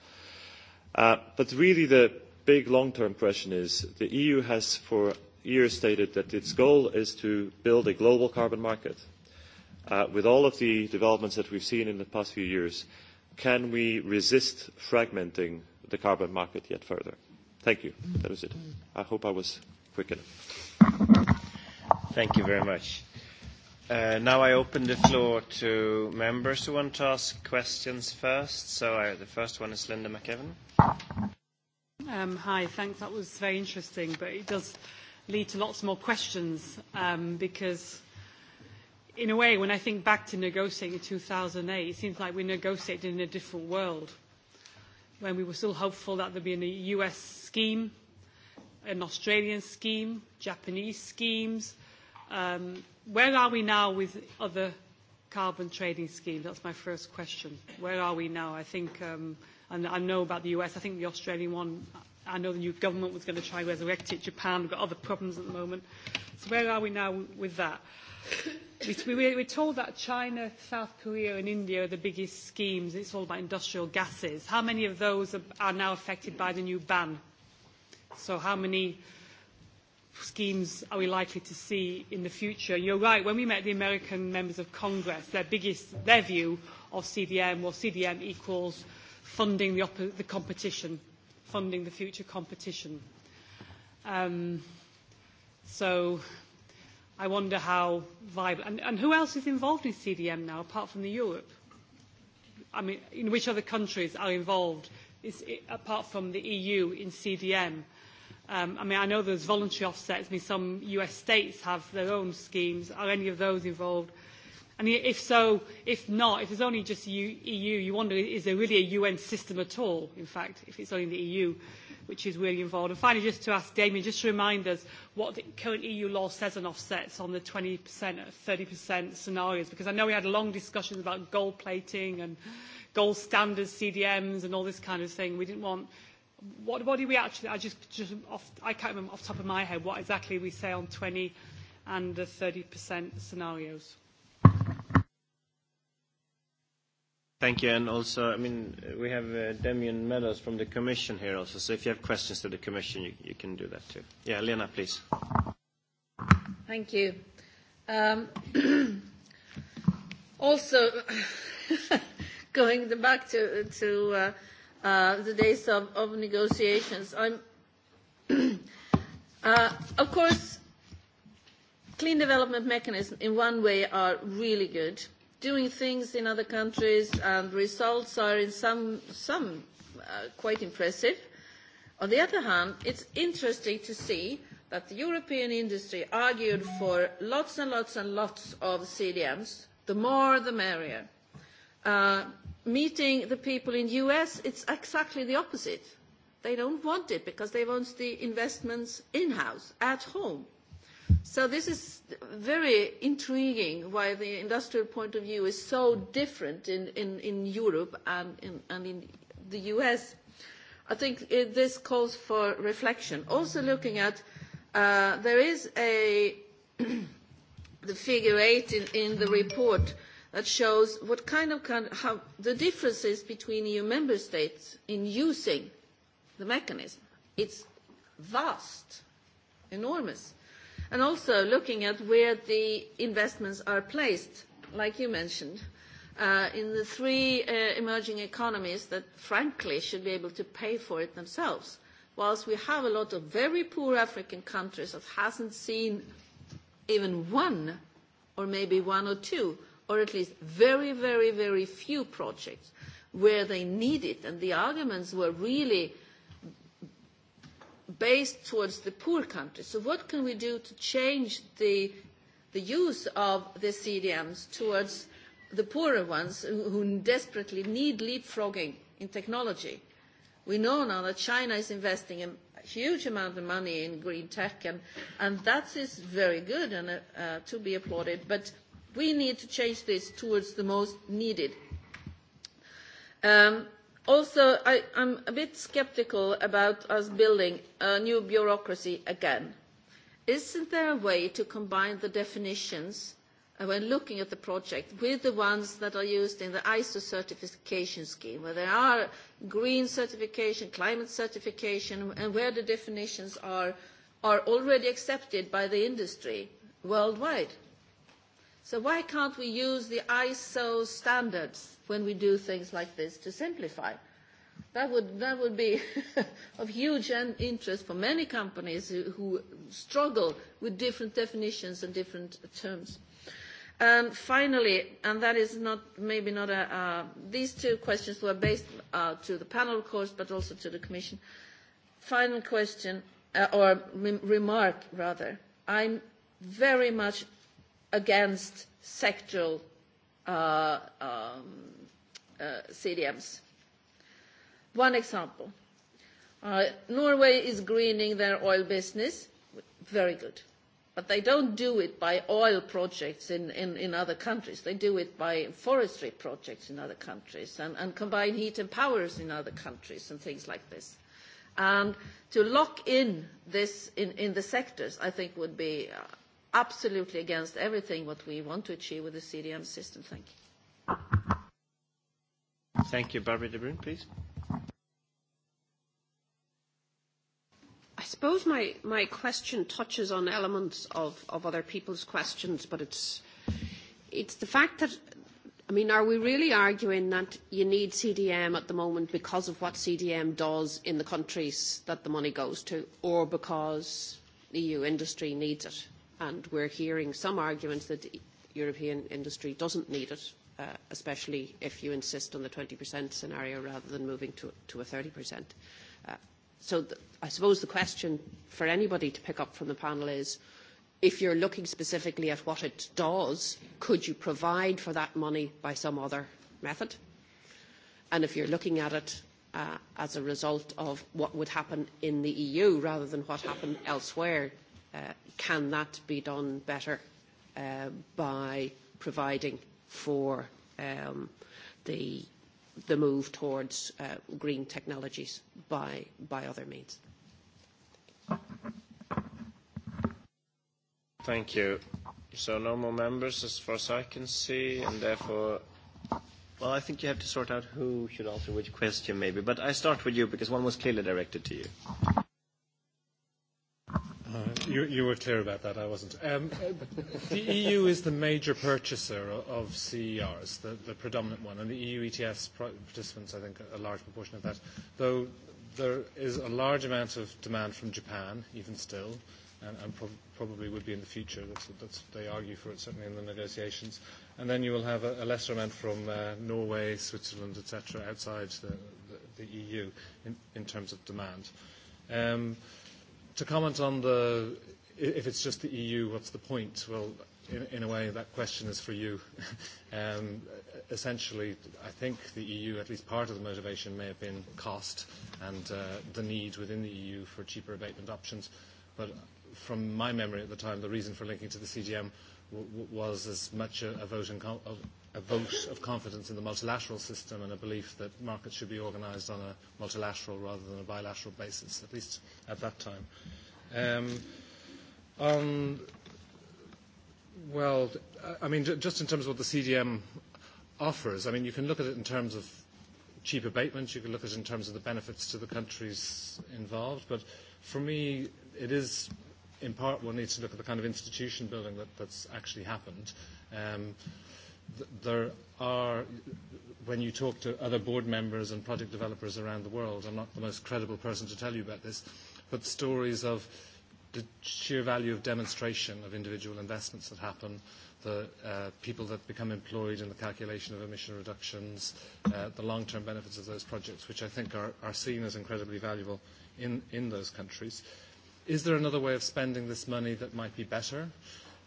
but really the big long-term question is the EU has for years stated that its goal is to build a global carbon market. with all of the developments that we've seen in the past few years, can we resist fragmenting the carbon market yet further? Thank you. That was it. I hope I was quick enough. Thank you very much. Uh, now I open the floor to members who want to ask questions first. So I, the first one is Linda McEvan. Um, hi, thanks. That was very interesting, but it does lead to lots more questions um, because, in a way, when I think back to negotiating in 2008, it seems like we negotiated in a different world when we were still hopeful that there'd be a US scheme, an Australian scheme, Japanese schemes. Um, where are we now with other carbon trading schemes? That's my first question. Where are we now? I think, um, and I know about the US, I think the Australian one, I know the new government was going to try and resurrect it. Japan, we've got other problems at the moment. So where are we now with that? we, we're told that China, South Korea and India are the biggest schemes. It's all about industrial gases. How many of those are, are now affected by the new ban? So how many schemes are we likely to see in the future? You're right, when we met the American members of Congress, their biggest, their view of CDM was CDM equals funding the, the competition, funding the future competition. Um, so I wonder how viable. And, and who else is involved in CDM now, apart from the Europe? I mean, in which other countries are involved, is, apart from the EU, in CDM? Um, I mean, I know there's voluntary offsets. I mean, some US states have their own schemes. Are any of those involved? And if so, if not, if it's only just EU, you wonder, is there really a UN system at all, in fact, if it's only the EU? which is really involved. And finally, just to ask Damien, just to remind us what the current EU law says on offsets on the 20%, 30% scenarios, because I know we had long discussions about gold plating and gold standards, CDMs, and all this kind of thing. We didn't want what, what do we actually, I just, just off, I can't remember off the top of my head what exactly we say on 20 and the 30% scenarios. Thank you. And also, I mean, we have Damien Meadows from the Commission here also. So if you have questions to the Commission, you, you can do that too. Yeah, Lena, please. Thank you. also, going back to, the days of, negotiations, I'm, uh, of course, clean development mechanism in one way are really good doing things in other countries, and results are in some, some uh, quite impressive. On the other hand, it's interesting to see that the European industry argued for lots and lots and lots of CDMs. The more, the merrier. Uh, meeting the people in the US, it's exactly the opposite. They don't want it because they want the investments in-house, at home So this is very intriguing why the industrial point of view is so different in, in, in Europe and in, and in the US. I think it, this calls for reflection. Also looking at, uh, there is a, the figure eight in, in the report that shows what kind of, kind of how the differences between EU member states in using the mechanism. It's vast, enormous And also looking at where the investments are placed, like you mentioned, in the three emerging economies that frankly should be able to pay for it themselves. Whilst we have a lot of very poor African countries that hasn't seen even one or maybe one or two, or at least very, very, very few projects where they need it. And the arguments were really based towards the poor countries. So what can we do to change the, the use of the CDMs towards the poorer ones who desperately need leapfrogging in technology? We know now that China is investing a huge amount of money in green tech, and, and that is very good and uh, to be applauded, but we need to change this towards the most needed. Um, Also, I, I'm a bit sceptical about us building a new bureaucracy again. Isn't there a way to combine the definitions when looking at the project with the ones that are used in the ISO certification scheme, where there are green certification, climate certification, and where the definitions are, are already accepted by the industry worldwide? So why can't we use the ISO standards when we do things like this to simplify? That would, that would be of huge interest for many companies who, who struggle with different definitions and different terms. And finally, and that is not, maybe not a, uh, these two questions were based uh, to the panel, of course, but also to the Commission. Final question, uh, or remark, rather. I'm very much against sectoral uh, um, uh, CDMs. One example. Uh, Norway is greening their oil business. Very good. But they don't do it by oil projects in, in, in other countries. They do it by forestry projects in other countries and, and combined heat and powers in other countries and things like this. And to lock in this in, in the sectors, I think would be absolutely against everything what we want to achieve with the CDM system. Thank you. Thank you. Barbara de Bruyn, please. I suppose my, question touches on elements of, other people's questions, but it's the fact that, I mean, are we really arguing that you need CDM at the moment because of what CDM does in the countries that the money goes to, or because EU industry needs it? and we're hearing some arguments that European industry doesn't need it, especially if you insist on the 20% scenario rather than moving to, to a 30%. Uh, so I suppose the question for anybody to pick up from the panel is, if you're looking specifically at what it does, could you provide for that money by some other method? And if you're looking at it as a result of what would happen in the EU rather than what happened elsewhere, can that be done better by providing for the the move towards green technologies by other means. Thank you. So no more members as far as I can see, and therefore. Well, I think you have to sort out who should answer which question, maybe. But I start with you because one was clearly directed to you you, you were clear about that. I wasn't. Um, the EU is the major purchaser of CERs, the, the predominant one, and the EU ETS participants, I think, a large proportion of that. Though there is a large amount of demand from Japan, even still, and, and pro- probably would be in the future. That's, that's, they argue for it, certainly in the negotiations. And then you will have a, a lesser amount from uh, Norway, Switzerland, etc., outside the, the, the EU in, in terms of demand. Um, to comment on the if it's just the EU, what's the point? Well, in, in a way, that question is for you. um, essentially, I think the EU, at least part of the motivation, may have been cost and uh, the need within the EU for cheaper abatement options. But from my memory at the time, the reason for linking to the CGM was as much a, a, vote in com- a vote of confidence in the multilateral system and a belief that markets should be organised on a multilateral rather than a bilateral basis, at least at that time. Um, on, well, I mean, just in terms of what the CDM offers, I mean, you can look at it in terms of cheap abatement, you can look at it in terms of the benefits to the countries involved, but for me, it is in part one needs to look at the kind of institution building that, that's actually happened. Um, there are, when you talk to other board members and project developers around the world, I'm not the most credible person to tell you about this, but stories of the sheer value of demonstration of individual investments that happen, the uh, people that become employed in the calculation of emission reductions, uh, the long-term benefits of those projects, which I think are, are seen as incredibly valuable in, in those countries. Uh, Is there another way of spending this money that might be better?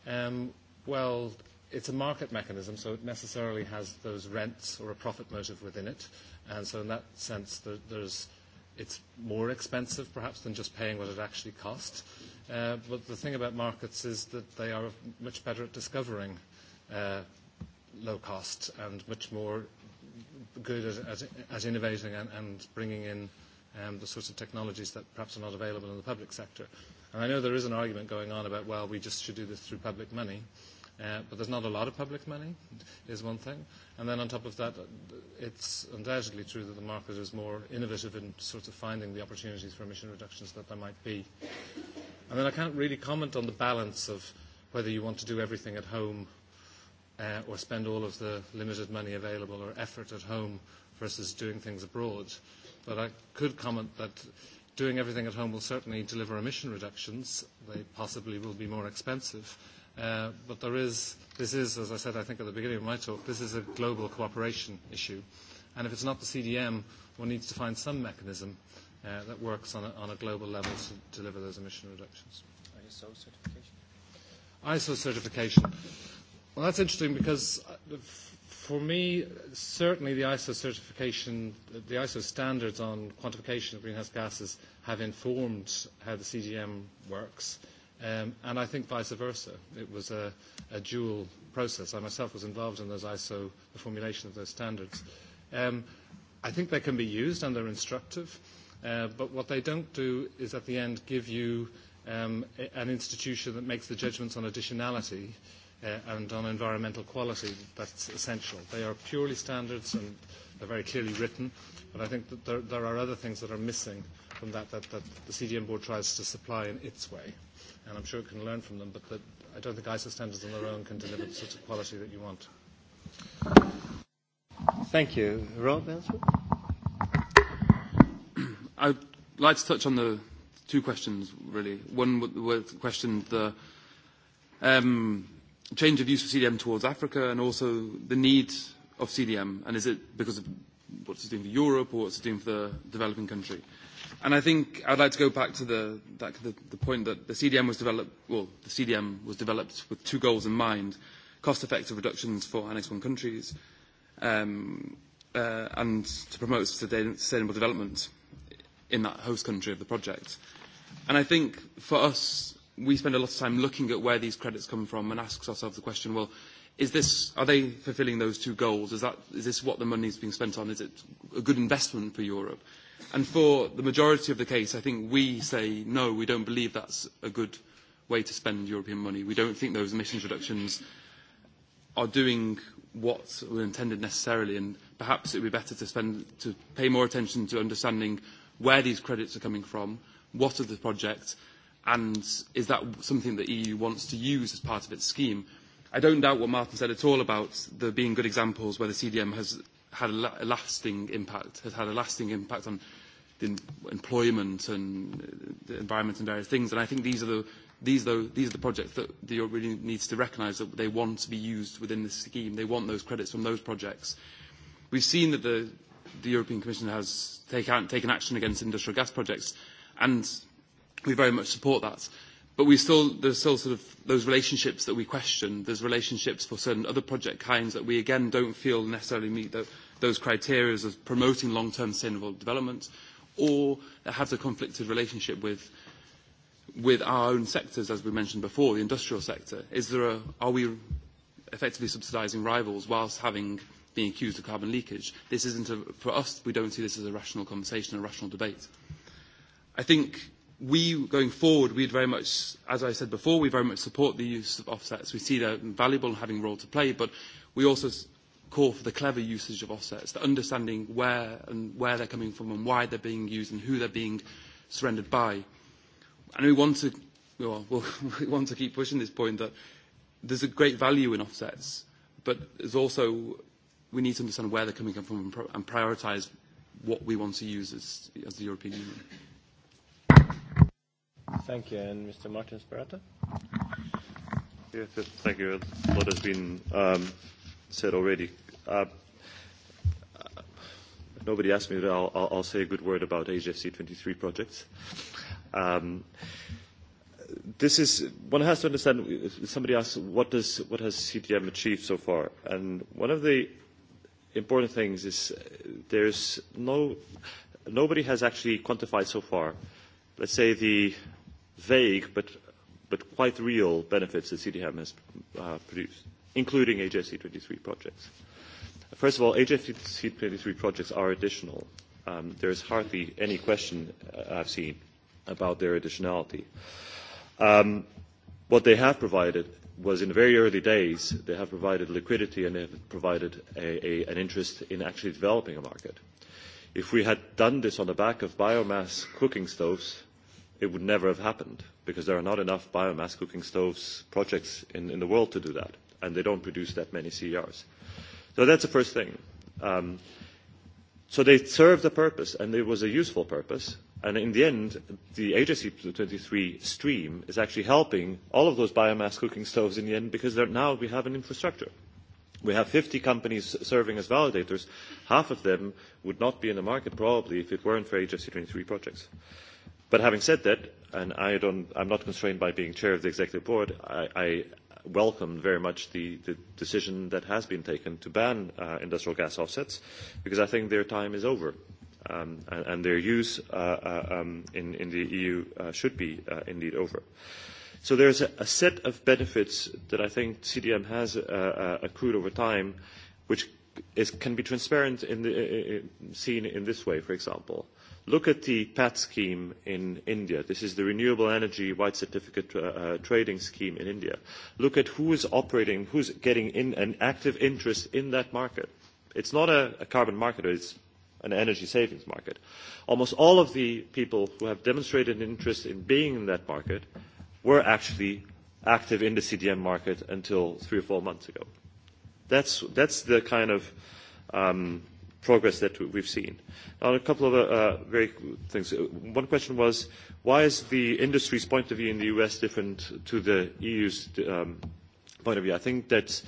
Um, well, it's a market mechanism, so it necessarily has those rents or a profit motive within it. And so in that sense, there, there's, it's more expensive perhaps than just paying what it actually costs. Uh, but the thing about markets is that they are much better at discovering uh, low cost and much more good at, at, at innovating and, and bringing in um, the sorts of technologies that perhaps are not available in the public sector. And I know there is an argument going on about, well, we just should do this through public money. Uh, but there's not a lot of public money, is one thing. And then on top of that, it's undoubtedly true that the market is more innovative in sort of finding the opportunities for emission reductions that there might be. And then I can't really comment on the balance of whether you want to do everything at home uh, or spend all of the limited money available or effort at home versus doing things abroad. Uh, But I could comment that doing everything at home will certainly deliver emission reductions. They possibly will be more expensive. But there is, this is, as I said, I think at the beginning of my talk, this is a global cooperation issue. And if it's not the CDM, one needs to find some mechanism uh, that works on a, on a global level to deliver those emission reductions. ISO certification? ISO certification. Well, that's interesting because for me, certainly the ISO certification, the ISO standards on quantification of greenhouse gases have informed how the CGM works, um, and I think vice versa. It was a, a dual process. I myself was involved in those ISO, the formulation of those standards. Um, I think they can be used and they're instructive, uh, but what they don't do is at the end give you um, an institution that makes the judgments on additionality uh, and on environmental quality, that's essential. They are purely standards and they're very clearly written, but I think that there, there are other things that are missing from that, that that the CDM board tries to supply in its way. And I'm sure it can learn from them, but that I don't think ISO standards on their own can deliver the sort of quality that you want. Thank you. Rob Ellsworth? I'd like to touch on the two questions, really. One question, the um, change of use of CDM towards Africa and also the need of CDM? And is it because of what it's doing for Europe or what it's doing for the developing country? And I think I'd like to go back to the, that, the, the point that the CDM was developed, well, the CDM was developed with two goals in mind, cost-effective reductions for Annex 1 countries um, uh, and to promote sustainable development in that host country of the project. And I think for us we spend a lot of time looking at where these credits come from and ask ourselves the question, well, is this, are they fulfilling those two goals? Is, that, is this what the money is being spent on? Is it a good investment for Europe? And for the majority of the case, I think we say, no, we don't believe that's a good way to spend European money. We don't think those emissions reductions are doing what were intended necessarily, and perhaps it would be better to, spend, to pay more attention to understanding where these credits are coming from, what are the projects, and is that something that the EU wants to use as part of its scheme? I don't doubt what Martin said at all about there being good examples where the CDM has had a lasting impact, has had a lasting impact on the employment and the environment and various things. And I think these are the, these, though, these are the projects that the Europe really needs to recognise that they want to be used within the scheme. They want those credits from those projects. We've seen that the, the European Commission has take, taken action against industrial gas projects. And we very much support that. But we still, there's still sort of those relationships that we question. There's relationships for certain other project kinds that we, again, don't feel necessarily meet the, those criteria of promoting long-term sustainable development or that have a conflicted relationship with, with our own sectors, as we mentioned before, the industrial sector. Is there a, are we effectively subsidising rivals whilst having been accused of carbon leakage? This isn't a, for us, we don't see this as a rational conversation, a rational debate. I think we, going forward, we'd very much, as I said before, we very much support the use of offsets. We see they're valuable and having a role to play, but we also call for the clever usage of offsets, the understanding where and where they're coming from and why they're being used and who they're being surrendered by. And we want to, well, we want to keep pushing this point that there's a great value in offsets, but there's also, we need to understand where they're coming from and prioritise what we want to use as, as the European Union. Thank you. And Mr. Martin Sperata? Yes, thank you. A lot has been um, said already. nobody asked me, but I'll, I'll, say a good word about HFC 23 projects. Um, this is one has to understand. Somebody asks, what does what has CTM achieved so far? And one of the important things is there's no nobody has actually quantified so far. Let's say the vague but, but quite real benefits that CDM has uh, produced, including HSC23 projects. First of all, HSC23 projects are additional. Um, there is hardly any question I've seen about their additionality. Um, what they have provided was in the very early days, they have provided liquidity and they have provided a, a, an interest in actually developing a market. If we had done this on the back of biomass cooking stoves, it would never have happened because there are not enough biomass cooking stoves projects in, in the world to do that, and they don't produce that many CERs. So that's the first thing. Um, so they served a purpose, and it was a useful purpose. And in the end, the agency 23 stream is actually helping all of those biomass cooking stoves in the end because now we have an infrastructure. We have 50 companies serving as validators. Half of them would not be in the market probably if it weren't for HSC23 projects. Uh, But having said that, and I don't, I'm not constrained by being chair of the executive board, I, I welcome very much the, the decision that has been taken to ban uh, industrial gas offsets because I think their time is over. Um, and, and their use uh, uh, um, in, in the EU uh, should be uh, indeed over. So there's a, a set of benefits that I think CDM has uh, uh, accrued over time, which is, can be transparent in the, uh, seen in this way, for example. Look at the PAT scheme in India. This is the Renewable Energy White Certificate uh, Trading Scheme in India. Look at who is operating, who's getting in an active interest in that market. It's not a, a carbon market, it's an energy savings market. Almost all of the people who have demonstrated an interest in being in that market were actually active in the CDM market until three or four months ago. That's, that's the kind of um, progress that we've seen. On a couple of uh, very things. One question was, why is the industry's point of view in the US different to the EU's um, point of view? I think that's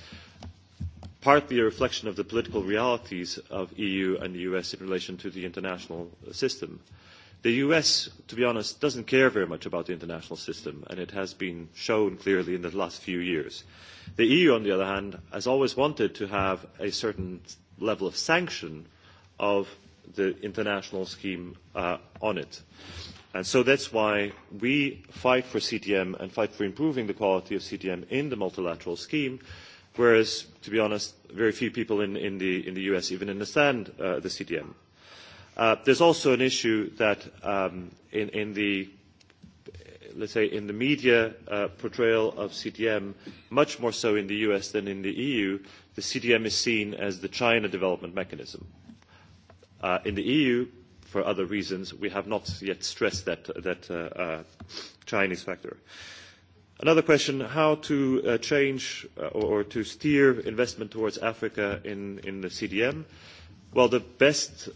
partly a reflection of the political realities of EU and the US in relation to the international system. The US, to be honest, doesn't care very much about the international system, and it has been shown clearly in the last few years. The EU, on the other hand, has always wanted to have a certain level of sanction of the international scheme uh, on it. And so that's why we fight for CTM and fight for improving the quality of CTM in the multilateral scheme, whereas, to be honest, very few people in, in, the, in the US even understand uh, the CTM. Uh, there's also an issue that um, in, in the let's say, in the media portrayal of CTM, much more so in the US than in the EU, the CDM is seen as the China development mechanism. in the EU, for other reasons, we have not yet stressed that, Chinese factor. Another question, how to change or, to steer investment towards Africa in, the CDM? Well, the best,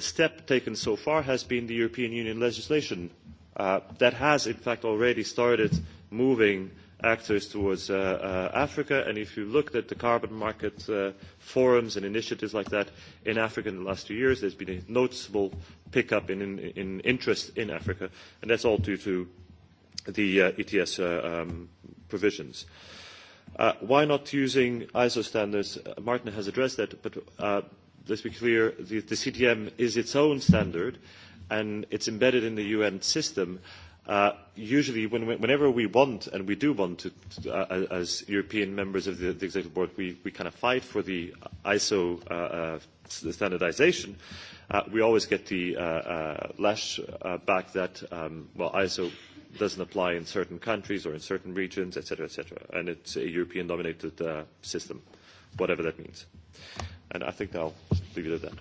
step taken so far has been the European Union legislation that has, in fact, already started moving actors towards uh, uh, Africa. And if you looked at the carbon market uh, forums and initiatives like that in Africa in the last two years, there's been a noticeable pickup in, in, in interest in Africa. And that's all due to the uh, ETS uh, um, provisions. Uh, why not using ISO standards? Uh Martin has addressed that, but uh, let's be clear, the, the CTM is its own standard and it's embedded in the UN system uh, usually when, whenever we want, and we do want to, uh, as European members of the, the executive board, we, we kind of fight for the ISO uh, uh, standardization, uh, we always get the uh, uh, lash uh, back that, um, well, ISO doesn't apply in certain countries or in certain regions, etc., etc., and it's a European-dominated uh, system, whatever that means. And I think I'll leave it at that.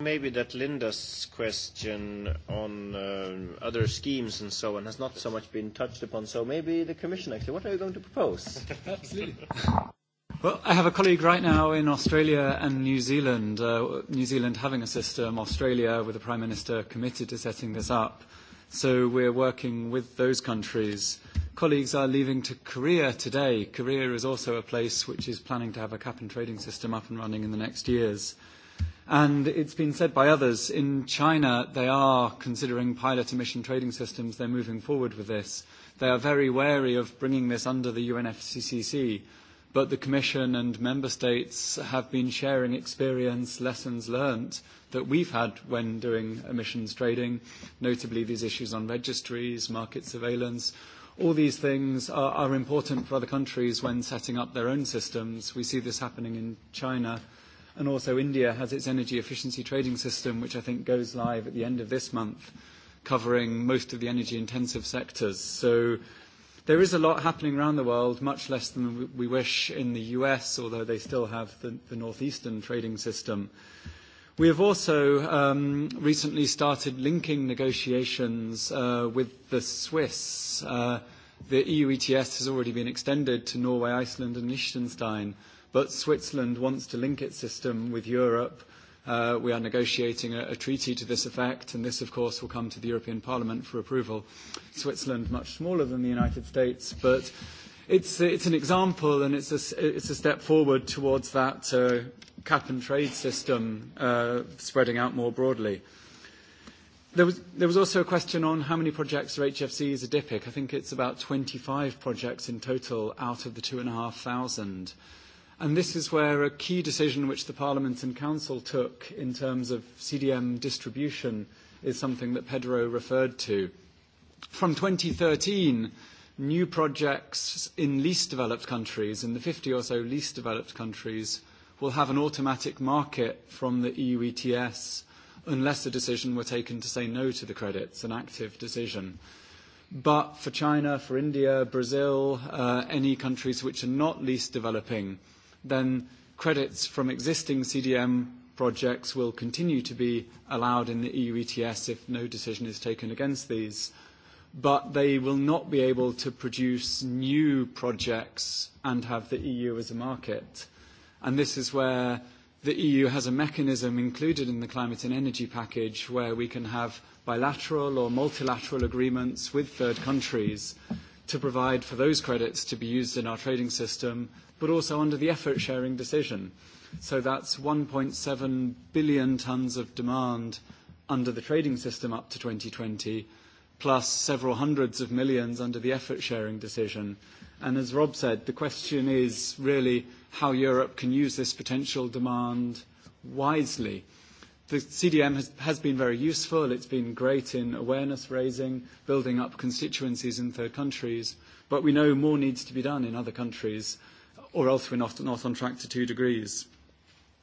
Maybe that Linda's question on uh, other schemes and so on has not so much been touched upon. So maybe the Commission actually, what are you going to propose? Absolutely. Well, I have a colleague right now in Australia and New Zealand. Uh, New Zealand having a system, Australia with the Prime Minister committed to setting this up. So we're working with those countries. Colleagues are leaving to Korea today. Korea is also a place which is planning to have a cap and trading system up and running in the next years. And it's been said by others, in China, they are considering pilot emission trading systems. They're moving forward with this. They are very wary of bringing this under the UNFCCC, but the Commission and member states have been sharing experience, lessons learnt that we've had when doing emissions trading, notably these issues on registries, market surveillance. All these things are, are important for other countries when setting up their own systems. We see this happening in China And also India has its energy efficiency trading system, which I think goes live at the end of this month, covering most of the energy intensive sectors. So there is a lot happening around the world, much less than we wish in the US, although they still have the, the northeastern trading system. We have also recently started linking negotiations with the Swiss. the EU ETS has already been extended to Norway, Iceland, and Liechtenstein but Switzerland wants to link its system with Europe. Uh, we are negotiating a, a treaty to this effect, and this, of course, will come to the European Parliament for approval. Switzerland, much smaller than the United States, but it's, it's an example and it's a, it's a step forward towards that uh, cap and trade system uh, spreading out more broadly. There was, there was also a question on how many projects are HFCs a DIPIC. I think it's about 25 projects in total out of the 2,500. And this is where a key decision which the Parliament and Council took in terms of CDM distribution is something that Pedro referred to. From 2013, new projects in least developed countries, in the 50 or so least developed countries, will have an automatic market from the EU ETS unless a decision were taken to say no to the credits, an active decision. But for China, for India, Brazil, uh, any countries which are not least developing, then credits from existing CDM projects will continue to be allowed in the EU ETS if no decision is taken against these. But they will not be able to produce new projects and have the EU as a market. And this is where the EU has a mechanism included in the climate and energy package where we can have bilateral or multilateral agreements with third countries to provide for those credits to be used in our trading system but also under the effort sharing decision. So that's 1.7 billion tons of demand under the trading system up to 2020, plus several hundreds of millions under the effort sharing decision. And as Rob said, the question is really how Europe can use this potential demand wisely. The CDM has, has been very useful. It's been great in awareness raising, building up constituencies in third countries, but we know more needs to be done in other countries or else we're not, not on track to two degrees.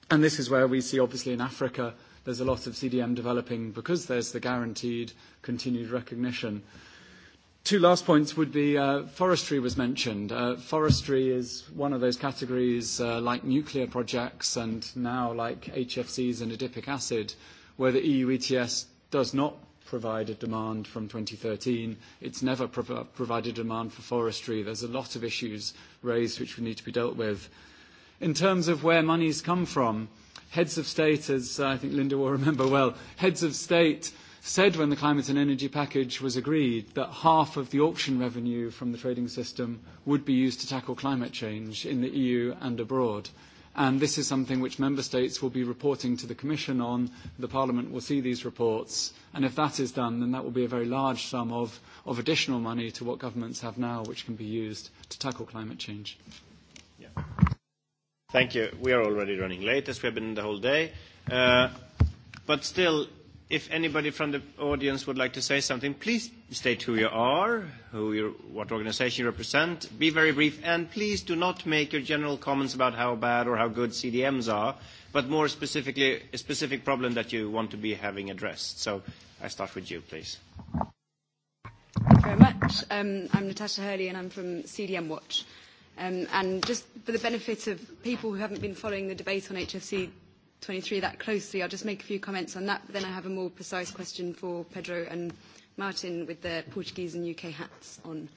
And this is where we see, obviously, in Africa, there's a lot of CDM developing because there's the guaranteed continued recognition. Two last points would be uh, forestry was mentioned. Uh, forestry is one of those categories uh, like nuclear projects and now like HFCs and adipic acid, where the EU ETS does not provided demand from 2013. It's never prov provided demand for forestry. There's a lot of issues raised which need to be dealt with. In terms of where monies come from, heads of state, as I think Linda will remember well, heads of state said when the climate and energy package was agreed that half of the auction revenue from the trading system would be used to tackle climate change in the EU and abroad and this is something which member states will be reporting to the commission on. The parliament will see these reports, and if that is done, then that will be a very large sum of, of additional money to what governments have now, which can be used to tackle climate change. Yeah. Thank you. We are already running late, as we have been the whole day. Uh, but still, if anybody from the audience would like to say something, please state who you are, who you're, what organization you represent. Be very brief, and please do not make your general comments about how bad or how good CDMs are, but more specifically, a specific problem that you want to be having addressed. So I start with you, please. Thank you very much. Um, I'm Natasha Hurley, and I'm from CDM Watch. Um, and just for the benefit of people who haven't been following the debate on HFC three that closely. I'll just make a few comments on that, but then I have a more precise question for Pedro and Martin with their Portuguese and UK hats on.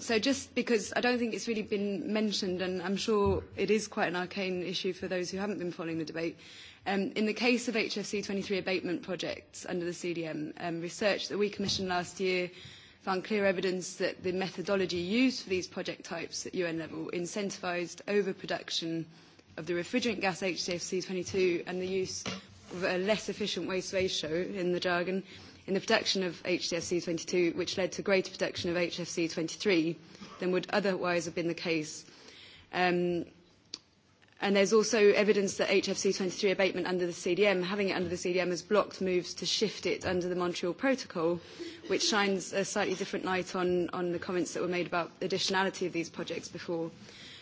so just because I don't think it's really been mentioned, and I'm sure it is quite an arcane issue for those who haven't been following the debate, in the case of HFC 23 abatement projects under the CDM, research that we commissioned last year found clear evidence that the methodology used for these project types at UN level incentivised overproduction of the refrigerant gas HCFC22 and the use of a less efficient waste ratio in the jargon in the production of HCFC22, which led to greater production of HFC23 than would otherwise have been the case. Um, and there's also evidence that HFC23 abatement under the CDM, having it under the CDM has blocked moves to shift it under the Montreal Protocol, which shines a slightly different light on, on the comments that were made about additionality of these projects before.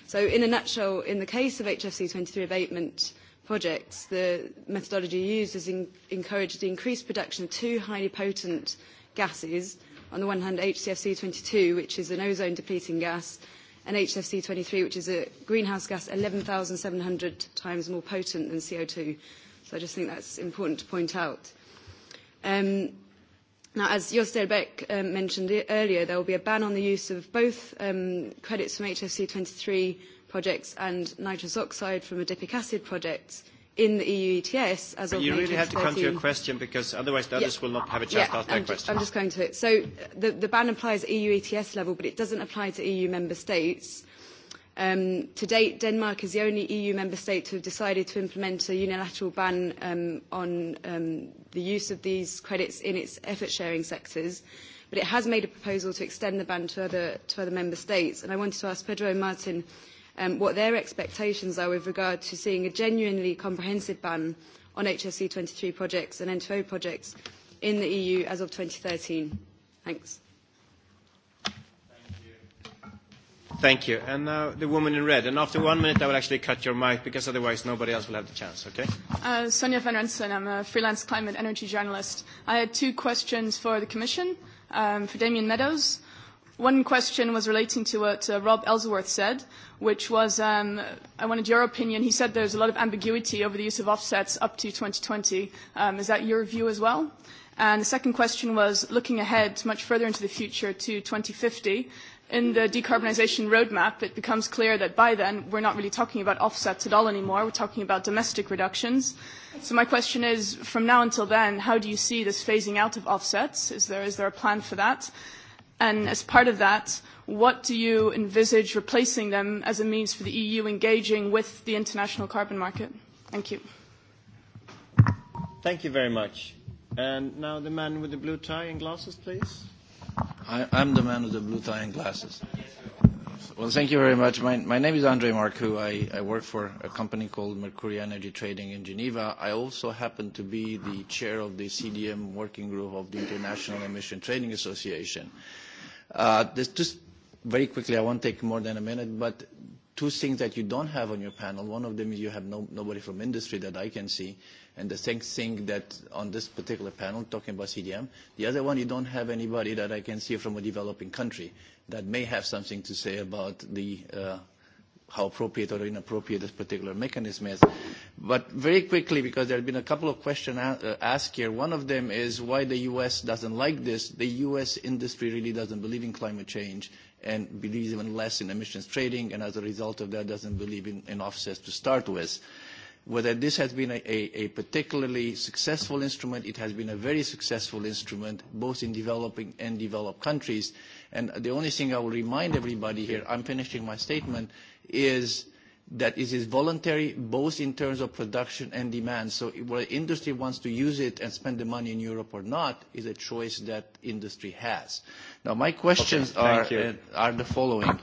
So in a nutshell, in the case of HFC 23 abatement projects, the methodology used has in, encouraged the increased production of two highly potent gases. On the one hand, HCFC 22, which is an ozone-depleting gas, and HFC 23, which is a greenhouse gas 11,700 times more potent than CO2. So I just think that's important to point out. Um, Now, as Jostel Beck um, mentioned earlier, there will be a ban on the use of both um, credits from HFC23 projects and nitrous oxide from adipic acid projects in the EU ETS as of You really have to come to your question because otherwise the others will not have a chance to ask their question. I'm just going to it. So the, the ban applies at EU ETS level, but it doesn't apply to EU member states to date, Denmark is the only EU member state to have decided to implement a unilateral ban on the use of these credits in its effort-sharing sectors, but it has made a proposal to extend the ban to other, to other member states. And I wanted to ask Pedro and Martin what their expectations are with regard to seeing a genuinely comprehensive ban on HSC twenty three projects and N2O projects in the EU as of thirteen. Thanks. Thank you. And now the woman in red. And after one minute, I will actually cut your mic because otherwise nobody else will have the chance, okay? Uh, Sonja van Rensen, I'm a freelance climate energy journalist. I had two questions for the Commission, um, for Damien Meadows. One question was relating to what uh, Rob Ellsworth said, which was, um, I wanted your opinion. He said there's a lot of ambiguity over the use of offsets up to 2020. Um, is that your view as well? And the second question was looking ahead much further into the future to 2050 in the decarbonisation roadmap, it becomes clear that by then we're not really talking about offsets at all anymore. We're talking about domestic reductions. So my question is, from now until then, how do you see this phasing out of offsets? Is there, is there a plan for that? And as part of that, what do you envisage replacing them as a means for the EU engaging with the international carbon market? Thank you. Thank you very much. And now the man with the blue tie and glasses, please. I, I'm the man with the blue tie and glasses. Well, thank you very much. My, my name is Andre Marcoux. I, I work for a company called Mercury Energy Trading in Geneva. I also happen to be the chair of the CDM working group of the International Emission Trading Association. Uh, this, just very quickly, I won't take more than a minute, but two things that you don't have on your panel, one of them is you have no, nobody from industry that I can see, and the same thing that on this particular panel talking about CDM. The other one, you don't have anybody that I can see from a developing country that may have something to say about the uh, how appropriate or inappropriate this particular mechanism is. But very quickly, because there have been a couple of questions asked here. One of them is why the U.S. doesn't like this. The U.S. industry really doesn't believe in climate change and believes even less in emissions trading, and as a result of that, doesn't believe in, in offsets to start with whether this has been a, a, a particularly successful instrument. It has been a very successful instrument, both in developing and developed countries. And the only thing I will remind everybody here, I'm finishing my statement, is that it is voluntary both in terms of production and demand. So whether industry wants to use it and spend the money in Europe or not is a choice that industry has. Now my questions are, are the following.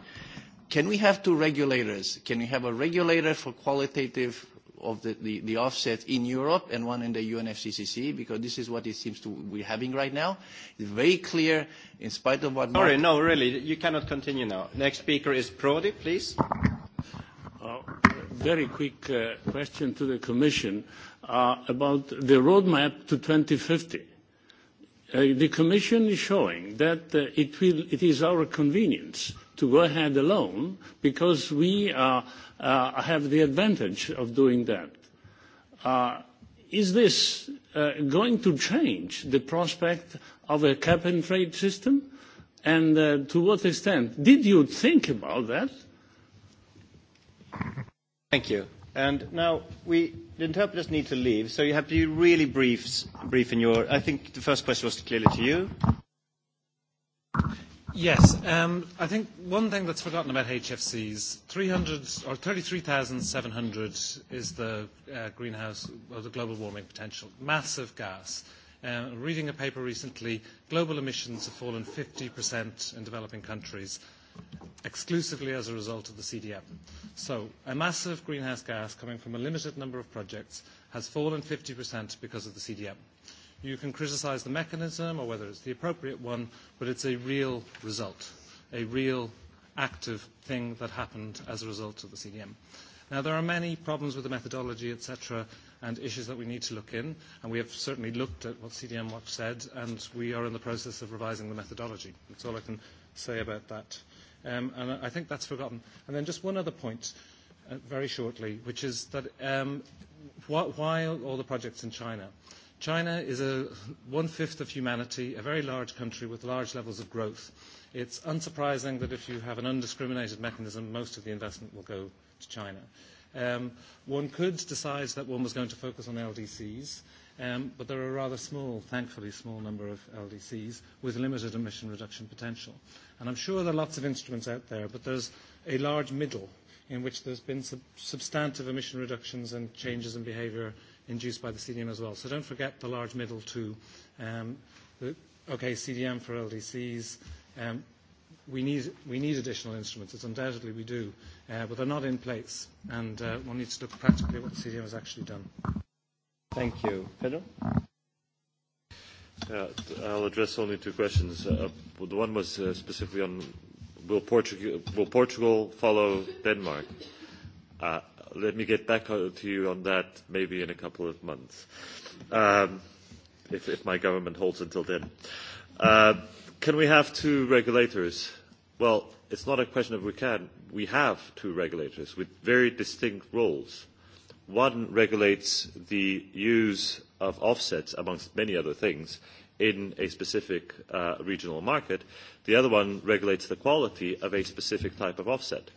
Can we have two regulators? Can we have a regulator for qualitative of the, the, the offset in Europe and one in the UNFCCC, because this is what it seems to we're having right now. It's very clear, in spite of what... Sorry, no, really, you cannot continue now. Next speaker is Prodi, please. very quick question to the Commission about the roadmap to 2050. the Commission is showing that it, will, it is our convenience to go ahead alone because we uh, uh, have the advantage of doing that. Uh, is this uh, going to change the prospect of a cap and trade system? And uh, to what extent? Did you think about that? Thank you. And now we, the interpreters need to leave, so you have to be really brief, brief in your. I think the first question was clearly to you. Yes. I think one thing that's forgotten about HFCs, 300 or 33,700 is the greenhouse or the global warming potential. Massive gas. Reading a paper recently, global emissions have fallen 50% in developing countries exclusively as a result of the CDM. So a massive greenhouse gas coming from a limited number of projects has fallen 50% because of the CDM. You can criticise the mechanism or whether it's the appropriate one, but it's a real result, a real active thing that happened as a result of the CDM. Now, there are many problems with the methodology, etc., and issues that we need to look in, and we have certainly looked at what CDM Watch said, and we are in the process of revising the methodology. That's all I can say about that. Um, and I think that's forgotten. And then just one other point, uh, very shortly, which is that um, wh- why all the projects in China? China is a one-fifth of humanity, a very large country with large levels of growth. It's unsurprising that if you have an undiscriminated mechanism, most of the investment will go to China. Um, one could decide that one was going to focus on LDCs, um, but there are a rather small, thankfully small number of LDCs with limited emission reduction potential. And I'm sure there are lots of instruments out there, but there's a large middle in which there's been sub- substantive emission reductions and changes in behaviour induced by the CDM as well. So don't forget the large middle two. Um, the, okay, CDM for LDCs. Um, we need, we need additional instruments. It's undoubtedly we do, uh, but they're not in place, and uh, one needs to look practically at what the CDM has actually done. Thank you. Pedro? Yeah, I'll address only two questions. Uh, the one was uh, specifically on will Portugal, will Portugal follow Denmark? Uh, Let me get back to you on that maybe in a couple of months, um, if, if my government holds until then. Uh, can we have two regulators? Well, it's not a question of we can. We have two regulators with very distinct roles. One regulates the use of offsets, amongst many other things, in a specific uh, regional market. The other one regulates the quality of a specific type of offset.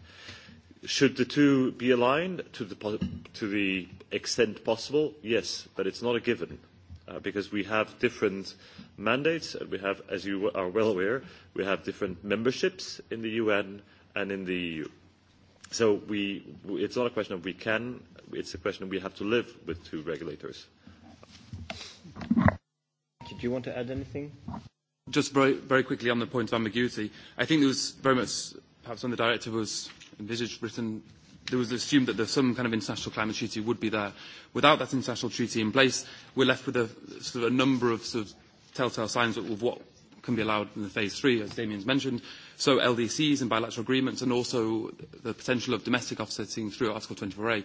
Should the two be aligned to the, to the extent possible? Yes, but it's not a given uh, because we have different mandates and we have, as you are well aware, we have different memberships in the UN and in the EU. So we, it's not a question of we can, it's a question of we have to live with two regulators. Did you want to add anything? Just very, very quickly on the point of ambiguity. I think there was very much, perhaps when the directive was envisaged Britain, there was assumed that some kind of international climate treaty would be there. Without that international treaty in place, we're left with a, sort of a number of sort of telltale signs of what can be allowed in the phase three, as Damien's mentioned. So LDCs and bilateral agreements, and also the potential of domestic offsetting through Article 24A.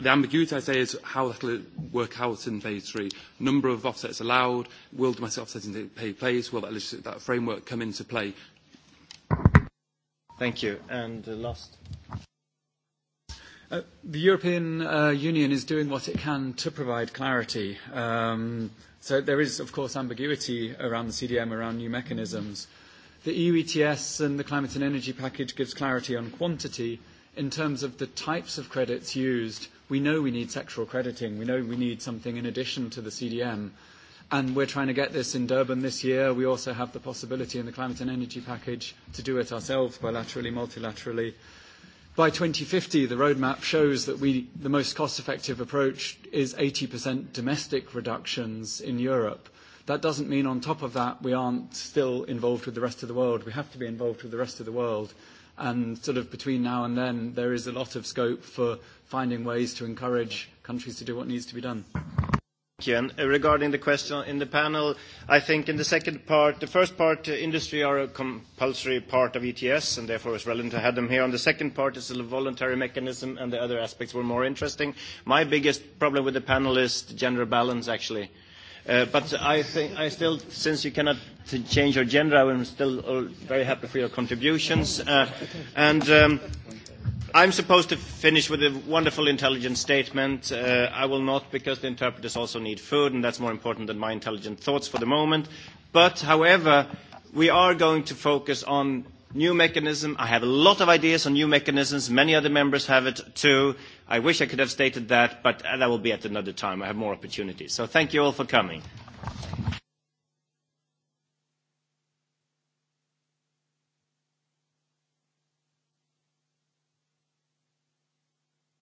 The ambiguity, I say, is how that will work out in phase three. Number of offsets allowed, will domestic offsetting take place, will that, that framework come into play Thank you. And the last. The European Union is doing what it can to provide clarity. so there is, of course, ambiguity around the CDM, around new mechanisms. The EU ETS and the Climate and Energy Package gives clarity on quantity in terms of the types of credits used. We know we need sectoral crediting. We know we need something in addition to the CDM. And we're trying to get this in Durban this year. We also have the possibility in the climate and energy package to do it ourselves, bilaterally, multilaterally. By 2050, the roadmap shows that we, the most cost-effective approach is 80% domestic reductions in Europe. That doesn't mean on top of that we aren't still involved with the rest of the world. We have to be involved with the rest of the world. And sort of between now and then, there is a lot of scope for finding ways to encourage countries to do what needs to be done. Regarding the question in the panel, I think in the second part, the first part, industry are a compulsory part of ETS, and therefore it's relevant to have them here. On the second part, it's a voluntary mechanism, and the other aspects were more interesting. My biggest problem with the panel is the gender balance, actually. But I think I still, since you cannot change your gender, I am still very happy for your contributions. And I'm supposed to finish with a wonderful intelligent statement. Uh, I will not because the interpreters also need food and that's more important than my intelligent thoughts for the moment. But however, we are going to focus on new mechanism. I have a lot of ideas on new mechanisms. Many other members have it too. I wish I could have stated that, but that will be at another time. I have more opportunities. So thank you all for coming.